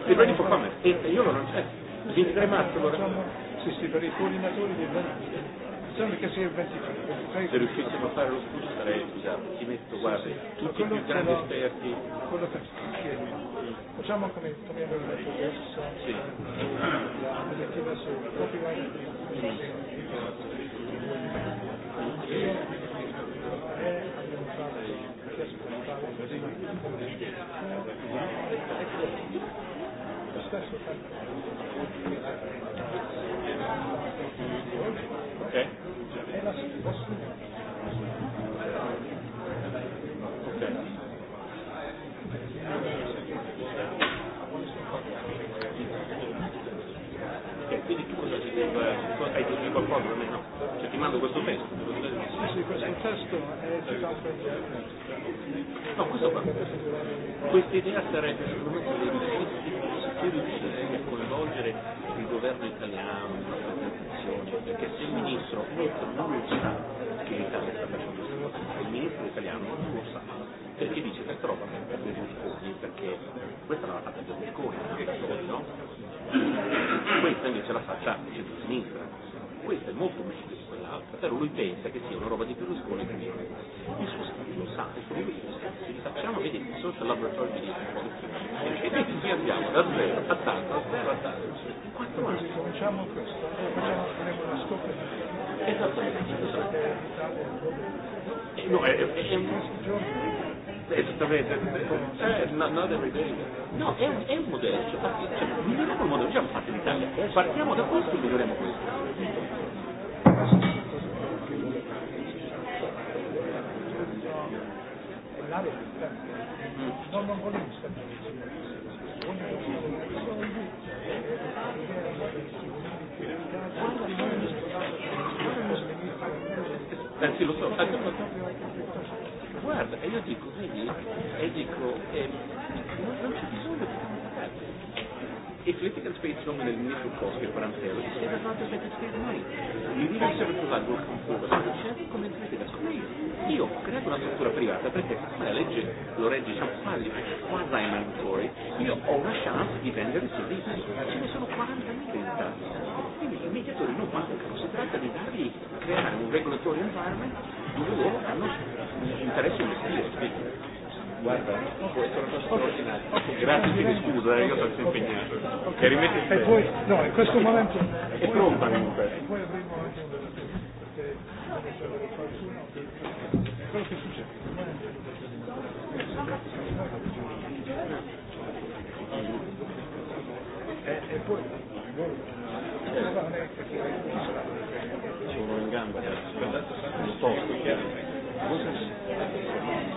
It's ready for comment. E io non c'è. 23 marzo vorrei. Sì, sì, per i coordinatori del No, perché si è 24. Se riuscissimo a fare lo studio sarei, scusate, ci metto, guardi, tutti i più grandi esperti. Quello che Facciamo come, come abbiamo detto adesso, sì. l'obiettivo è su copyright. Anzi lo so, guarda, io dico, e dico, eh, non c'è bisogno di η politica spedizione del ministro Coschi, il Parantello, si è davanti per gestire noi. Il ministro è trovato un concorso del CED come impresa da scoprire. Io ho creato una struttura privata perché siccome la legge lo regge diciamo, quasi, quasi mandatory, io ho una chance di vendere i servizi. Ce ne sono 40.000 in Italia. Quindi i mediatori non mancano, si tratta di dargli, creare un regulatory environment dove loro hanno interesse a investire. Guarda, questa Grazie, io rimetti no, in questo momento... È pronta poi avremo anche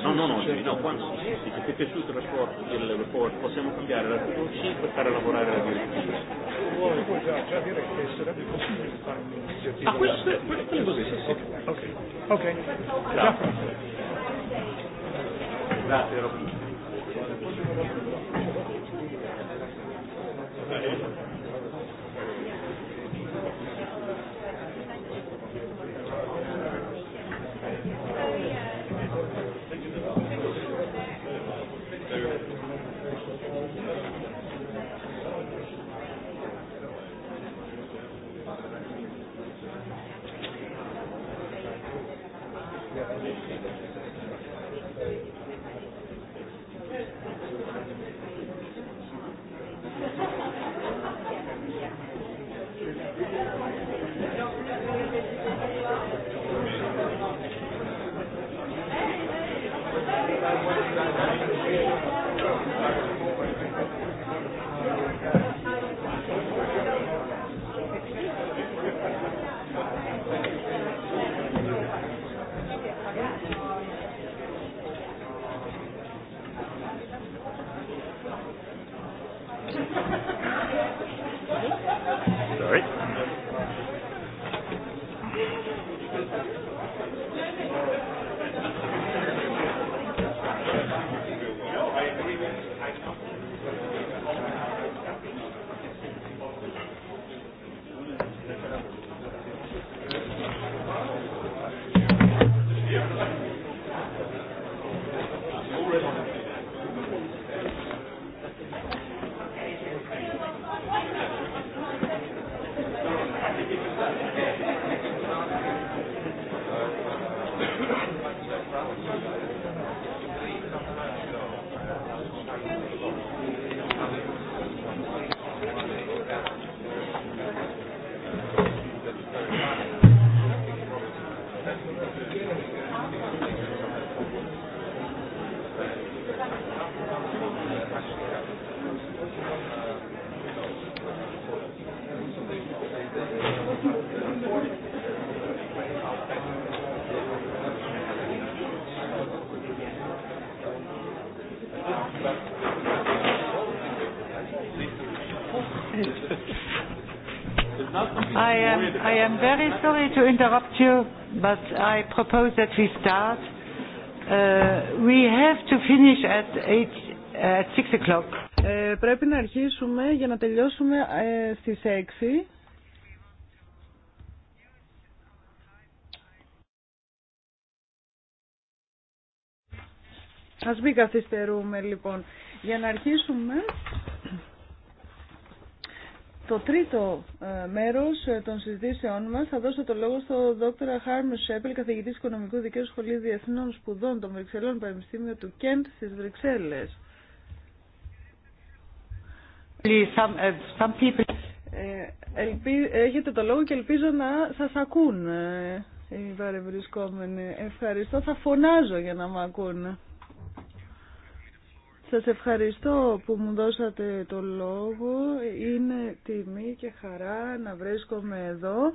No, no, no, no, quando si che è piaciuto il report, il report possiamo cambiare l'articolo 5 e fare lavorare la direttiva. Ok, ok. Grazie. I am very sorry to interrupt you, but I propose that we start. Uh, we have to finish at, eight, at six o'clock. Ε, πρέπει να αρχίσουμε για να τελειώσουμε ε, στις 6. Ας μην καθυστερούμε λοιπόν. Για να αρχίσουμε το τρίτο ε, μέρος ε, των συζητήσεών μας θα δώσω το λόγο στον δόκτωρα Χάρμ Σέπελ, καθηγητής οικονομικού δικαίου σχολείου διεθνών σπουδών των Βρυξελών Πανεπιστήμιο του Κέντ στις Βρυξέλλες. Uh, ε, Έχετε το λόγο και ελπίζω να σας ακούν ε, οι παρευρισκόμενοι. Ευχαριστώ. Θα φωνάζω για να με ακούν. Σας ευχαριστώ που μου δώσατε το λόγο. Είναι τιμή και χαρά να βρίσκομαι εδώ.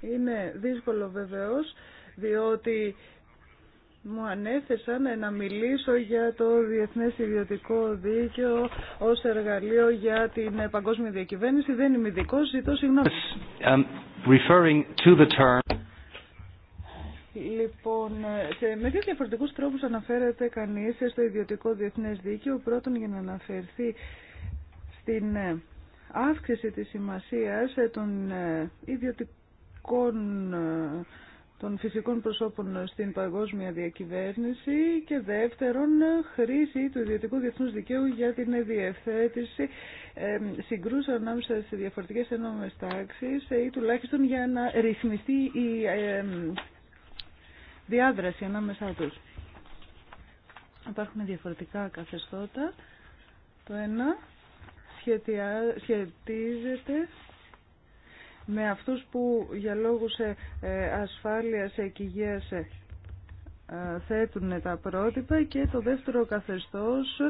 Είναι δύσκολο βεβαίως, διότι μου ανέθεσαν να μιλήσω για το Διεθνές Ιδιωτικό Δίκαιο ως εργαλείο για την παγκόσμια διακυβέρνηση. Δεν είμαι ειδικός, ζητώ συγγνώμη. Um, Λοιπόν, με δύο διαφορετικού τρόπου αναφέρεται κανεί στο ιδιωτικό διεθνέ δίκαιο. Πρώτον, για να αναφερθεί στην ε, αύξηση της σημασίας ε, των ε, ιδιωτικών των φυσικών προσώπων στην παγκόσμια διακυβέρνηση και δεύτερον χρήση του ιδιωτικού διεθνούς δικαίου για την διευθέτηση συγκρούσεων ανάμεσα σε διαφορετικές ενόμες τάξεις ή τουλάχιστον για να ρυθμιστεί η διάδραση ανάμεσά του. Υπάρχουν διαφορετικά καθεστώτα. Το ένα σχετίζεται με αυτούς που για λόγους ε, ε, ασφάλειας και υγείας ε, θέτουν τα πρότυπα και το δεύτερο καθεστώς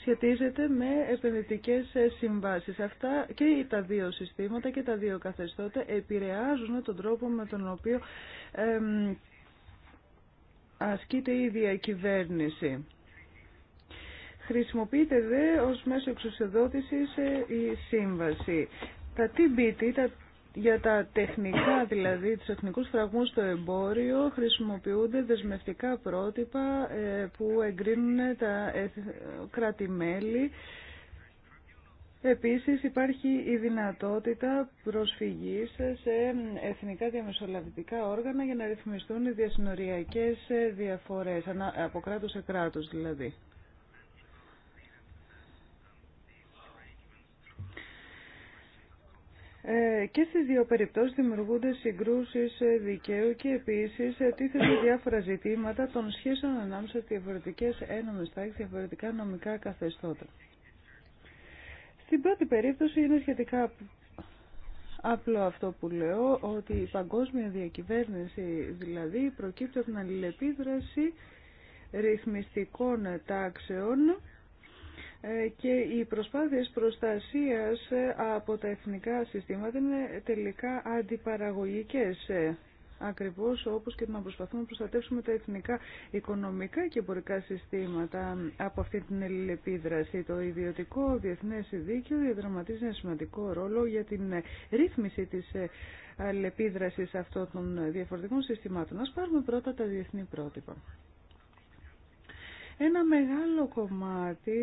σχετίζεται με επενδυτικές συμβάσεις. Αυτά και τα δύο συστήματα και τα δύο καθεστώτα επηρεάζουν τον τρόπο με τον οποίο ασκείται η κυβέρνηση. Χρησιμοποιείται δε ως μέσο εξουσιοδότησης ε, η σύμβαση. Τα TBT, τα για τα τεχνικά, δηλαδή τους τεχνικούς φραγμούς στο εμπόριο, χρησιμοποιούνται δεσμευτικά πρότυπα ε, που εγκρίνουν τα ε, κράτη-μέλη Επίσης υπάρχει η δυνατότητα προσφυγής σε εθνικά διαμεσολαβητικά όργανα για να ρυθμιστούν οι διασυνοριακές διαφορές, από κράτος σε κράτος δηλαδή. Ε, και στις δύο περιπτώσεις δημιουργούνται συγκρούσεις δικαίου και επίσης τίθεται διάφορα ζητήματα των σχέσεων ανάμεσα στις διαφορετικές ένωμες τάξεις, διαφορετικά νομικά καθεστώτα. Στην πρώτη περίπτωση είναι σχετικά απλό αυτό που λέω, ότι η παγκόσμια διακυβέρνηση δηλαδή προκύπτει από την αλληλεπίδραση ρυθμιστικών τάξεων ε, και οι προσπάθειες προστασίας από τα εθνικά συστήματα είναι τελικά αντιπαραγωγικές ακριβώς όπως και να προσπαθούμε να προστατεύσουμε τα εθνικά οικονομικά και εμπορικά συστήματα από αυτή την ελληνεπίδραση. Το ιδιωτικό διεθνές δίκαιο διαδραματίζει ένα σημαντικό ρόλο για την ρύθμιση της αλληλεπίδρασης αυτών των διαφορετικών συστημάτων. Ας πάρουμε πρώτα τα διεθνή πρότυπα. Ένα μεγάλο κομμάτι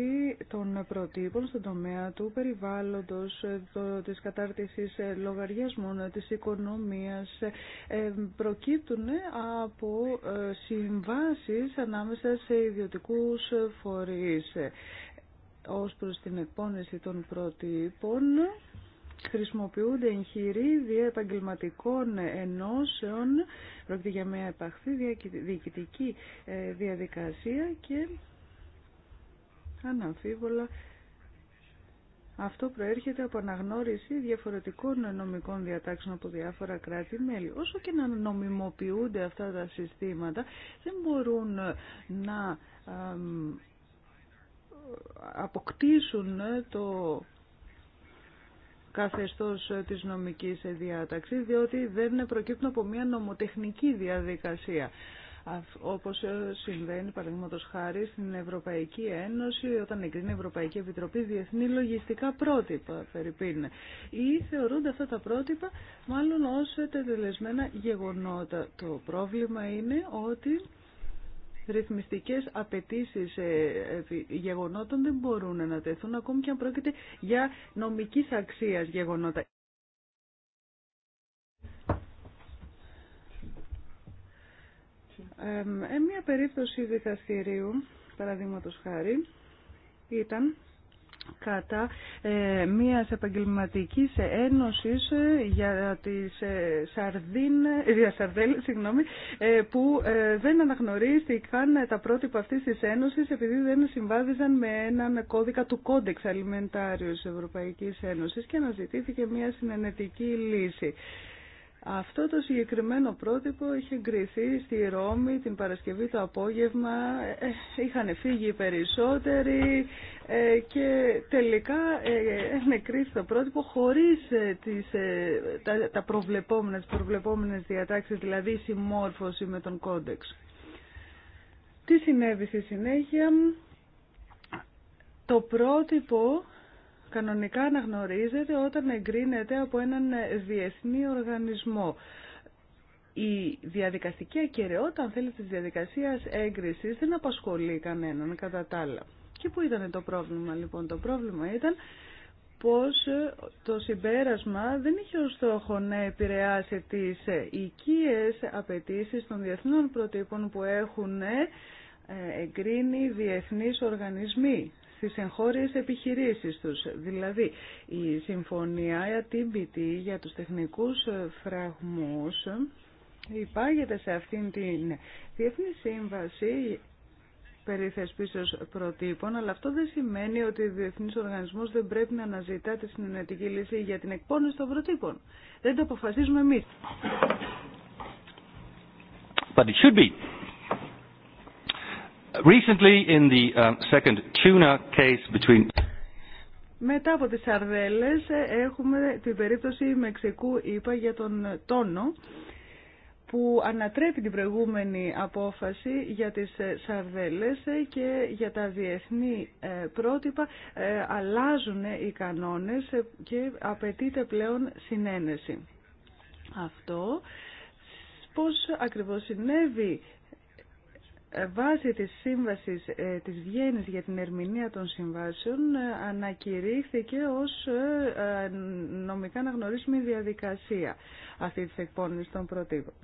των προτύπων στον τομέα του περιβάλλοντος, το, της κατάρτισης ε, λογαριασμών, ε, της οικονομίας ε, προκύπτουν από συμβάσεις ανάμεσα σε ιδιωτικούς φορείς. Ως προς την εκπόνηση των προτύπων, χρησιμοποιούνται εγχειρίδια επαγγελματικών ενώσεων, πρόκειται για μια επαχθή διοικητική ε, διαδικασία και αναμφίβολα αυτό προέρχεται από αναγνώριση διαφορετικών νομικών διατάξεων από διάφορα κράτη-μέλη. Όσο και να νομιμοποιούνται αυτά τα συστήματα, δεν μπορούν να αποκτήσουν το καθεστώς ε, της νομικής διάταξης, διότι δεν προκύπτουν από μια νομοτεχνική διαδικασία. Όπως ε, συμβαίνει, παραδείγματο χάρη, στην Ευρωπαϊκή Ένωση, όταν εγκρίνει η Ευρωπαϊκή Επιτροπή διεθνή λογιστικά πρότυπα, περιπίνε. Ή θεωρούνται αυτά τα πρότυπα μάλλον ως τελεσμένα γεγονότα. Το πρόβλημα είναι ότι ρυθμιστικές απαιτήσει ε, ε, γεγονότων δεν μπορούν να τεθούν ακόμη και αν πρόκειται για νομικής αξίας γεγονότα. Ε, ε μια περίπτωση δικαστηρίου, παραδείγματο χάρη, ήταν κατά ε, μιας επαγγελματικής ένωσης ε, για τις ε, σαρδίν, ε, συγγνώμη, ε, που δεν αναγνωρίστηκαν τα πρότυπα αυτής της ένωσης επειδή δεν συμβάδιζαν με έναν κώδικα του κόντεξ αλιμεντάριου της Ευρωπαϊκής Ένωσης και αναζητήθηκε μια συνενετική λύση. Αυτό το συγκεκριμένο πρότυπο είχε εγκριθεί στη Ρώμη την Παρασκευή το απόγευμα. Ε, είχαν φύγει οι περισσότεροι ε, και τελικά ε, νεκρύθη το πρότυπο χωρίς τις, τα, τα προβλεπόμενα, προβλεπόμενες διατάξεις, δηλαδή η συμμόρφωση με τον κόντεξ. Τι συνέβη στη συνέχεια. Το πρότυπο κανονικά αναγνωρίζεται όταν εγκρίνεται από έναν διεθνή οργανισμό. Η διαδικαστική ακαιρεότητα, αν θέλει, της διαδικασίας έγκρισης δεν απασχολεί κανέναν κατά τα άλλα. Και πού ήταν το πρόβλημα λοιπόν. Το πρόβλημα ήταν πως το συμπέρασμα δεν είχε ως στόχο να επηρεάσει τις οικίες απαιτήσει των διεθνών προτύπων που έχουν ε, εγκρίνει διεθνείς οργανισμοί στις εγχώριες επιχειρήσεις τους. Δηλαδή, η συμφωνία TBT για τους τεχνικούς φραγμούς υπάγεται σε αυτήν την διεθνή σύμβαση περί θεσπίσεως προτύπων, αλλά αυτό δεν σημαίνει ότι ο Διεθνής Οργανισμός δεν πρέπει να αναζητά τη συνενετική λύση για την εκπόνηση των προτύπων. Δεν το αποφασίζουμε εμείς. But it should be. Recently uh, Μετά από τις αρδέλες ε, έχουμε την περίπτωση Μεξικού, είπα, για τον τόνο που ανατρέπει την προηγούμενη απόφαση για τις ε, σαρδέλες ε, και για τα διεθνή πρότυπα αλλάζουν οι κανόνες και απαιτείται πλέον συνένεση. Αυτό πώς ακριβώς συνέβη Βάσει της σύμβασης ε, της Βιέννης για την ερμηνεία των συμβάσεων ε, ανακηρύχθηκε ως ε, νομικά αναγνωρίσιμη διαδικασία αυτή της εκπόνησης των προτύπων.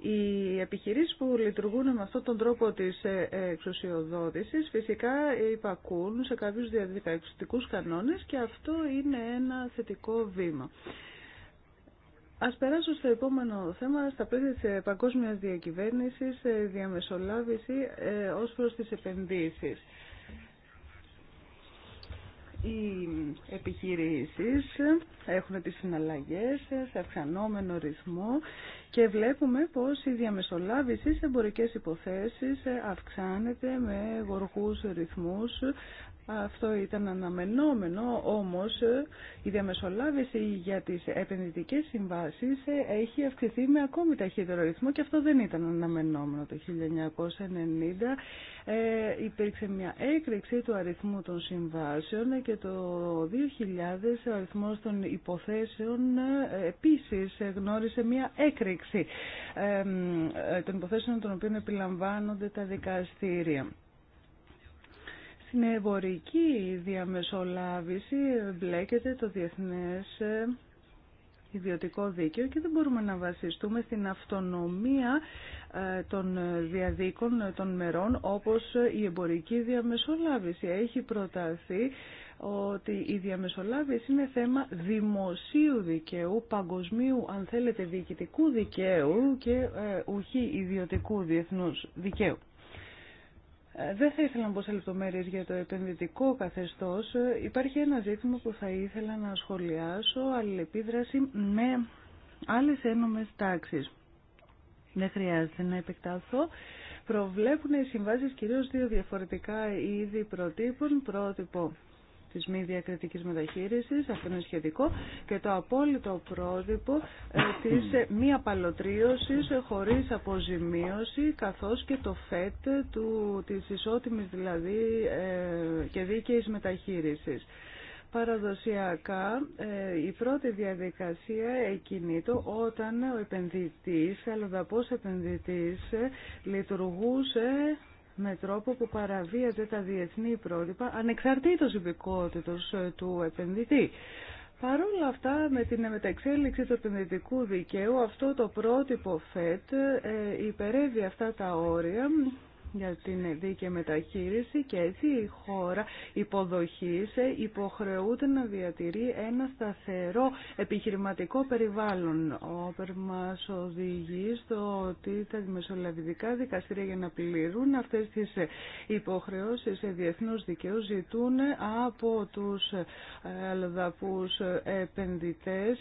Οι επιχειρήσεις που λειτουργούν με αυτόν τον τρόπο της εξουσιοδότησης φυσικά υπακούν σε κάποιους διαδικαστικούς κανόνες και αυτό είναι ένα θετικό βήμα. Α περάσω στο επόμενο θέμα, στα πλαίσια τη ε, Παγκόσμια διακυβέρνηση. Ε, διαμεσολάβηση ε, ως προς τις επενδύσεις. Οι επιχειρήσεις έχουν τις συναλλαγές σε αυξανόμενο ρυθμό και βλέπουμε πως η διαμεσολάβηση σε εμπορικές υποθέσεις αυξάνεται με γοργούς ρυθμούς αυτό ήταν αναμενόμενο, όμως ε, η διαμεσολάβηση για τις επενδυτικές συμβάσεις ε, έχει αυξηθεί με ακόμη ταχύτερο ρυθμό και αυτό δεν ήταν αναμενόμενο το 1990. Ε, υπήρξε μια έκρηξη του αριθμού των συμβάσεων και το 2000 ο αριθμός των υποθέσεων ε, επίσης γνώρισε μια έκρηξη ε, των υποθέσεων των οποίων επιλαμβάνονται τα δικαστήρια στην εμπορική διαμεσολάβηση μπλέκεται το διεθνές ε, ιδιωτικό δίκαιο και δεν μπορούμε να βασιστούμε στην αυτονομία ε, των διαδίκων ε, των μερών όπως η εμπορική διαμεσολάβηση. Έχει προταθεί ότι η διαμεσολάβηση είναι θέμα δημοσίου δικαίου, παγκοσμίου αν θέλετε διοικητικού δικαίου και ουχή ιδιωτικού διεθνούς δικαίου. Ε, δεν θα ήθελα να πω σε λεπτομέρειες για το επενδυτικό καθεστώς. Υπάρχει ένα ζήτημα που θα ήθελα να σχολιάσω, αλληλεπίδραση με άλλες ένομες τάξεις. Δεν χρειάζεται να επεκταθώ. Προβλέπουν οι συμβάσεις κυρίως δύο διαφορετικά είδη προτύπων. Πρότυπο Τη μη διακριτική μεταχείρισης, αυτό είναι σχετικό, και το απόλυτο πρότυπο ε, της ε, μη απαλωτρίωσης ε, χωρίς αποζημίωση, καθώς και το ΦΕΤ του, της ισότιμης δηλαδή και δίκαιη μεταχείριση. Παραδοσιακά η πρώτη διαδικασία το όταν ο επενδυτής, αλλοδαπός επενδυτής, λειτουργούσε με τρόπο που παραβίαζε τα διεθνή πρότυπα ανεξαρτήτως υπηκότητος ε, του επενδυτή. Παρ' αυτά, με την μεταξέλιξη του επενδυτικού δικαίου, αυτό το πρότυπο ΦΕΤ ε, υπερεύει αυτά τα όρια για την δίκαιη μεταχείριση και έτσι η χώρα υποδοχής υποχρεούται να διατηρεί ένα σταθερό επιχειρηματικό περιβάλλον. Ο Όπερ μα οδηγεί στο ότι τα μεσολαβητικά δικαστήρια για να πληρούν αυτές τις υποχρεώσεις διεθνούς δικαίου ζητούν από τους αλλοδαπούς επενδυτές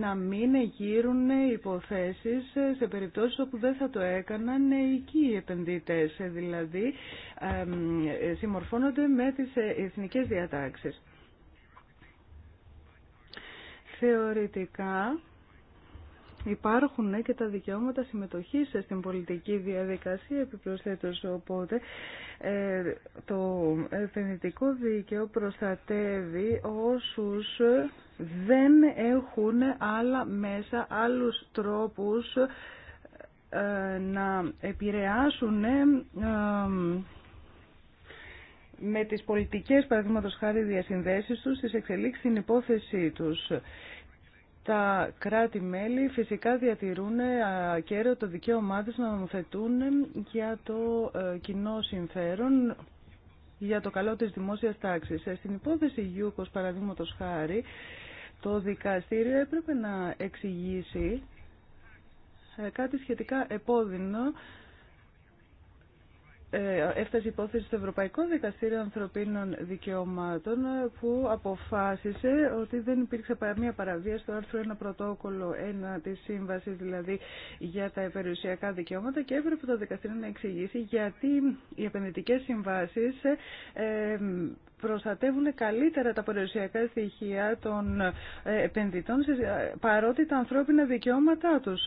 να μην γύρουν υποθέσεις σε περιπτώσεις όπου δεν θα το έκαναν οι επενδυτέ δηλαδή συμμορφώνονται με τις εθνικές διατάξεις. Θεωρητικά υπάρχουν και τα δικαιώματα συμμετοχής στην πολιτική διαδικασία επιπροσθέτως οπότε ε, το εθνικό δίκαιο προστατεύει όσους δεν έχουν άλλα μέσα, άλλους τρόπους ε, να επηρεάσουν ε, ε, με τις πολιτικές παραδείγματος χάρη διασυνδέσεις τους τις εξελίξεις στην υπόθεσή τους. Τα κράτη-μέλη φυσικά διατηρούν ακέραιο το δικαίωμά τους να νομοθετούν για το κοινό συμφέρον για το καλό της δημόσιας τάξης. Στην υπόθεση Γιούκος, παραδείγματος χάρη, το δικαστήριο έπρεπε να εξηγήσει ε, κάτι σχετικά επώδυνο. Ε, έφτασε η υπόθεση στο Ευρωπαϊκό Δικαστήριο Ανθρωπίνων Δικαιωμάτων ε, που αποφάσισε ότι δεν υπήρξε μια παραβία στο άρθρο 1 πρωτόκολλο 1 της Σύμβασης δηλαδή για τα περιουσιακά δικαιώματα και έπρεπε το δικαστήριο να εξηγήσει γιατί οι επενδυτικές συμβάσεις προστατεύουν καλύτερα τα περιουσιακά στοιχεία των επενδυτών παρότι τα ανθρώπινα δικαιώματά τους.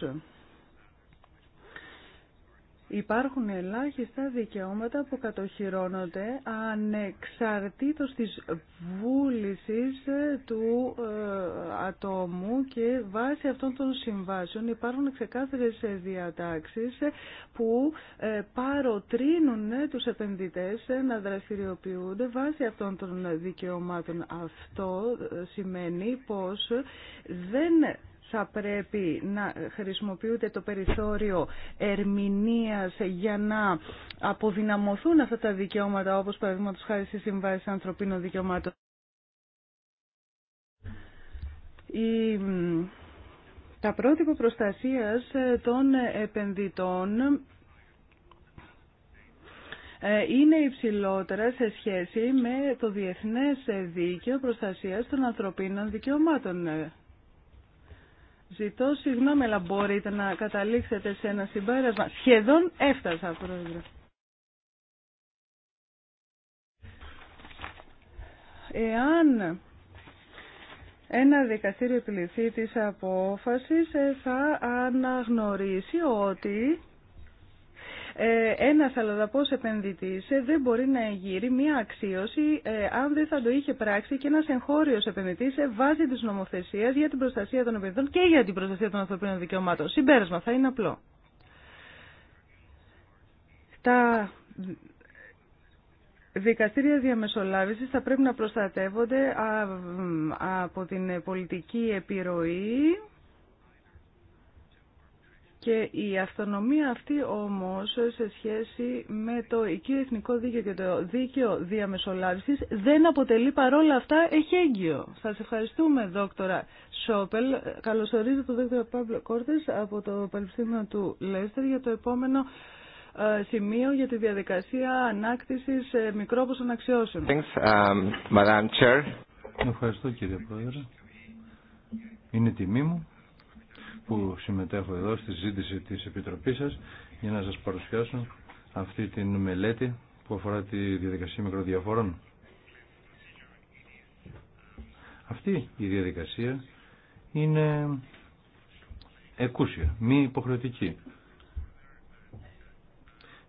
Υπάρχουν ελάχιστα δικαιώματα που κατοχυρώνονται ανεξαρτήτως της βούλησης ε, του ε, ατόμου και βάσει αυτών των συμβάσεων υπάρχουν ξεκάθαρες ε, διατάξεις που παροτρύνουν τους επενδυτές να δραστηριοποιούνται βάσει αυτών των δικαιωμάτων. Αυτό σημαίνει πως δεν θα πρέπει να χρησιμοποιούνται το περιθώριο ερμηνείας για να αποδυναμωθούν αυτά τα δικαιώματα όπως παραδείγματο χάρη στις συμβάσεις ανθρωπίνων δικαιωμάτων. Η... Τα πρότυπα προστασίας ε, των επενδυτών ε, είναι υψηλότερα σε σχέση με το Διεθνές Δίκαιο Προστασίας των Ανθρωπίνων Δικαιωμάτων. Ε, Ζητώ συγγνώμη, αλλά μπορείτε να καταλήξετε σε ένα συμπέρασμα. Σχεδόν έφτασα, πρόεδρε. Εάν ένα δικαστήριο επιληφθεί της απόφασης, ε, θα αναγνωρίσει ότι ε, ένας αλλοδαπός επενδυτής ε, δεν μπορεί να εγείρει μία αξίωση ε, αν δεν θα το είχε πράξει και ένας εγχώριος επενδυτής βάση της νομοθεσίας για την προστασία των επενδυτών και για την προστασία των ανθρωπίνων δικαιωμάτων. Συμπέρασμα θα είναι απλό. Τα Δικαστήρια διαμεσολάβησης θα πρέπει να προστατεύονται από την πολιτική επιρροή και η αυτονομία αυτή όμως σε σχέση με το οικείο εθνικό δίκαιο και το δίκαιο διαμεσολάβησης δεν αποτελεί παρόλα αυτά εχέγγυο. Σας ευχαριστούμε δόκτωρα Σόπελ. Καλωσορίζω τον δόκτωρα Παύλο Κόρτες από το Πανεπιστήμιο του Λέστερ για το επόμενο ε, σημείο για τη διαδικασία ανάκτησης ε, μικρόπωσων αξιώσεων. Um, Ευχαριστώ κύριε Πρόεδρε. Είναι τιμή μου που συμμετέχω εδώ στη ζήτηση της Επιτροπής σας για να σας παρουσιάσω αυτή την μελέτη που αφορά τη διαδικασία μικροδιαφορών. Αυτή η διαδικασία είναι εκούσια, μη υποχρεωτική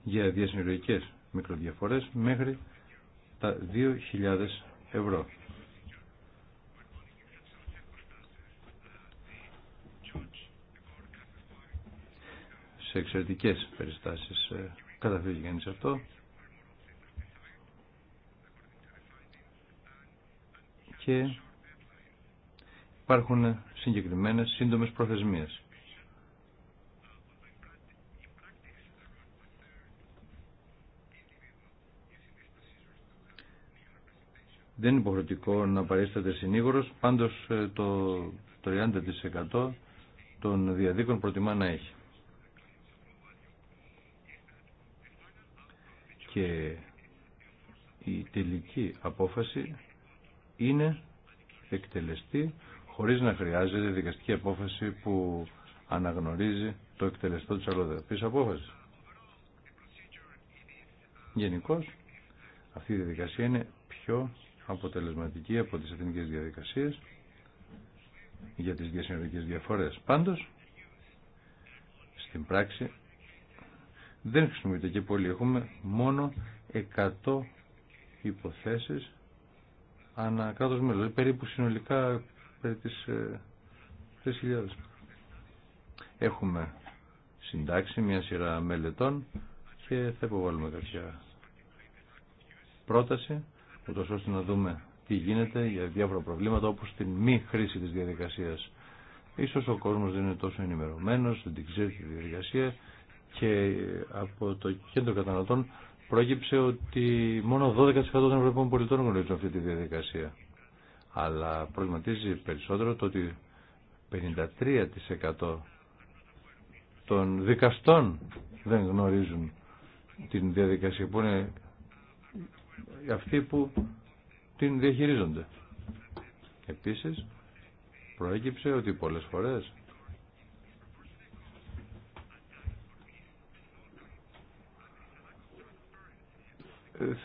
για διασυνολογικές μικροδιαφορές μέχρι τα 2.000 ευρώ. σε εξαιρετικές περιστάσεις ε, καταφύγει κανείς αυτό. Και υπάρχουν συγκεκριμένες σύντομες προθεσμίες. Δεν είναι υποχρεωτικό να παρίσταται συνήγορος, πάντως ε, το 30% των διαδίκων προτιμά να έχει. και η τελική απόφαση είναι εκτελεστή χωρίς να χρειάζεται δικαστική απόφαση που αναγνωρίζει το εκτελεστό της αλλοδαπής απόφασης. Γενικώ, αυτή η διαδικασία είναι πιο αποτελεσματική από τις εθνικές διαδικασίες για τις διασυνορικές διαφορές. Πάντως, στην πράξη δεν χρησιμοποιείται και πολύ. Έχουμε μόνο 100 υποθέσεις ανά κράτος δηλαδή, περίπου συνολικά περί τις 3.000. Ε, Έχουμε συντάξει μια σειρά μελετών και θα υποβάλουμε κάποια πρόταση, ούτως ώστε να δούμε τι γίνεται για διάφορα προβλήματα όπως την μη χρήση της διαδικασίας. Ίσως ο κόσμος δεν είναι τόσο ενημερωμένος, δεν την ξέρει τη διαδικασία και από το κέντρο καταναλωτών πρόκειψε ότι μόνο 12% των Ευρωπαίων πολιτών γνωρίζουν αυτή τη διαδικασία. Αλλά προβληματίζει περισσότερο το ότι 53% των δικαστών δεν γνωρίζουν την διαδικασία που είναι αυτοί που την διαχειρίζονται. Επίσης, προέκυψε ότι πολλές φορές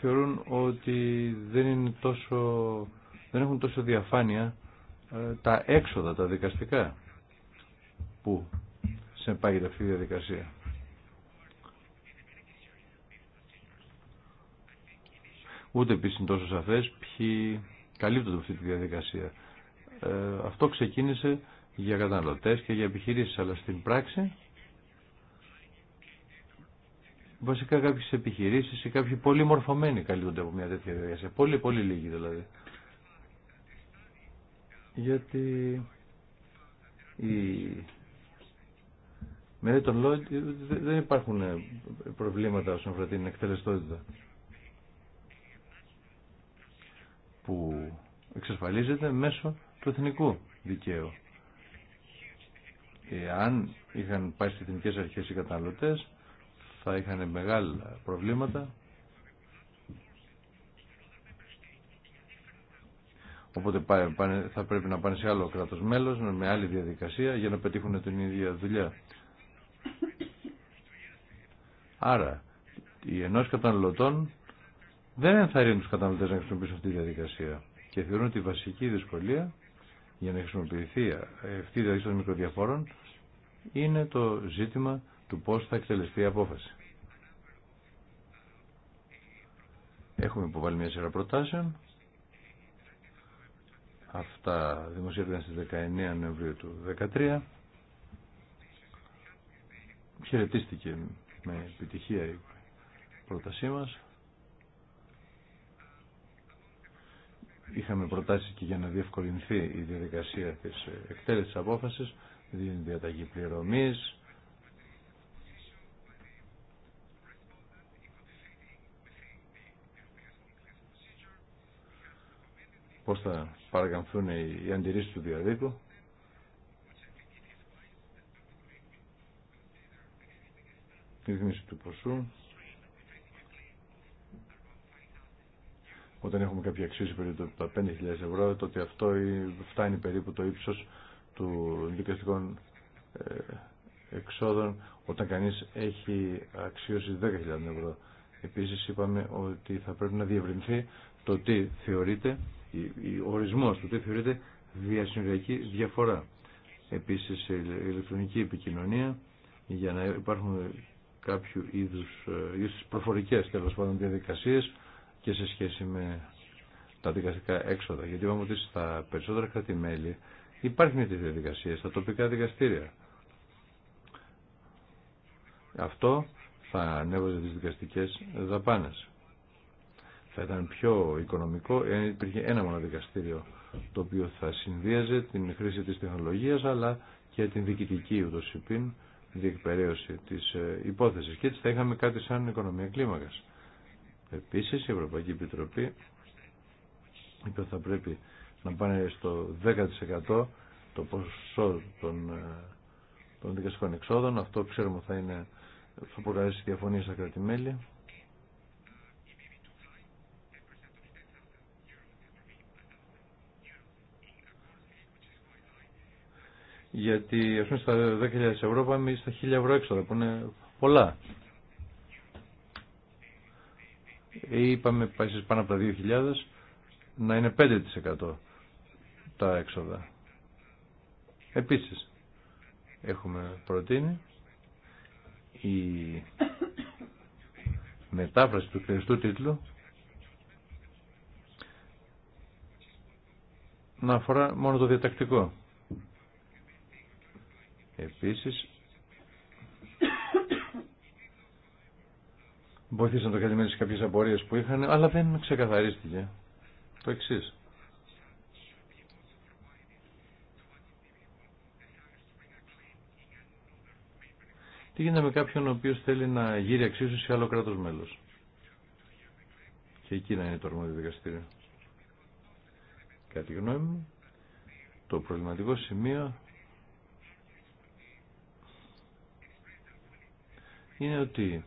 θεωρούν ότι δεν, είναι τόσο, δεν έχουν τόσο διαφάνεια ε, τα έξοδα, τα δικαστικά που σε πάγει αυτή η διαδικασία. Ούτε επίσης είναι τόσο σαφές ποιοι καλύπτονται αυτή τη διαδικασία. Ε, αυτό ξεκίνησε για καταναλωτές και για επιχειρήσεις, αλλά στην πράξη βασικά κάποιες επιχειρήσεις ή κάποιοι πολύ μορφωμένοι καλύπτονται από μια τέτοια διαδικασία. Πολύ, πολύ λίγοι δηλαδή. Γιατί η... με τον λόγο δεν υπάρχουν προβλήματα όσον αφορά την εκτελεστότητα που εξασφαλίζεται μέσω του εθνικού δικαίου. Εάν είχαν πάει στις εθνικές αρχές οι καταναλωτές, θα είχαν μεγάλα προβλήματα. Οπότε θα πρέπει να πάνε σε άλλο κράτος μέλος, με άλλη διαδικασία, για να πετύχουν την ίδια δουλειά. Άρα, οι ενός καταναλωτών δεν ενθαρρύνουν τους καταναλωτές να χρησιμοποιήσουν αυτή τη διαδικασία και θεωρούν ότι η βασική δυσκολία για να χρησιμοποιηθεί ε, αυτή η διαδικασία των μικροδιαφόρων είναι το ζήτημα του πώς θα εκτελεστεί η απόφαση. Έχουμε υποβάλει μια σειρά προτάσεων. Αυτά δημοσιεύτηκαν στις 19 Νοεμβρίου του 2013. Χαιρετίστηκε με επιτυχία η πρότασή μας. Είχαμε προτάσει και για να διευκολυνθεί η διαδικασία της εκτέλεσης απόφασης, διαταγή πληρωμής, πώς θα παραγαμφθούν οι αντιρρήσεις του διαδίκου. Ρυθμίση του ποσού. Όταν έχουμε κάποια αξίωση περίπου τα 5.000 ευρώ, τότε αυτό φτάνει περίπου το ύψος του δικαστικών ε, εξόδων όταν κανείς έχει αξίωση 10.000 ευρώ. Επίσης είπαμε ότι θα πρέπει να διευρυνθεί το τι θεωρείται ο ορισμός του τι θεωρείται διασυνοριακή διαφορά. Επίσης η ηλεκτρονική επικοινωνία για να υπάρχουν κάποιου είδους, ε, είδους προφορικές τέλος πάντων διαδικασίες και σε σχέση με τα δικαστικά έξοδα. Γιατί είπαμε ότι στα περισσότερα κράτη-μέλη υπάρχει μια διαδικασία στα τοπικά δικαστήρια. Αυτό θα ανέβαζε τις δικαστικές δαπάνες θα ήταν πιο οικονομικό εάν υπήρχε ένα μόνο δικαστήριο το οποίο θα συνδύαζε την χρήση της τεχνολογίας αλλά και την διοικητική ούτως υπήν διεκπαιρέωση της ε, υπόθεσης και έτσι θα είχαμε κάτι σαν οικονομία κλίμακας. Επίσης η Ευρωπαϊκή Επιτροπή είπε ότι θα πρέπει να πάνε στο 10% το ποσό των, ε, των δικαστικών εξόδων. Αυτό ξέρουμε θα, είναι, θα προκαλέσει διαφωνία στα κρατημέλη. γιατί α πούμε στα 10.000 ευρώ πάμε στα 1.000 ευρώ έξοδα που είναι πολλά. Ε, είπαμε πάει πάνω από τα 2.000 να είναι 5% τα έξοδα. Επίσης έχουμε προτείνει η μετάφραση του κλειστού τίτλου να αφορά μόνο το διατακτικό. Επίσης, βοηθήσαν το κατημέρι σε κάποιες απορίες που είχαν, αλλά δεν ξεκαθαρίστηκε το εξή. Τι γίνεται με κάποιον ο οποίος θέλει να γύρει αξίσου σε άλλο κράτος μέλος. Και εκεί να είναι το αρμόδιο δικαστήριο. Κατά γνώμη μου, το προβληματικό σημείο είναι ότι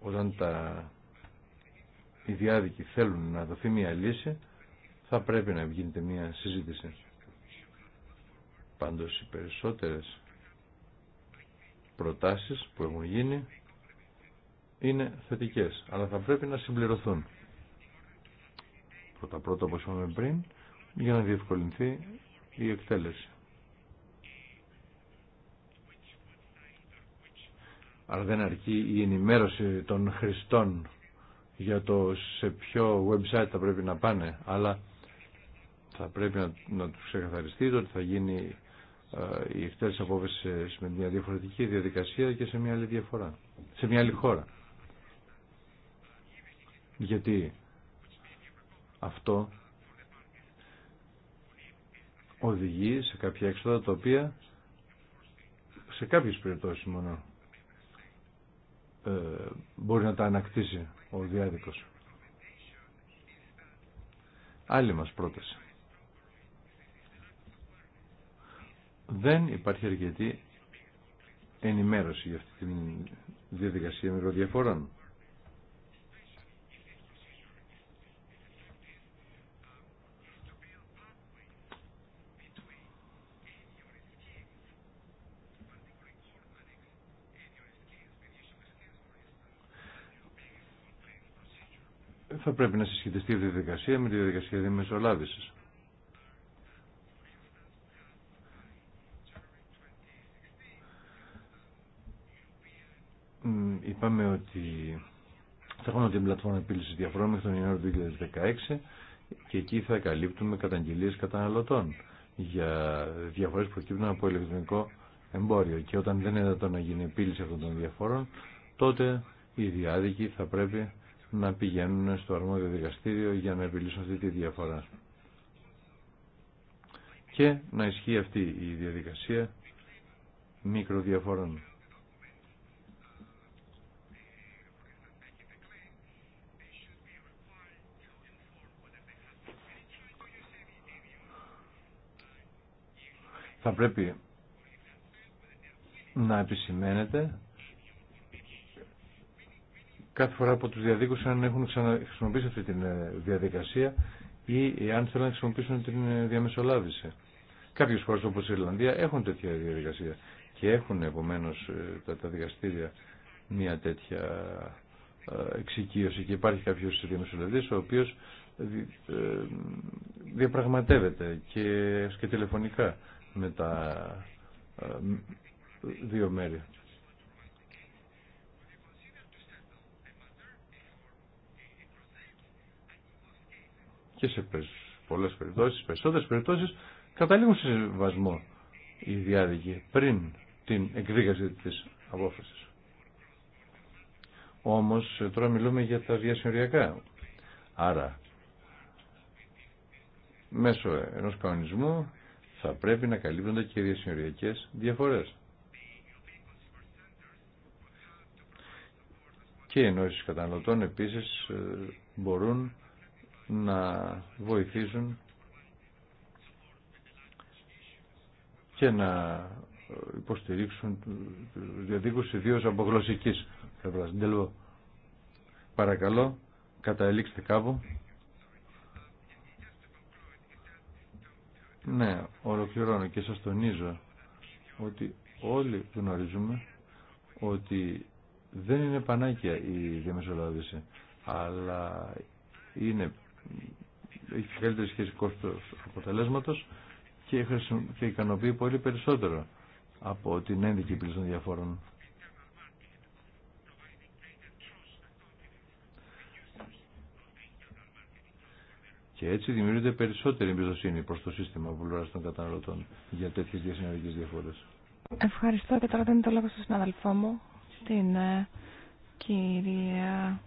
όταν τα οι διάδικοι θέλουν να δοθεί μια λύση θα πρέπει να γίνεται μια συζήτηση. Πάντως οι περισσότερες προτάσεις που έχουν γίνει είναι θετικές, αλλά θα πρέπει να συμπληρωθούν. Πρώτα πρώτα όπως είπαμε πριν, για να διευκολυνθεί η εκτέλεση. αλλά δεν αρκεί η ενημέρωση των χρηστών για το σε ποιο website θα πρέπει να πάνε, αλλά θα πρέπει να, να τους ξεκαθαριστεί ότι θα γίνει ε, η εκτέλεση απόφαση με μια διαφορετική διαδικασία και σε μια άλλη διαφορά, σε μια άλλη χώρα. Γιατί αυτό οδηγεί σε κάποια έξοδα τα οποία σε κάποιες περιπτώσεις μόνο ε, μπορεί να τα ανακτήσει ο διάδικος. Άλλη μας πρόταση. Δεν υπάρχει αρκετή ενημέρωση για αυτή τη διαδικασία μικροδιαφορών. θα πρέπει να συσχετιστεί η διαδικασία με τη διαδικασία δημεσολάβησης. Είπαμε ότι θα έχουμε την πλατφόρμα επιλυση διαφορών μέχρι τον Ιανουάριο του 2016 και εκεί θα καλύπτουμε καταγγελίες καταναλωτών για διαφορές που προκύπτουν από ηλεκτρονικό εμπόριο και όταν δεν είναι το να γίνει επίλυση αυτών των διαφορών τότε οι διάδικοι θα πρέπει να πηγαίνουν στο αρμόδιο δικαστήριο για να επιλύσουν αυτή τη διαφορά. Και να ισχύει αυτή η διαδικασία μικροδιαφορών. Θα πρέπει να επισημαίνεται κάθε φορά από τους διαδίκουσαν αν έχουν ξαναχρησιμοποιήσει αυτή τη ε, διαδικασία ή αν θέλουν να χρησιμοποιήσουν την ε, διαμεσολάβηση. Κάποιε χώρε όπω η Ιρλανδία έχουν χωρε οπως η ιρλανδια διαδικασία και έχουν επομένως ε, τα, δικαστήρια μια τέτοια εξοικείωση και υπάρχει κάποιο διαμεσολαβητή ο οποίος διαπραγματεύεται και, και τηλεφωνικά με τα δύο μέρη. και σε πολλές περιπτώσεις, περισσότερε περιπτώσει, καταλήγουν σε συμβασμό οι διάδικοι πριν την εκδίκαση της απόφαση. Όμως τώρα μιλούμε για τα διασυνοριακά. Άρα μέσω ενός κανονισμού θα πρέπει να καλύπτονται και οι διασυνοριακές διαφορές. Και οι ενώσει καταναλωτών επίσης ε, μπορούν να βοηθήσουν και να υποστηρίξουν διαδίκους ιδίω από γλωσσικής πλευράς. Παρακαλώ, καταλήξτε κάπου. Ναι, ολοκληρώνω και σας τονίζω ότι όλοι γνωρίζουμε ότι δεν είναι πανάκια η διαμεσολάβηση, αλλά είναι έχει καλύτερη σχέση κόστος αποτελέσματος και, και ικανοποιεί πολύ περισσότερο από την ένδικη πλήση των διαφόρων. Και έτσι δημιουργείται περισσότερη εμπιστοσύνη προς το σύστημα βουλουράς των καταναλωτών για τέτοιες διασυνορικές διαφορές. Ευχαριστώ και τώρα δίνω το λόγο στον συναδελφό μου, την ε, κυρία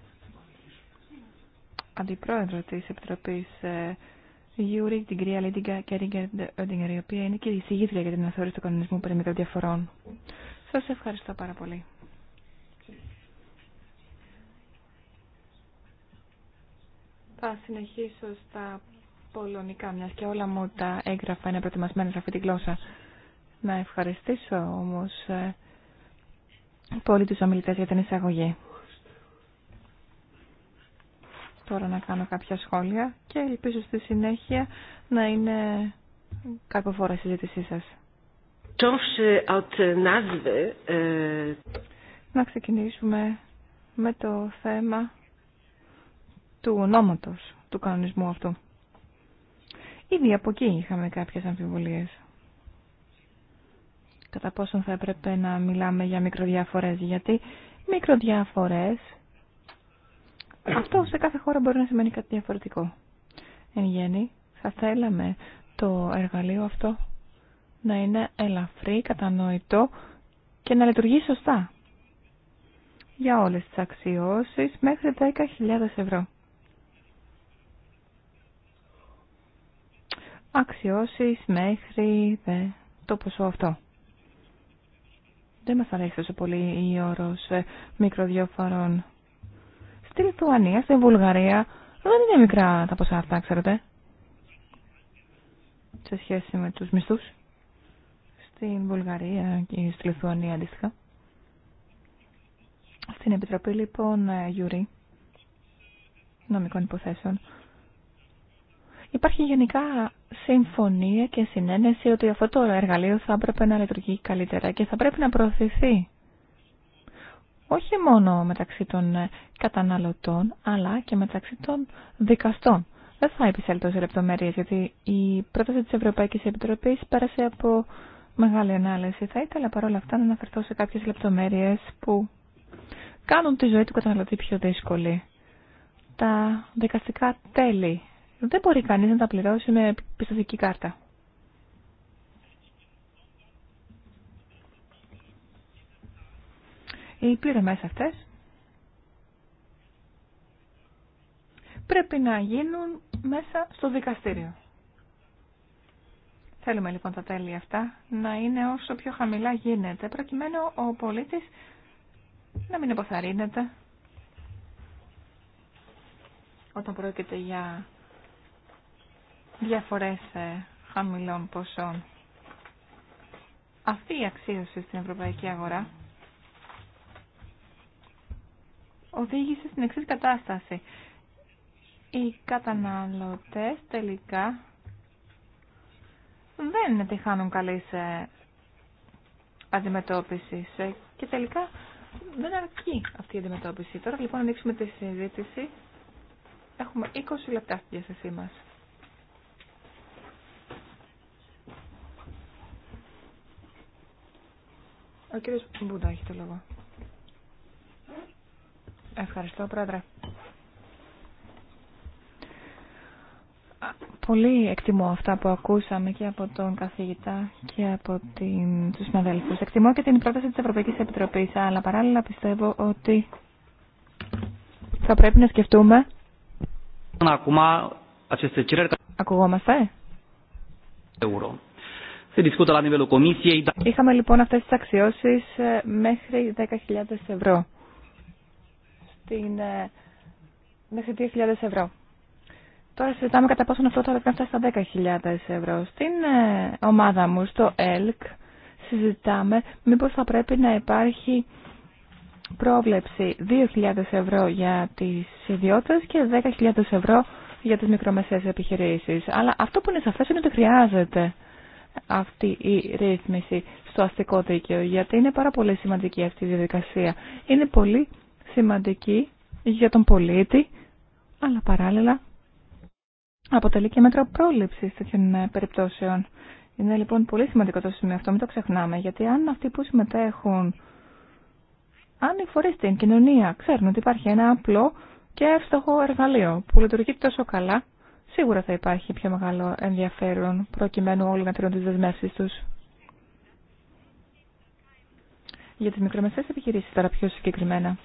αντιπρόεδρο τη Επιτροπή ε, Γιούρι, την κυρία Λίτιγκα και η οποία είναι και η συγγήτρια για την αναθεώρηση του κανονισμού περί μικρών διαφορών. Σας ευχαριστώ πάρα πολύ. Θα συνεχίσω στα πολωνικά, μια και όλα μου τα έγγραφα είναι προετοιμασμένα σε αυτή τη γλώσσα. Να ευχαριστήσω όμω ε, πολύ του ομιλητέ για την εισαγωγή τώρα να κάνω κάποια σχόλια και ελπίζω στη συνέχεια να είναι καρποφόρα η συζήτησή σας. Ε, να ξεκινήσουμε με το θέμα του ονόματος του κανονισμού αυτού. Ήδη από εκεί είχαμε κάποιες αμφιβολίες. Κατά πόσον θα έπρεπε να μιλάμε για μικροδιάφορες, γιατί μικροδιάφορες αυτό σε κάθε χώρα μπορεί να σημαίνει κάτι διαφορετικό. Εν γέννη, θα θέλαμε το εργαλείο αυτό να είναι ελαφρύ, κατανοητό και να λειτουργεί σωστά. Για όλες τις αξιώσεις μέχρι 10.000 ευρώ. Αξιώσεις μέχρι δε, το ποσό αυτό. Δεν μας αρέσει τόσο πολύ η όρος ε, μικροδιόφορων Στη Λιθουανία, στη Βουλγαρία δεν είναι μικρά τα ποσά αυτά, ξέρετε. Σε σχέση με τους μισθούς. Στην Βουλγαρία και στη Λιθουανία αντίστοιχα. Στην Επιτροπή λοιπόν ε, Γιουρί Νομικών Υποθέσεων υπάρχει γενικά συμφωνία και συνένεση ότι αυτό το εργαλείο θα έπρεπε να λειτουργεί καλύτερα και θα πρέπει να προωθηθεί όχι μόνο μεταξύ των ε, καταναλωτών, αλλά και μεταξύ των δικαστών. Δεν θα επισέλθω σε λεπτομέρειε, γιατί η πρόταση τη Ευρωπαϊκή Επιτροπή πέρασε από μεγάλη ανάλυση. Θα ήθελα παρόλα αυτά να αναφερθώ σε κάποιε λεπτομέρειε που κάνουν τη ζωή του καταναλωτή πιο δύσκολη. Τα δικαστικά τέλη. Δεν μπορεί κανεί να τα πληρώσει με πιστοτική κάρτα. Οι πληρωμές αυτές πρέπει να γίνουν μέσα στο δικαστήριο. Θέλουμε λοιπόν τα τέλη αυτά να είναι όσο πιο χαμηλά γίνεται, προκειμένου ο πολίτης να μην υποθαρρύνεται όταν πρόκειται για διαφορές ε, χαμηλών ποσών. Αυτή η αξίωση στην ευρωπαϊκή αγορά οδήγησε στην εξή κατάσταση. Οι καταναλωτές τελικά δεν τυχάνουν καλή ε, αντιμετώπιση ε, και τελικά δεν αρκεί αυτή η αντιμετώπιση. Τώρα λοιπόν ανοίξουμε τη συζήτηση. Έχουμε 20 λεπτά στη διάθεσή μας. Ο κύριος Μπούντα έχει το λόγο. Ευχαριστώ, Πρόεδρε. Πολύ εκτιμώ αυτά που ακούσαμε και από τον καθηγητά και από την... τους συναδέλφους. Εκτιμώ και την πρόταση της Ευρωπαϊκής Επιτροπής, αλλά παράλληλα πιστεύω ότι θα πρέπει να σκεφτούμε... Ακουγόμαστε. Είχαμε λοιπόν αυτές τις αξιώσεις ε, μέχρι 10.000 ευρώ την, ε, μέχρι 2.000 ευρώ. Τώρα συζητάμε κατά πόσο αυτό θα πρέπει να φτάσει στα 10.000 ευρώ. Στην ε, ομάδα μου, στο ΕΛΚ, συζητάμε μήπως θα πρέπει να υπάρχει πρόβλεψη 2.000 ευρώ για τις ιδιώτες και 10.000 ευρώ για τις μικρομεσαίες επιχειρήσεις. Αλλά αυτό που είναι σαφές είναι ότι χρειάζεται αυτή η ρύθμιση στο αστικό δίκαιο, γιατί είναι πάρα πολύ σημαντική αυτή η διαδικασία. Είναι πολύ σημαντική για τον πολίτη, αλλά παράλληλα αποτελεί και μέτρο πρόληψης τέτοιων ε, περιπτώσεων. Είναι λοιπόν πολύ σημαντικό το σημείο αυτό, μην το ξεχνάμε, γιατί αν αυτοί που συμμετέχουν, αν οι φορείς στην κοινωνία ξέρουν ότι υπάρχει ένα απλό και εύστοχο εργαλείο που λειτουργεί τόσο καλά, σίγουρα θα υπάρχει πιο μεγάλο ενδιαφέρον προκειμένου όλοι να τηρούν τις δεσμεύσεις τους. Για τις μικρομεσαίες επιχειρήσεις τώρα πιο συγκεκριμένα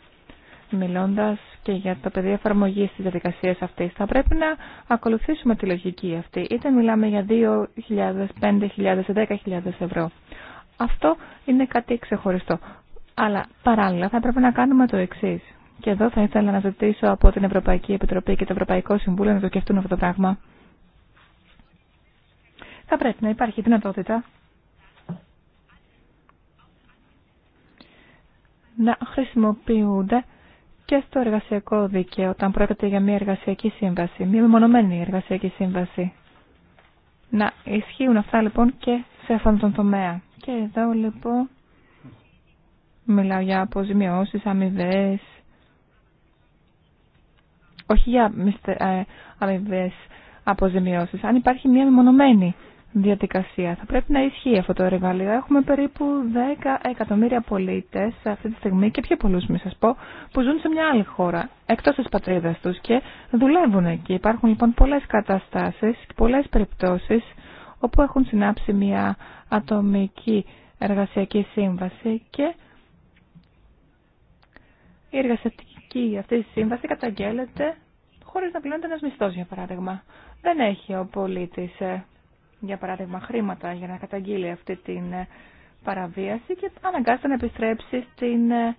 μιλώντας και για το πεδίο εφαρμογή της διαδικασία αυτής. Θα πρέπει να ακολουθήσουμε τη λογική αυτή. Είτε μιλάμε για 2.000, 5.000, 10.000 ευρώ. Αυτό είναι κάτι ξεχωριστό. Αλλά παράλληλα θα πρέπει να κάνουμε το εξή. Και εδώ θα ήθελα να ζητήσω από την Ευρωπαϊκή Επιτροπή και το Ευρωπαϊκό Συμβούλιο να το αυτό το πράγμα. Θα πρέπει να υπάρχει δυνατότητα να χρησιμοποιούνται και στο εργασιακό δίκαιο, όταν πρόκειται για μια εργασιακή σύμβαση, μια μεμονωμένη εργασιακή σύμβαση. Να ισχύουν αυτά λοιπόν και σε αυτόν τον τομέα. Και εδώ λοιπόν μιλάω για αποζημιώσεις, αμοιβέ. όχι για ε, αμοιβέ αποζημιώσεις. Αν υπάρχει μια μεμονωμένη διαδικασία. Θα πρέπει να ισχύει αυτό το εργαλείο. Έχουμε περίπου 10 εκατομμύρια πολίτες αυτή τη στιγμή και πιο πολλού μην σα πω που ζουν σε μια άλλη χώρα εκτός τη πατρίδα τους και δουλεύουν εκεί. Υπάρχουν λοιπόν πολλές καταστάσεις και πολλές περιπτώσει όπου έχουν συνάψει μια ατομική εργασιακή σύμβαση και η εργασιακή αυτή η σύμβαση καταγγέλλεται χωρίς να πληρώνεται ένα μισθός για παράδειγμα. Δεν έχει ο πολίτης ε, για παράδειγμα χρήματα για να καταγγείλει αυτή την ε, παραβίαση και αναγκάζεται να επιστρέψει στην ε,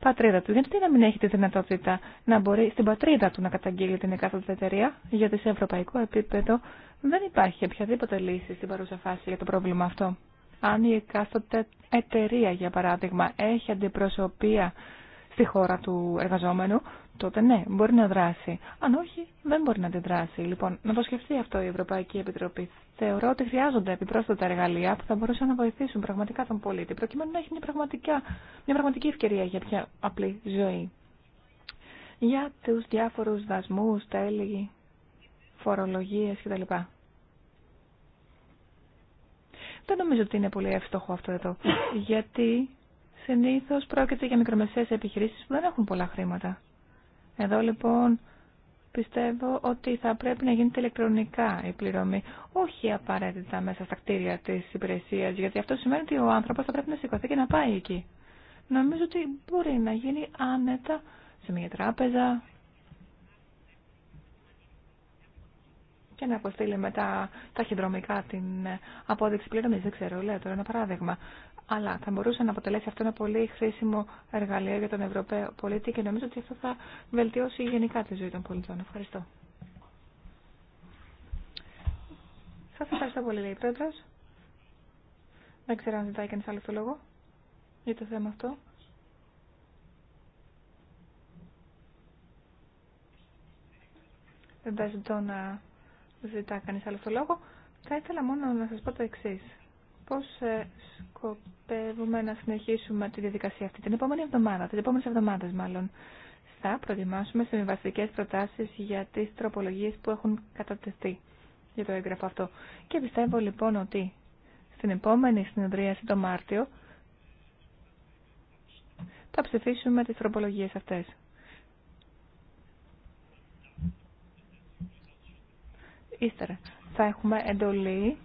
πατρίδα του. Γιατί να μην έχει τη δυνατότητα να μπορεί στην πατρίδα του να καταγγείλει την εκάστοτε εταιρεία, γιατί σε ευρωπαϊκό επίπεδο δεν υπάρχει οποιαδήποτε λύση στην παρούσα φάση για το πρόβλημα αυτό. Αν η εκάστοτε εταιρεία, για παράδειγμα, έχει αντιπροσωπεία στη χώρα του εργαζόμενου, τότε ναι, μπορεί να δράσει. Αν όχι, δεν μπορεί να αντιδράσει. Λοιπόν, να το σκεφτεί αυτό η Ευρωπαϊκή Επιτροπή. Θεωρώ ότι χρειάζονται επιπρόσθετα εργαλεία που θα μπορούσαν να βοηθήσουν πραγματικά τον πολίτη, προκειμένου να έχει μια, πραγματικά, μια πραγματική ευκαιρία για πια απλή ζωή. Για του διάφορου δασμού, τέλη, φορολογίε κτλ. Δεν νομίζω ότι είναι πολύ εύστοχο αυτό εδώ, γιατί συνήθω πρόκειται για μικρομεσαίες επιχειρήσει που δεν έχουν πολλά χρήματα. Εδώ λοιπόν πιστεύω ότι θα πρέπει να γίνεται ηλεκτρονικά η πληρωμή, όχι απαραίτητα μέσα στα κτίρια της υπηρεσίας, γιατί αυτό σημαίνει ότι ο άνθρωπος θα πρέπει να σηκωθεί και να πάει εκεί. Νομίζω ότι μπορεί να γίνει άνετα σε μια τράπεζα και να αποστείλει μετά ταχυδρομικά την ε, απόδειξη πληρωμής. Δεν ξέρω, λέω τώρα ένα παράδειγμα αλλά θα μπορούσε να αποτελέσει αυτό ένα πολύ χρήσιμο εργαλείο για τον Ευρωπαίο πολίτη και νομίζω ότι αυτό θα βελτιώσει γενικά τη ζωή των πολιτών. Ευχαριστώ. Σα ευχαριστώ πολύ, λέει Δεν ξέρω αν ζητάει κανεί άλλο το λόγο για το θέμα αυτό. Δεν ζητώ να ζητά κανεί άλλο το λόγο. Θα ήθελα μόνο να σα πω το εξή πώς ε, σκοπεύουμε να συνεχίσουμε τη διαδικασία αυτή την επόμενη εβδομάδα, τις επόμενες εβδομάδες μάλλον. Θα προετοιμάσουμε συμβαστικές προτάσεις για τις τροπολογίες που έχουν κατατεθεί για το έγγραφο αυτό. Και πιστεύω λοιπόν ότι στην επόμενη συνεδρίαση το Μάρτιο θα ψηφίσουμε τις τροπολογίες αυτές. Ύστερα θα έχουμε εντολή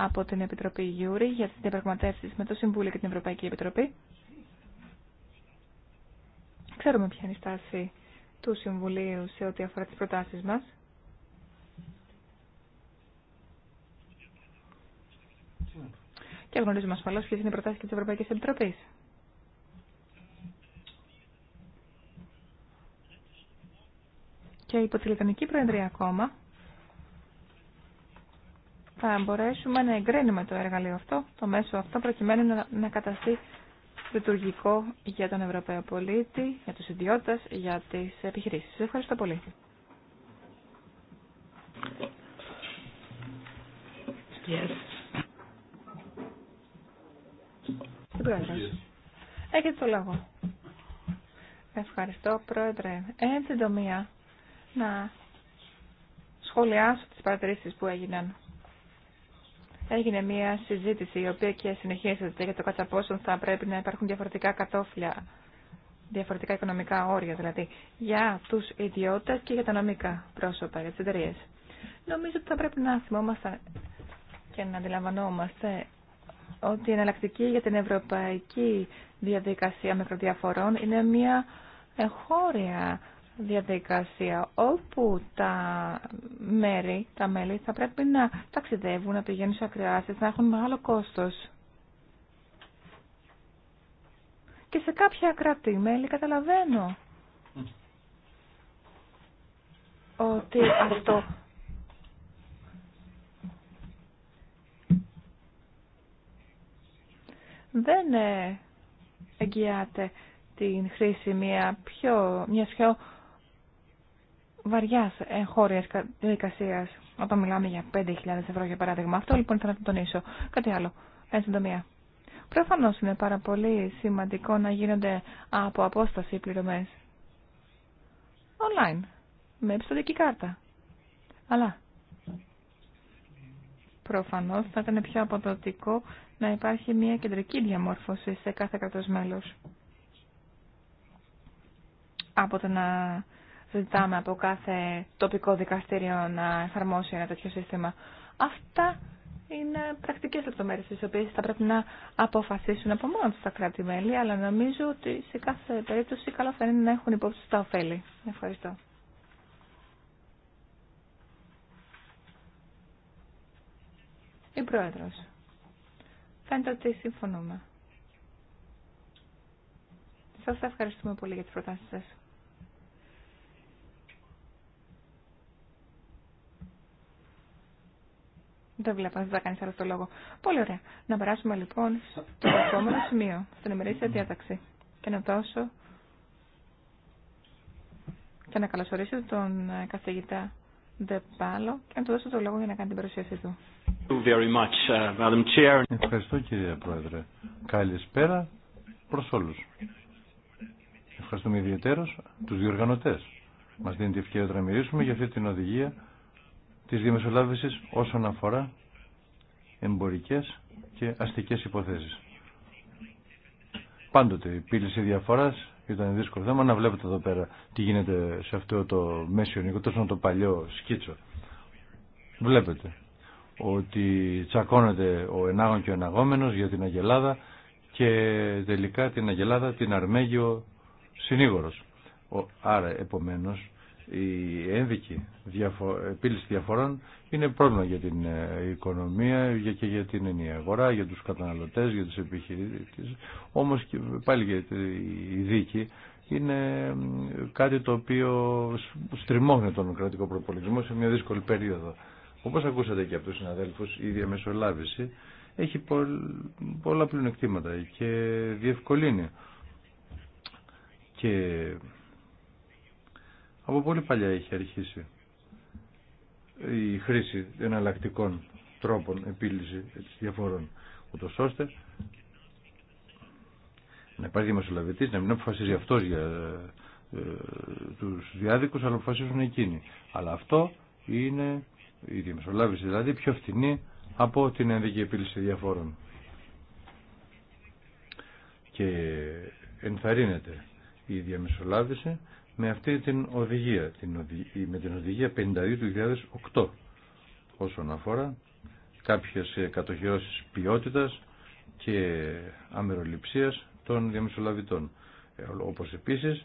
από την Επιτροπή Γιούρη για τις διαπραγματεύσεις με το Συμβούλιο και την Ευρωπαϊκή Επιτροπή. Ξέρουμε ποια είναι η στάση του Συμβουλίου σε ό,τι αφορά τις προτάσεις μας. Και γνωρίζουμε ασφαλώς ποιες είναι οι προτάσεις και της Ευρωπαϊκής Επιτροπής. Και υπό τη Λιτανική Προεδρία ακόμα, θα μπορέσουμε να εγκρίνουμε το εργαλείο αυτό, το μέσο αυτό, προκειμένου να καταστεί λειτουργικό για τον Ευρωπαίο πολίτη, για τους ιδιώτες, για τις επιχειρήσεις. Ευχαριστώ πολύ. Yes. Έχετε το λόγο. Ευχαριστώ, Πρόεδρε. Εν συντομία, να σχολιάσω τις παρατηρήσεις που έγιναν έγινε μια συζήτηση η οποία και συνεχίζεται για το κατά πόσον θα πρέπει να υπάρχουν διαφορετικά κατόφλια, διαφορετικά οικονομικά όρια δηλαδή, για τους ιδιώτε και για τα νομικά πρόσωπα, για τις εταιρείε. Νομίζω ότι θα πρέπει να θυμόμαστε και να αντιλαμβανόμαστε ότι η εναλλακτική για την ευρωπαϊκή διαδικασία μικροδιαφορών είναι μια εγχώρια διαδικασία όπου τα μέρη, τα μέλη θα πρέπει να ταξιδεύουν, να πηγαίνουν σε ακριάσεις, να έχουν μεγάλο κόστος. Και σε κάποια κράτη μέλη καταλαβαίνω ότι αυτό δεν ε, εγγυάται την χρήση μια πιο, μιας πιο Βαρια εγχώριας διαδικασία. όταν μιλάμε για 5.000 ευρώ για παράδειγμα. Αυτό λοιπόν θα το τονίσω. Κάτι άλλο. Εν συντομία. Προφανώς είναι πάρα πολύ σημαντικό να γίνονται από απόσταση οι πληρωμές. Online. Με επιστοτική κάρτα. Αλλά προφανώς θα ήταν πιο αποδοτικό να υπάρχει μια κεντρική διαμόρφωση σε κάθε κράτος μέλος. Από το να ζητάμε από κάθε τοπικό δικαστήριο να εφαρμόσει ένα τέτοιο σύστημα. Αυτά είναι πρακτικές λεπτομέρειες τις οποίες θα πρέπει να αποφασίσουν από μόνο τους τα κράτη-μέλη, αλλά νομίζω ότι σε κάθε περίπτωση καλό θα είναι να έχουν υπόψη τα ωφέλη. Ευχαριστώ. Η Πρόεδρος. Φαίνεται ότι συμφωνούμε. Σας ευχαριστούμε πολύ για τις προτάσεις σας. Δεν βλέπω, δεν θα κάνει άλλο το λόγο. Πολύ ωραία. Να περάσουμε λοιπόν στο επόμενο σημείο, στην ημερήσια διάταξη. Και να δώσω και να καλωσορίσω τον ε, καθηγητά Ντεπάλο και να του δώσω το λόγο για να κάνει την παρουσίασή του. Uh, Ευχαριστώ κύριε Πρόεδρε. Καλησπέρα προ όλου. Ευχαριστούμε ιδιαίτερω του διοργανωτέ Μα δίνει την ευκαιρία να μιλήσουμε για αυτή την οδηγία της διαμεσολάβησης όσον αφορά εμπορικές και αστικές υποθέσεις. Πάντοτε η πύληση διαφοράς ήταν δύσκολο θέμα. Να βλέπετε εδώ πέρα τι γίνεται σε αυτό το μέσιο τόσο το παλιό σκίτσο. Βλέπετε ότι τσακώνεται ο ενάγων και ο εναγόμενος για την Αγελάδα και τελικά την Αγελάδα την Αρμέγιο συνήγορος. άρα επομένως η ένδικη επίλυση διαφορών είναι πρόβλημα για την ε, οικονομία και για την ενιαία αγορά, για τους καταναλωτές, για τις επιχειρήσεις. Όμως και πάλι για η δίκη είναι κάτι το οποίο στριμώνει τον κρατικό προπολογισμό σε μια δύσκολη περίοδο. Όπως ακούσατε και από τους συναδέλφους, η διαμεσολάβηση έχει πολλά πλεονεκτήματα και διευκολύνει. Και από πολύ παλιά έχει αρχίσει η χρήση εναλλακτικών τρόπων επίλυση διαφορών, ούτως ώστε να υπάρχει μεσολαβητής, να μην αποφασίζει αυτός για ε, τους διάδικους, αλλά αποφασίζουν εκείνοι. Αλλά αυτό είναι η διαμεσολάβηση, δηλαδή πιο φθηνή από την ενδική επίλυση διαφόρων. Και ενθαρρύνεται η διαμεσολάβηση με αυτή την οδηγία, με την οδηγία 52 του 2008 όσον αφορά κάποιες κατοχυρώσεις ποιότητας και αμεροληψίας των διαμεσολαβητών ε, όπως επίσης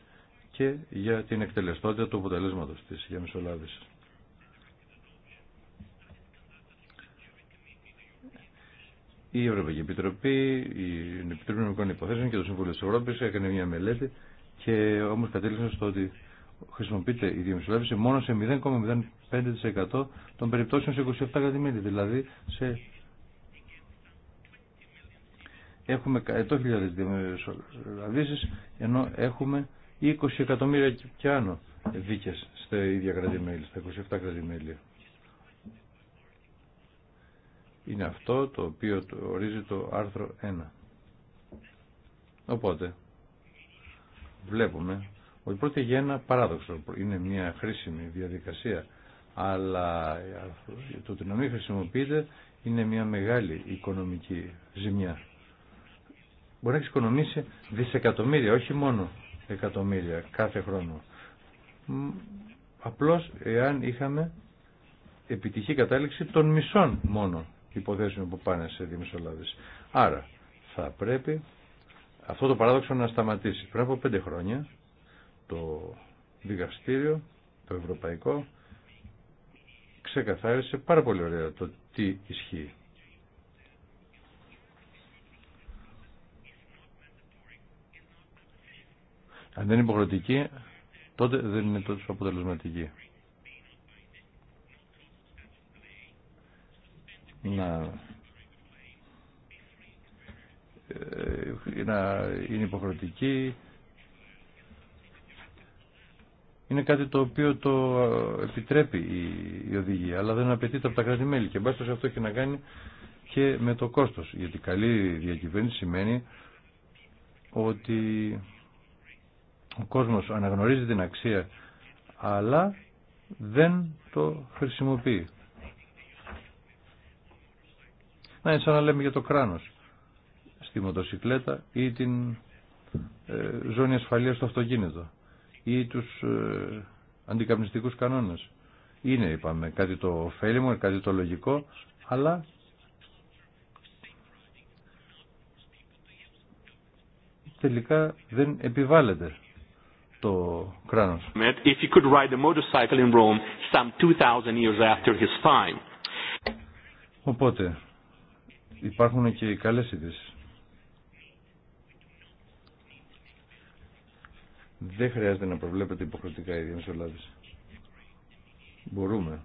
και για την εκτελεστότητα του αποτελέσματος της διαμεσολάβησης. Η Ευρωπαϊκή Επιτροπή, η Επιτροπή Νομικών Υποθέσεων και το Συμβούλιο της Ευρώπης έκανε μια μελέτη και όμως κατέληξαν στο ότι χρησιμοποιείται η διαμεσολάβηση μόνο σε 0,05% των περιπτώσεων σε 27 εκατομμύρια. Δηλαδή σε... έχουμε 100.000 διαμεσολαβήσεις ενώ έχουμε 20 εκατομμύρια και άνω δίκες στα ίδια κρατημέλη, στα 27 κρατημέλη. Είναι αυτό το οποίο ορίζει το άρθρο 1. Οπότε, βλέπουμε ότι πρώτη για ένα παράδοξο. Είναι μια χρήσιμη διαδικασία, αλλά το ότι να μην χρησιμοποιείται είναι μια μεγάλη οικονομική ζημιά. Μπορεί να έχει οικονομήσει δισεκατομμύρια, όχι μόνο εκατομμύρια κάθε χρόνο. Απλώς εάν είχαμε επιτυχή κατάληξη των μισών μόνο υποθέσεων που πάνε σε δημοσιολάβηση. Άρα θα πρέπει αυτό το παράδοξο να σταματήσει. Πριν από πέντε χρόνια το δικαστήριο, το ευρωπαϊκό, ξεκαθάρισε πάρα πολύ ωραία το τι ισχύει. Αν δεν είναι υποχρεωτική, τότε δεν είναι τόσο αποτελεσματική. Να ε, να είναι υποχρεωτική. Είναι κάτι το οποίο το επιτρέπει η οδηγία, αλλά δεν απαιτείται από τα κράτη-μέλη. Και μπάστος αυτό έχει να κάνει και με το κόστος. Γιατί καλή διακυβέρνηση σημαίνει ότι ο κόσμος αναγνωρίζει την αξία, αλλά δεν το χρησιμοποιεί. Να είναι σαν να λέμε για το κράνος. Τη μοτοσυκλέτα ή την ε, ζώνη ασφαλείας στο αυτοκίνητο ή τους ε, αντικαπνιστικούς κανόνες. Είναι, είπαμε, κάτι το ωφέλιμο, κάτι το λογικό, αλλά τελικά δεν επιβάλλεται το κράνος. If he could ride a motorcycle in Rome some 2000 years after his time. Οπότε υπάρχουν και οι καλές ειδήσεις. Δεν χρειάζεται να προβλέπετε υποχρεωτικά η διαμεσολάβηση. Μπορούμε.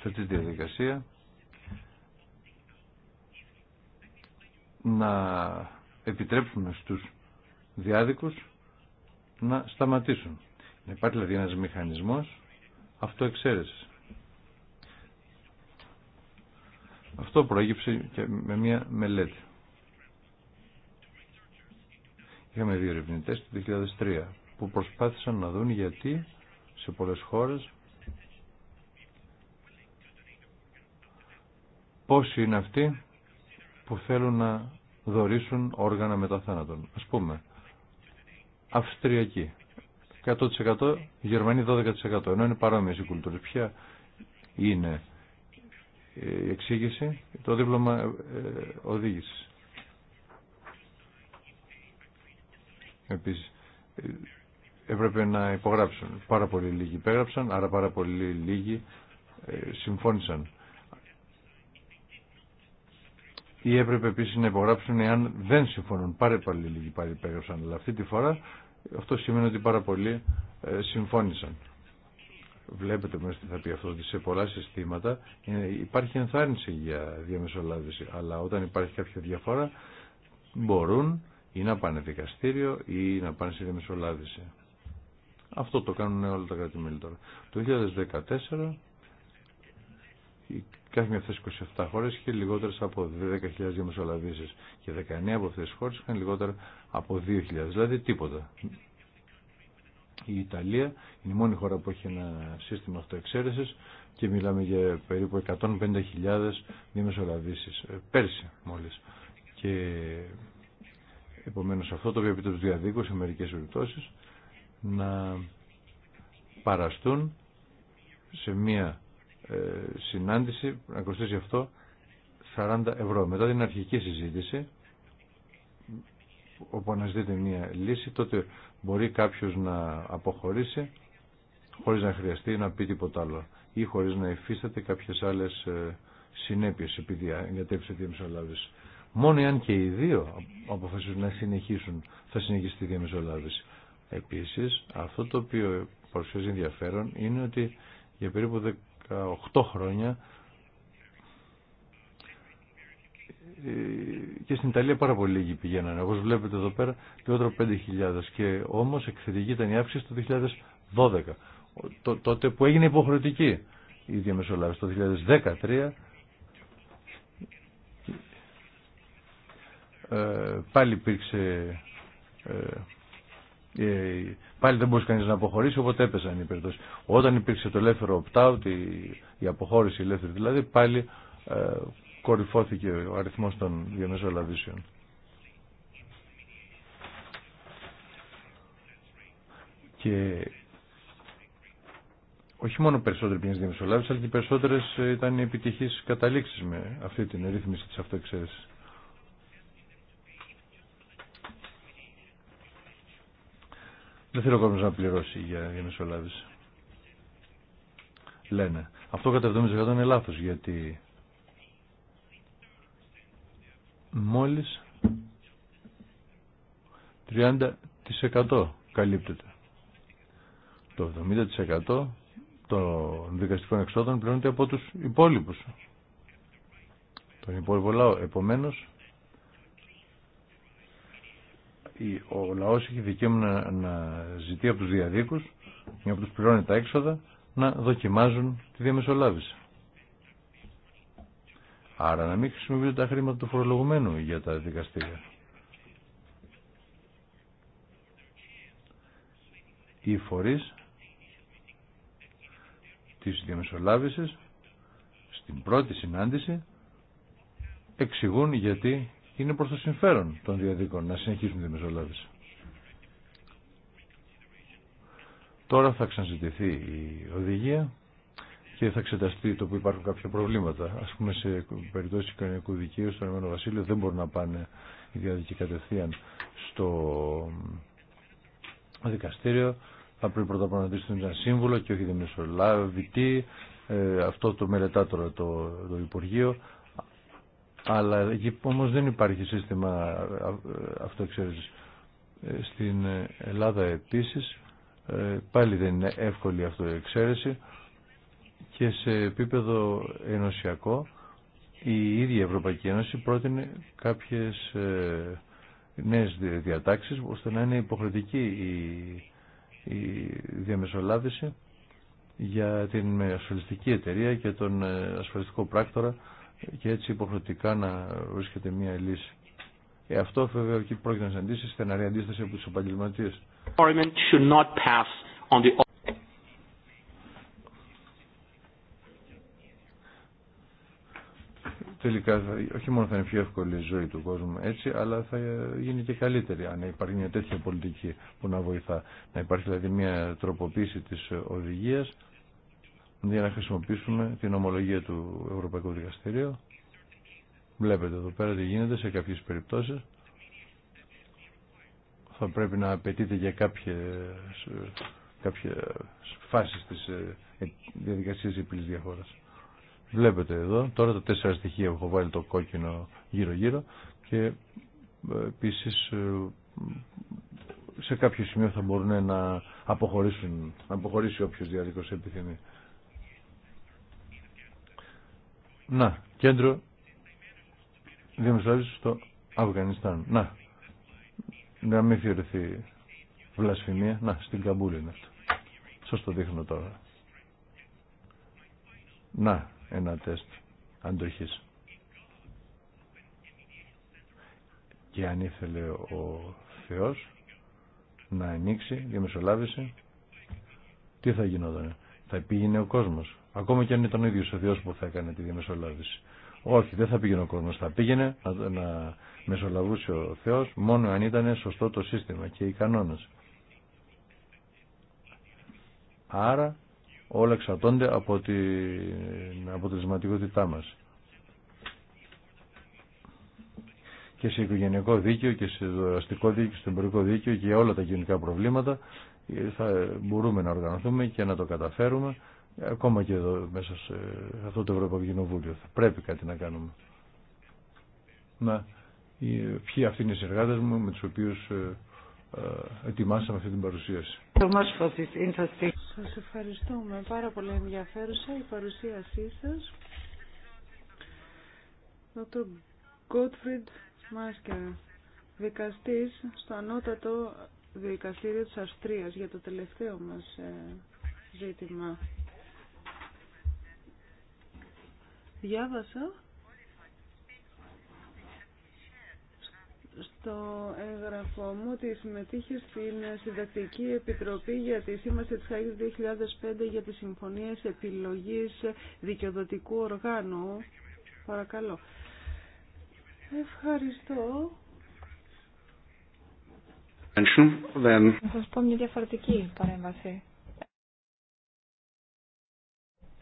Σε αυτή τη διαδικασία να επιτρέψουμε στους διάδικους να σταματήσουν. Να υπάρχει δηλαδή ένας μηχανισμός αυτοεξαίρεσης. Αυτό προέγυψε και με μια μελέτη. Είχαμε δύο ερευνητέ το 2003 που προσπάθησαν να δουν γιατί σε πολλές χώρες πόσοι είναι αυτοί που θέλουν να δωρήσουν όργανα μετά θάνατον. Ας πούμε, Αυστριακοί 100%, Γερμανοί 12%, ενώ είναι παρόμοιες οι κουλτούρες. Ποια είναι η εξήγηση, το δίπλωμα ε, οδήγησης. Επίσης, ε, έπρεπε να υπογράψουν. Πάρα πολύ λίγοι υπέγραψαν, άρα πάρα πολύ λίγοι ε, συμφώνησαν. Ή έπρεπε επίση να υπογράψουν εάν δεν συμφωνούν. Πάρα πολύ λίγοι πάλι υπέγραψαν. Αλλά αυτή τη φορά αυτό σημαίνει ότι πάρα πολλοί ε, συμφώνησαν. Βλέπετε μέσα τι θα πει αυτό ότι σε πολλά συστήματα υπάρχει ενθάρρυνση για διαμεσολάβηση. Αλλά όταν υπάρχει κάποια διαφορά μπορούν ή να πάνε δικαστήριο ή να πάνε σε διαμεσολάβηση. Αυτό το κάνουν όλα τα κρατη τώρα. Το 2014 κάθε μια από 27 χώρες είχε λιγότερες από 10.000 διαμεσολαβήσεις και 19 από αυτές τις χώρες είχαν λιγότερα από 2.000, δηλαδή τίποτα. Η Ιταλία είναι η μόνη χώρα που έχει ένα σύστημα αυτοεξαίρεσης και μιλάμε για περίπου 150.000 διαμεσολαβήσεις ε, πέρσι μόλις. Και Επομένως αυτό το οποίο επιτρέπει του διαδίκου σε μερικές περιπτώσει να παραστούν σε μία ε, συνάντηση, να κοστίσει αυτό 40 ευρώ. Μετά την αρχική συζήτηση, όπου αναζητείτε μία λύση, τότε μπορεί κάποιος να αποχωρήσει χωρίς να χρειαστεί να πει τίποτα άλλο ή χωρίς να υφίσταται κάποιες άλλες ε, συνέπειες επειδή εγκατέψετε τη Μόνο εάν και οι δύο αποφασίσουν να συνεχίσουν, θα συνεχίσει τη διαμεσολάβηση. Επίση, αυτό το οποίο παρουσιάζει ενδιαφέρον είναι ότι για περίπου 18 χρόνια ε, και στην Ιταλία πάρα πολύ λίγοι πηγαίνανε. Όπως βλέπετε εδώ πέρα, λιγότερο 5.000 και όμως εκθετική ήταν η αύξηση το 2012. Τότε που έγινε υποχρεωτική η διαμεσολάβηση το 2013 Ε, πάλι υπήρξε ε, ε, πάλι δεν μπορούσε κανείς να αποχωρήσει οπότε έπεσαν οι περιπτώσεις. Όταν υπήρξε το ελεύθερο opt-out, η, αποχώρηση ελεύθερη δηλαδή, πάλι κορυφώθηκε ο αριθμός των διαμεσολαβήσεων. Και όχι μόνο περισσότεροι πήγαν διαμεσολάβηση, αλλά και περισσότερες ήταν οι επιτυχείς καταλήξεις με αυτή την ρύθμιση της αυτοεξαίρεσης. Δεν θέλω ο να πληρώσει για, για μεσολάβηση. Λένε. Αυτό κατά 70% είναι λάθος γιατί μόλις 30% καλύπτεται. Το 70% των δικαστικών εξόδων πληρώνεται από τους υπόλοιπου. Τον υπόλοιπο λαό. Επομένως, ο λαός έχει δικαίωμα να, να ζητεί από τους διαδίκους και από τους πληρώνει τα έξοδα να δοκιμάζουν τη διαμεσολάβηση. Άρα να μην χρησιμοποιούν τα χρήματα του φορολογουμένου για τα δικαστήρια. Οι φορείς της διαμεσολάβησης στην πρώτη συνάντηση εξηγούν γιατί είναι προς το συμφέρον των διαδίκων να συνεχίσουν τη μεσολάβηση. Τώρα θα ξαναζητηθεί η οδηγία και θα εξεταστεί το που υπάρχουν κάποια προβλήματα. Ας πούμε, σε περιπτώσει κοινωνικού δικαίου στον Ηνωμένο Βασίλειο δεν μπορούν να πάνε οι διαδικοί κατευθείαν στο δικαστήριο. Θα πρέπει πρώτα απ' να δείξουν ένα σύμβουλο και όχι δημοσιολάβητη. Ε, αυτό το μελετά τώρα το, το Υπουργείο αλλά εκεί όμω δεν υπάρχει σύστημα αυτοεξαίρεσης. Ε, στην Ελλάδα επίσης ε, πάλι δεν είναι εύκολη αυτοεξαίρεση και σε επίπεδο ενωσιακό η ίδια Ευρωπαϊκή Ένωση πρότεινε κάποιες ε, νέες διατάξεις ώστε να είναι υποχρεωτική η, η διαμεσολάβηση για την ασφαλιστική εταιρεία και τον ασφαλιστικό πράκτορα και έτσι υποχρεωτικά να βρίσκεται μια λύση. Ε, αυτό βέβαια και πρόκειται να συναντήσει στεναρή αντίσταση από του επαγγελματίε. Τελικά, όχι μόνο θα είναι πιο εύκολη η ζωή του κόσμου έτσι, αλλά θα γίνει και καλύτερη αν υπάρχει μια τέτοια πολιτική που να βοηθά. Να υπάρχει δηλαδή μια τροποποίηση της οδηγίας για να χρησιμοποιήσουμε την ομολογία του Ευρωπαϊκού Δικαστηρίου. Βλέπετε εδώ πέρα τι γίνεται σε κάποιες περιπτώσεις. Θα πρέπει να απαιτείται για κάποιες, κάποιες φάσεις της ε, διαδικασίας επίλης διαφόρας. Βλέπετε εδώ, τώρα τα τέσσερα στοιχεία που έχω βάλει το κόκκινο γύρω-γύρω και ε, επίσης ε, σε κάποιο σημείο θα μπορούν να αποχωρήσουν, να αποχωρήσει όποιος διάδικος επιθυμεί. Να, κέντρο διαμεσολάβηση στο Αφγανιστάν. Να, να μην θεωρηθεί βλασφημία. Να, στην Καμπούλη είναι αυτό. Σας το δείχνω τώρα. Να, ένα τεστ αντοχής. Και αν ήθελε ο Θεός να ανοίξει διαμεσολάβηση, τι θα γινόταν. Θα πήγαινε ο κόσμος Ακόμα και αν ήταν ο ίδιο ο Θεό που θα έκανε τη διαμεσολάβηση. Όχι, δεν θα πήγαινε ο κόσμος, θα πήγαινε να, να μεσολαβούσε ο Θεός μόνο αν ήταν σωστό το σύστημα και οι κανόνες. Άρα όλα εξαρτώνται από την αποτελεσματικότητά μα. Και σε οικογενειακό δίκαιο και σε δοραστικό δίκαιο και στο εμπορικό δίκαιο και για όλα τα κοινωνικά προβλήματα ε, θα μπορούμε να οργανωθούμε και να το καταφέρουμε Ακόμα και εδώ μέσα σε αυτό το Ευρωπαϊκό Κοινοβούλιο θα πρέπει κάτι να κάνουμε. Να, ποιοι αυτοί είναι οι συνεργάτες μου με τους οποίους ε, ε, ετοιμάσαμε αυτή την παρουσίαση. Σας ευχαριστούμε. Πάρα πολύ ενδιαφέρουσα η παρουσίασή σας. Dr. Gottfried Μάσκερ, δικαστής στο ανώτατο δικαστήριο της Αυστρίας για το τελευταίο μας ε, ζήτημα. διάβασα στο έγγραφό μου ότι συμμετείχε στην Συντακτική Επιτροπή για τη Σήμαση της Χάγης 2005 για τις Συμφωνίες Επιλογής Δικαιοδοτικού Οργάνου. Παρακαλώ. Ευχαριστώ. Θα σας πω μια διαφορετική παρέμβαση.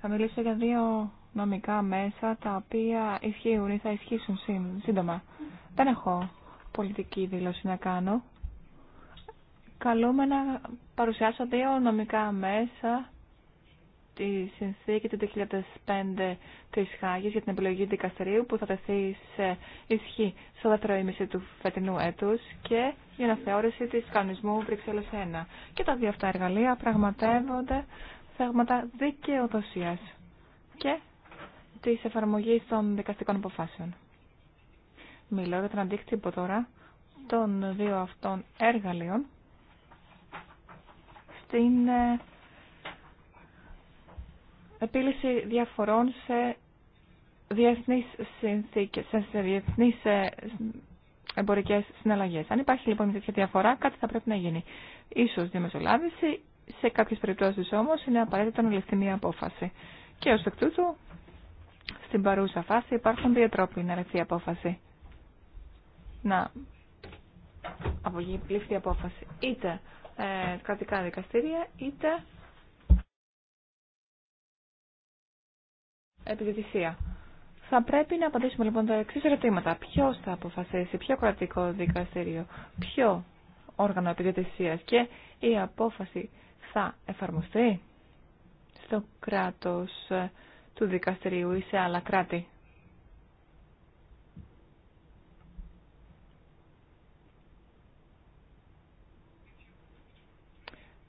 Θα μιλήσω για δύο νομικά μέσα τα οποία ισχύουν ή θα ισχύσουν σύντομα. Δεν έχω πολιτική δήλωση να κάνω. Καλούμε να παρουσιάσω δύο νομικά μέσα τη συνθήκη του 2005 της Χάγης για την επιλογή δικαστηρίου που θα τεθεί σε ισχύ στο δεύτερο ήμιση του φετινού έτους και για αναθεώρηση της κανονισμού Βρυξέλλες 1. Και τα δύο αυτά εργαλεία πραγματεύονται θέματα δικαιοδοσίας και Τη εφαρμογή των δικαστικών αποφάσεων. Μιλώ για τον αντίκτυπο τώρα των δύο αυτών εργαλείων στην ε, επίλυση διαφορών σε διεθνεί συνθήκες, σε διεθνείς ε, εμπορικές συναλλαγές. Αν υπάρχει λοιπόν μια τέτοια διαφορά, κάτι θα πρέπει να γίνει. Ίσως διαμεσολάβηση, σε κάποιες περιπτώσεις όμως είναι απαραίτητο να ληφθεί μια απόφαση. Και ω εκ τούτου στην παρούσα φάση υπάρχουν δύο τρόποι να ρεθεί η απόφαση. Να απογεί απόφαση. Είτε ε, κρατικά δικαστήρια, είτε επιδιωτησία. Θα πρέπει να απαντήσουμε λοιπόν τα εξή ερωτήματα. Ποιο θα αποφασίσει, ποιο κρατικό δικαστήριο, ποιο όργανο επιδιαιτησία και η απόφαση θα εφαρμοστεί στο κράτος του δικαστηρίου ή σε άλλα κράτη.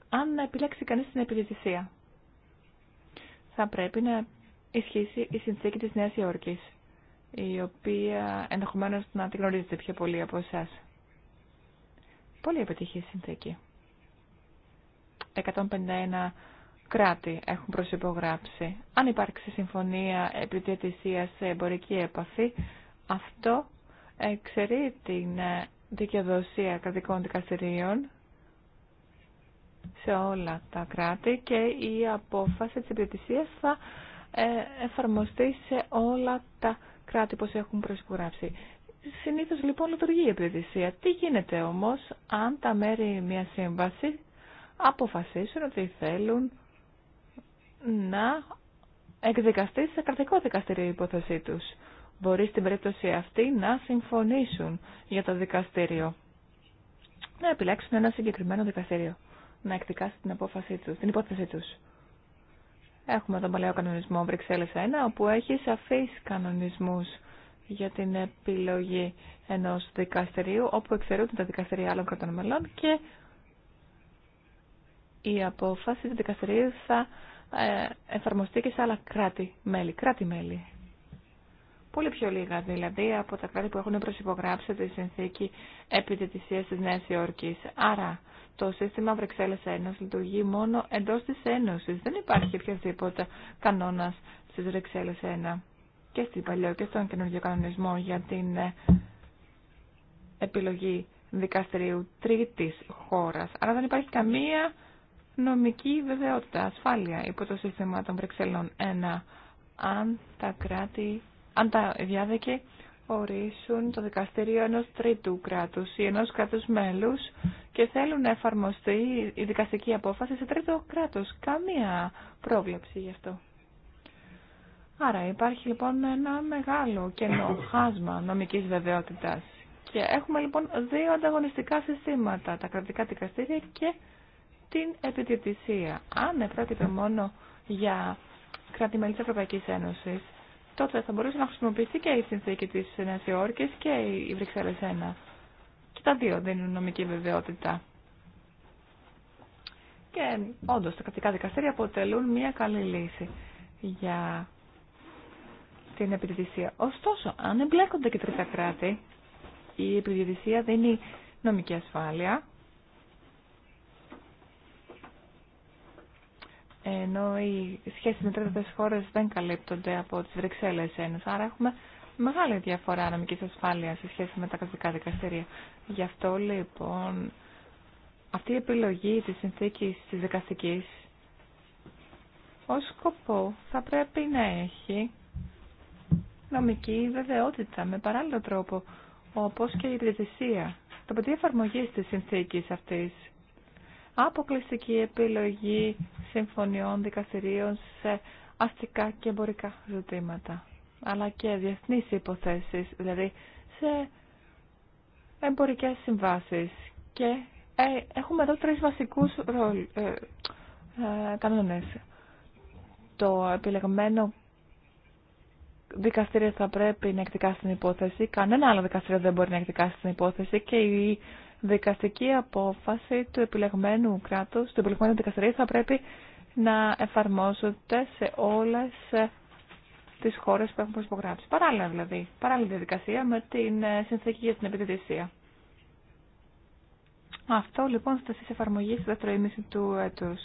Αν επιλέξει κανείς την επιδιαιτησία, θα πρέπει να ισχύσει η συνθήκη της Νέας Υόρκης, η οποία ενδεχομένως να την γνωρίζετε πιο πολύ από εσά. Πολύ επιτυχή συνθήκη. 151 κράτη έχουν προσυπογράψει. Αν υπάρξει συμφωνία επιδιαιτησία σε εμπορική έπαφη, αυτό εξαιρεί την ε, δικαιοδοσία κρατικών δικαστηρίων σε όλα τα κράτη και η απόφαση της επιδιαιτησίας θα ε, εφαρμοστεί σε όλα τα κράτη που έχουν προσυπογράψει. Συνήθως λοιπόν λειτουργεί η επιδιαιτησία. Τι γίνεται όμως αν τα μέρη μια σύμβαση αποφασίσουν ότι θέλουν να εκδικαστεί σε κρατικό δικαστήριο η υπόθεσή τους. Μπορεί στην περίπτωση αυτή να συμφωνήσουν για το δικαστήριο. Να επιλέξουν ένα συγκεκριμένο δικαστήριο. Να εκδικάσει την απόφασή τους, την υπόθεσή τους. Έχουμε τον παλαιό κανονισμό Βρυξέλλες 1, όπου έχει σαφείς κανονισμούς για την επιλογή ενός δικαστηρίου, όπου εξαιρούνται τα δικαστηρία άλλων κρατών μελών και η απόφαση του δικαστηρίου θα ε, εφαρμοστεί και σε άλλα κράτη-μέλη. Κράτη-μέλη. Πολύ πιο λίγα δηλαδή από τα κράτη που έχουν προσυπογράψει τη συνθήκη επιδετησία τη Νέα Υόρκη. Άρα το σύστημα Βρυξέλλες 1 λειτουργεί μόνο εντό τη Ένωση. Δεν υπάρχει οποιοδήποτε κανόνα στι Βρυξέλλες 1 και στην παλιό και στον καινούργιο κανονισμό για την ε, επιλογή δικαστηρίου Τρίτη χώρα. Άρα δεν υπάρχει καμία νομική βεβαιότητα, ασφάλεια υπό το σύστημα των Βρυξελών 1, αν τα κράτη, αν τα διάδεκε ορίσουν το δικαστήριο ενός τρίτου κράτους ή ενός κράτους μέλους και θέλουν να εφαρμοστεί η δικαστική απόφαση σε τρίτο κράτος. Καμία πρόβλεψη γι' αυτό. Άρα υπάρχει λοιπόν ένα μεγάλο κενό χάσμα νομικής βεβαιότητας. Και έχουμε λοιπόν δύο ανταγωνιστικά συστήματα, τα κρατικά δικαστήρια και την επιδιαιτησία. Αν επράτηπε μόνο για κράτη-μέλη της Ευρωπαϊκής Ένωσης, τότε θα μπορούσε να χρησιμοποιηθεί και η συνθήκη της Νέας και η Βρυξέλλες 1. Και τα δύο δίνουν νομική βεβαιότητα. Και όντω τα κρατικά δικαστήρια αποτελούν μια καλή λύση για την επιδιαιτησία. Ωστόσο, αν εμπλέκονται και τρίτα κράτη, η επιδιαιτησία δίνει νομική ασφάλεια ενώ οι σχέσεις με τρίτες χώρες δεν καλύπτονται από τις Βρυξέλλες Ένες. Άρα έχουμε μεγάλη διαφορά νομικής ασφάλειας σε σχέση με τα κρατικά δικαστήρια. Γι' αυτό λοιπόν αυτή η επιλογή της συνθήκης της δικαστικής ως σκοπό θα πρέπει να έχει νομική βεβαιότητα με παράλληλο τρόπο όπως και η διαιτησία. Το παιδί εφαρμογή της συνθήκης αυτής αποκλειστική επιλογή συμφωνιών δικαστηρίων σε αστικά και εμπορικά ζητήματα, αλλά και διεθνείς υποθέσεις, δηλαδή σε εμπορικές συμβάσεις. Και ε, έχουμε εδώ τρεις βασικούς ρολ, ε, ε, κανόνες. Το επιλεγμένο δικαστήριο θα πρέπει να εκτικάσει την υπόθεση, κανένα άλλο δικαστήριο δεν μπορεί να εκδικάσει την υπόθεση και η δικαστική απόφαση του επιλεγμένου κράτους, του επιλεγμένου δικαστηρίου θα πρέπει να εφαρμόζονται σε όλες ε, τις χώρες που έχουν προσυπογράψει. Παράλληλα δηλαδή, παράλληλη διαδικασία με την ε, συνθήκη για την Αυτό λοιπόν στα στις εφαρμογή στο δεύτερο ήμιση του έτους.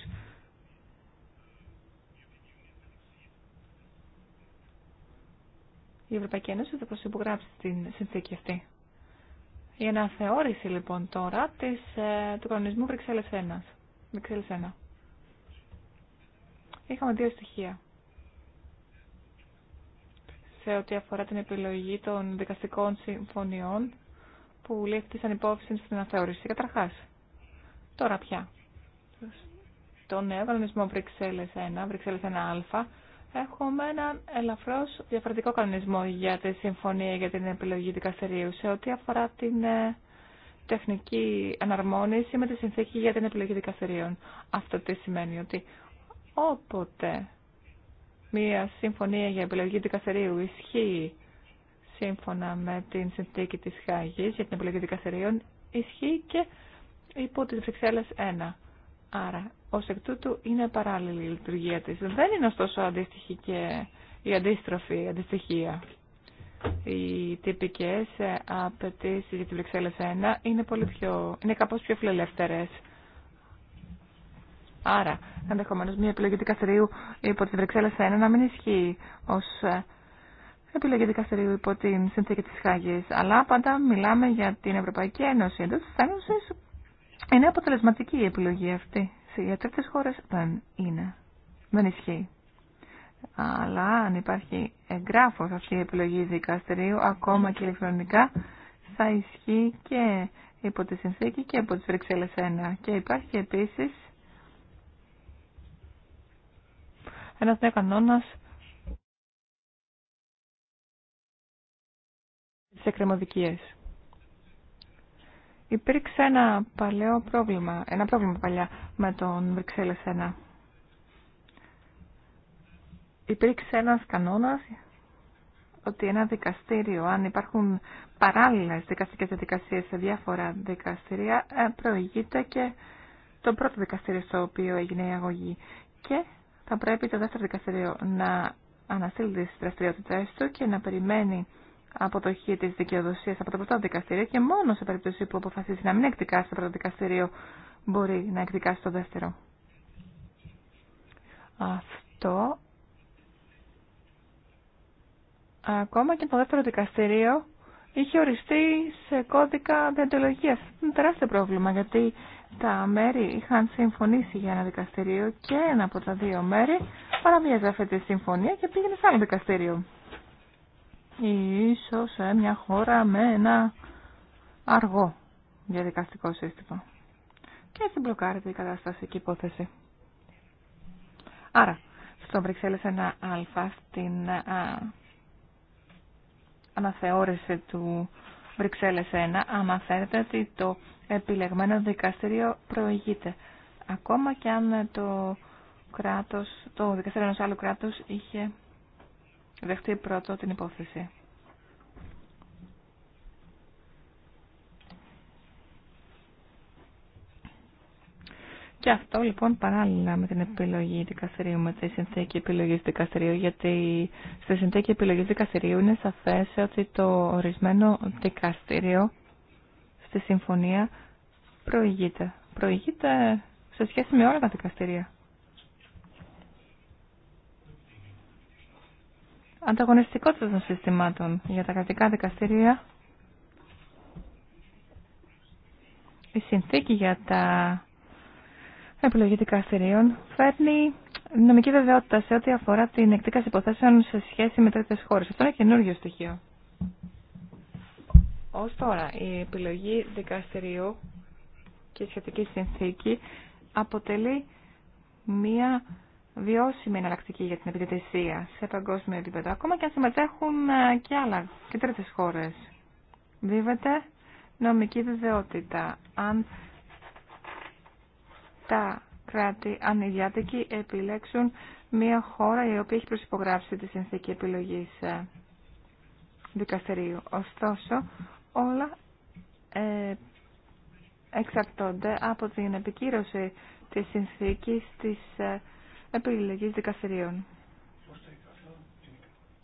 Η Ευρωπαϊκή Ένωση θα προσυπογράψει την συνθήκη αυτή. Η αναθεώρηση λοιπόν τώρα της, ε, του κανονισμού Βρυξέλλες 1. Είχαμε δύο στοιχεία. Σε ό,τι αφορά την επιλογή των δικαστικών συμφωνιών που λήφθησαν υπόψη στην αναθεώρηση. Καταρχάς, τώρα πια. το νέο κανονισμό Βρυξέλλες 1, Βρυξέλλες 1α, έχουμε έναν ελαφρώς διαφορετικό κανονισμό για τη συμφωνία για την επιλογή δικαστηρίου σε ό,τι αφορά την ε, τεχνική αναρμόνιση με τη συνθήκη για την επιλογή δικαστηρίων. Αυτό τι σημαίνει ότι όποτε μία συμφωνία για επιλογή δικαστηρίου ισχύει σύμφωνα με την συνθήκη της Χάγης για την επιλογή δικαστηρίων, ισχύει και υπό τις Βρυξέλλες 1. Άρα, ω εκ τούτου είναι παράλληλη η λειτουργία τη. Δεν είναι ωστόσο αντίστοιχη και η αντίστροφη η αντιστοιχία. Οι τυπικέ ε, απαιτήσει για τη Βρυξέλλε 1 είναι, πολύ πιο, είναι κάπως πιο φιλελεύθερες. Άρα, ενδεχομένω μια επιλογή δικαστηρίου υπό τη Βρυξέλλε 1 να μην ισχύει ω ε, επιλογή δικαστηρίου υπό την συνθήκη τη Χάγη. Αλλά πάντα μιλάμε για την Ευρωπαϊκή Ένωση. Εντός της ε, είναι αποτελεσματική η επιλογή αυτή. Σε τρίτες χώρες δεν είναι. Δεν ισχύει. Αλλά αν υπάρχει εγγράφος αυτή η επιλογή δικαστηρίου, ακόμα και ηλεκτρονικά, θα ισχύει και υπό τη συνθήκη και υπό τις Βρυξέλλες 1. Και υπάρχει επίσης ένας νέο κανόνας στις εκκρεμωδικίες. Υπήρξε ένα παλαιό πρόβλημα, ένα πρόβλημα παλιά με τον Βρυξέλλες 1. Υπήρξε ένας κανόνας ότι ένα δικαστήριο, αν υπάρχουν παράλληλες δικαστικές διαδικασίες σε διάφορα δικαστήρια, ε, προηγείται και το πρώτο δικαστήριο στο οποίο έγινε η αγωγή. Και θα πρέπει το δεύτερο δικαστήριο να αναστείλει τις δραστηριότητες του και να περιμένει αποτοχή της δικαιοδοσίας από το πρώτο δικαστήριο και μόνο σε περίπτωση που αποφασίσει να μην εκδικάσει το πρώτο δικαστήριο μπορεί να εκδικάσει το δεύτερο. Αυτό ακόμα και το δεύτερο δικαστήριο είχε οριστεί σε κώδικα διαντολογίας. Είναι τεράστιο πρόβλημα γιατί τα μέρη είχαν συμφωνήσει για ένα δικαστήριο και ένα από τα δύο μέρη παραβίαζε αυτή τη συμφωνία και πήγαινε σε άλλο δικαστήριο ίσως σε μια χώρα με ένα αργό διαδικαστικό σύστημα. Και έτσι μπλοκάρεται η κατάσταση και υπόθεση. Άρα, στο βρυξελλες ένα 1α, στην ε, αναθεώρηση του Βρυξέλλες 1, αναφέρεται ότι το επιλεγμένο δικαστήριο προηγείται. Ακόμα και αν το κράτος, το δικαστήριο ενός άλλου κράτους είχε δεχτεί πρώτο την υπόθεση. Και αυτό λοιπόν παράλληλα με την επιλογή δικαστηρίου, με τη συνθήκη επιλογή δικαστηρίου, γιατί στη συνθήκη επιλογή δικαστηρίου είναι σαφέ ότι το ορισμένο δικαστήριο στη συμφωνία προηγείται. Προηγείται σε σχέση με όλα τα δικαστήρια. ανταγωνιστικότητα των συστημάτων για τα κρατικά δικαστήρια. Η συνθήκη για τα επιλογή δικαστηρίων φέρνει νομική βεβαιότητα σε ό,τι αφορά την εκτίκαση υποθέσεων σε σχέση με τρίτε χώρε. Αυτό είναι καινούργιο στοιχείο. Ω τώρα, η επιλογή δικαστηρίου και η σχετική συνθήκη αποτελεί μία βιώσιμη εναλλακτική για την επιδετησία σε παγκόσμιο επίπεδο, ακόμα και αν συμμετέχουν ε, και άλλα και τρίτες χώρες. Βίβεται νομική βεβαιότητα. Αν τα κράτη, αν οι επιλέξουν μια χώρα η οποία έχει προσυπογράψει τη συνθήκη επιλογής ε, δικαστηρίου. Ωστόσο, όλα ε, εξαρτώνται από την επικύρωση της συνθήκης της ε, επιλογής δικαστηρίων.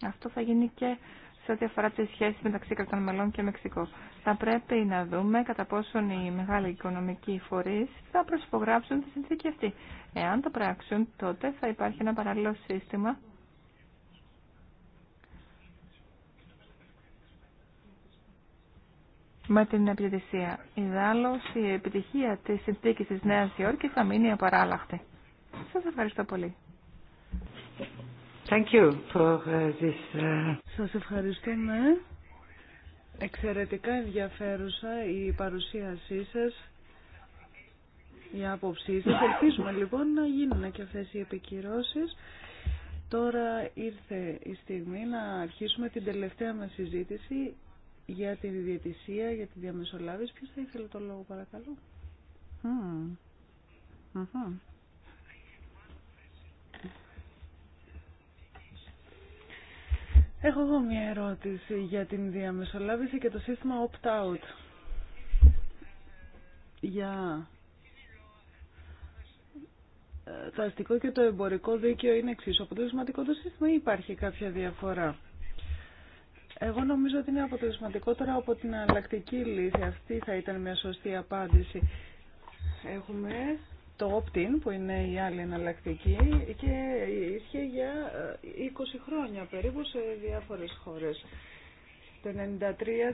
Αυτό θα γίνει και σε ό,τι αφορά τις σχέσεις μεταξύ κρατών μελών και Μεξικό. Θα πρέπει να δούμε κατά πόσον οι μεγάλοι οικονομικοί φορείς θα προσυπογράψουν τη συνθήκη αυτή. Εάν το πράξουν, τότε θα υπάρχει ένα παράλληλο σύστημα με την επιδησία. Ιδάλλως, η επιτυχία της συνθήκης της Νέας Υόρκης θα μείνει απαράλλαχτη. Σας ευχαριστώ πολύ. Thank you for uh, this... Uh, σας ευχαριστούμε. Εξαιρετικά ενδιαφέρουσα η παρουσίασή σας, η άποψή σας. Ελπίζουμε λοιπόν να γίνουν και αυτές οι επικυρώσεις. Τώρα ήρθε η στιγμή να αρχίσουμε την τελευταία μας συζήτηση για τη διαιτησία, για τη διαμεσολάβηση. Ποιος θα ήθελε το λόγο παρακαλώ. Mm. Έχω εγώ μια ερώτηση για την διαμεσολάβηση και το σύστημα opt-out. Για ε, το αστικό και το εμπορικό δίκαιο είναι εξίσου αποτελεσματικό το σύστημα ή υπάρχει κάποια διαφορά. Εγώ νομίζω ότι είναι αποτελεσματικότερο από την αλλακτική λύση. Αυτή θα ήταν μια σωστή απάντηση. Έχουμε το opt που είναι η άλλη εναλλακτική και ήρθε για 20 ε, χρόνια περίπου σε διάφορες χώρες. Το 1993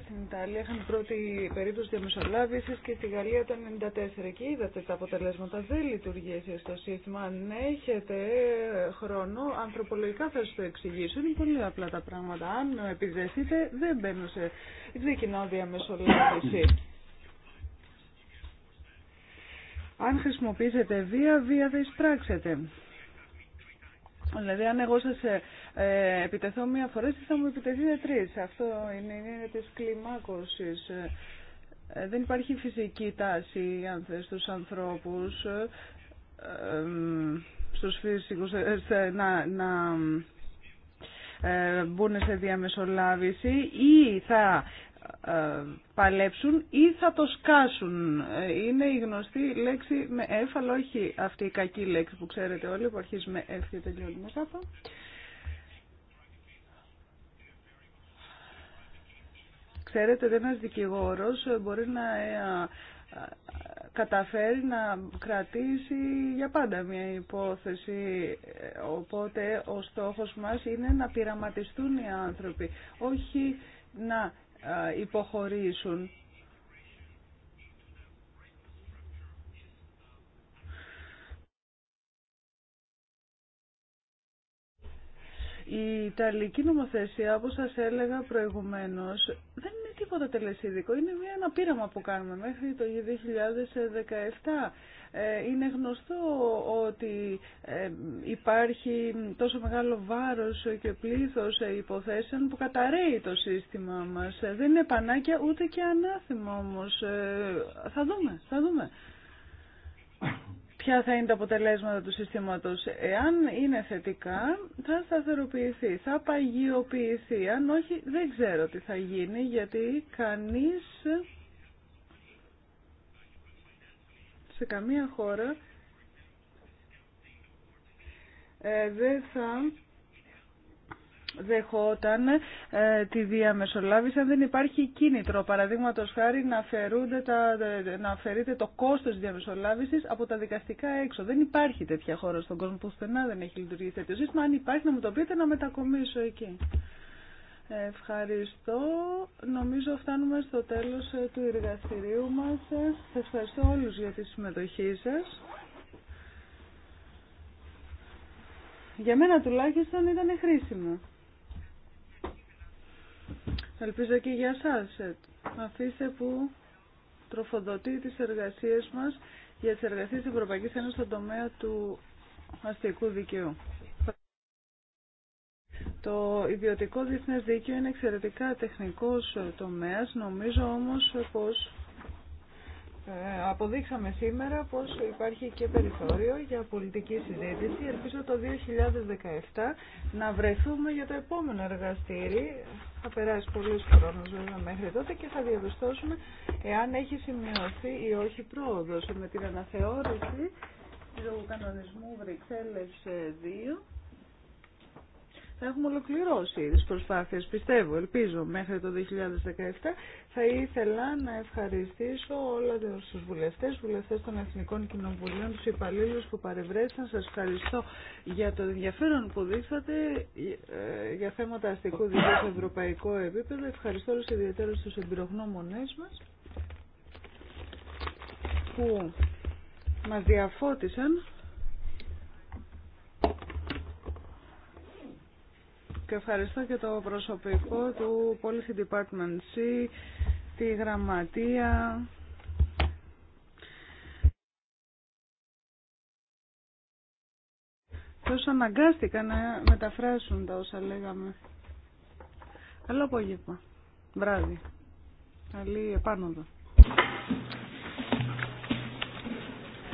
στην Ιταλία είχαν πρώτη περίπτωση διαμεσολάβησης και στη Γαλλία το 1994 και είδατε τα αποτελέσματα. Δεν λειτουργεί στο σύστημα. Αν έχετε χρόνο, ανθρωπολογικά θα σας το εξηγήσω. Είναι πολύ απλά τα πράγματα. Αν επιδεθείτε, δεν μπαίνω σε... διαμεσολάβηση. Αν χρησιμοποιήσετε βία, βία θα εισπράξετε. Δηλαδή, αν εγώ σας ε, ε, επιτεθώ μία φορά, θα μου επιτεθείτε τρεις. Αυτό είναι, είναι της κλιμάκωσης. Ε, δεν υπάρχει φυσική τάση, αν θες, στους ανθρώπους, στους να, να μπουν σε διαμεσολάβηση ή θα ε, παλέψουν ή θα το σκάσουν. Ε, είναι η γνωστή λέξη με έφαλο, αλλά όχι αυτή η κακή λέξη που ξέρετε όλοι που αρχίζει με F και τελειώνει με Ξέρετε ότι ένας δικηγόρος μπορεί να ε, καταφέρει να κρατήσει για πάντα μια υπόθεση. Οπότε ο στόχος μας είναι να πειραματιστούν οι άνθρωποι, όχι να υποχωρήσουν. Η Ιταλική νομοθεσία, όπως σας έλεγα προηγουμένως, δεν είναι τίποτα τελεσίδικο. Είναι μια αναπήραμα που κάνουμε μέχρι το 2017. Ε, είναι γνωστό ότι ε, υπάρχει τόσο μεγάλο βάρος και πλήθος ε, υποθέσεων που καταραίει το σύστημα μας. Δεν είναι πανάκια ούτε και ανάθυμα όμως. Θα δούμε, θα δούμε ποια θα είναι τα αποτελέσματα του συστήματος. Εάν είναι θετικά, θα σταθεροποιηθεί, θα παγιοποιηθεί. Αν όχι, δεν ξέρω τι θα γίνει, γιατί κανείς σε καμία χώρα ε, δεν θα δεχόταν ε, τη διαμεσολάβηση αν δεν υπάρχει κίνητρο. Παραδείγματος χάρη να, τα, ε, να αφαιρείται το κόστος διαμεσολάβησης από τα δικαστικά έξω. Δεν υπάρχει τέτοια χώρα στον κόσμο που στενά δεν έχει λειτουργήσει τέτοιο σύστημα. Αν υπάρχει να μου το πείτε να μετακομίσω εκεί. Ευχαριστώ. Νομίζω φτάνουμε στο τέλος ε, του εργαστηρίου μας. Ε, σας ευχαριστώ όλους για τη συμμετοχή σας. Για μένα τουλάχιστον ήταν χρήσιμο. Ελπίζω και για σας. Ε, αφήστε που τροφοδοτεί τις εργασίες μας για τις εργασίες της Ευρωπαϊκής Ένωσης στον τομέα του αστικού δικαίου. Το ιδιωτικό διεθνές δίκαιο είναι εξαιρετικά τεχνικός τομέας, νομίζω όμως πως ε, αποδείξαμε σήμερα πως υπάρχει και περιθώριο για πολιτική συζήτηση. Ελπίζω το 2017 να βρεθούμε για το επόμενο εργαστήρι. Θα περάσει πολλού χρόνο βέβαια μέχρι τότε και θα διαπιστώσουμε εάν έχει σημειωθεί ή όχι πρόοδος με την αναθεώρηση του κανονισμού Βρυξέλλες 2 θα έχουμε ολοκληρώσει τις προσπάθειες, πιστεύω, ελπίζω, μέχρι το 2017. Θα ήθελα να ευχαριστήσω όλα τους βουλευτές, βουλευτές των Εθνικών Κοινοβουλίων, τους υπαλλήλους που παρευρέθησαν. Σας ευχαριστώ για το ενδιαφέρον που δείξατε ε, για θέματα αστικού δικαίου σε ευρωπαϊκό Ευχαριστώ όλους ιδιαίτερους τους εμπειρογνώμονές μας που μας διαφώτισαν και ευχαριστώ και το προσωπικό του Policy Department C, τη γραμματεία. Τόσο αναγκάστηκα να μεταφράσουν τα όσα λέγαμε. Καλό απόγευμα. Βράδυ. Καλή επάνωδο.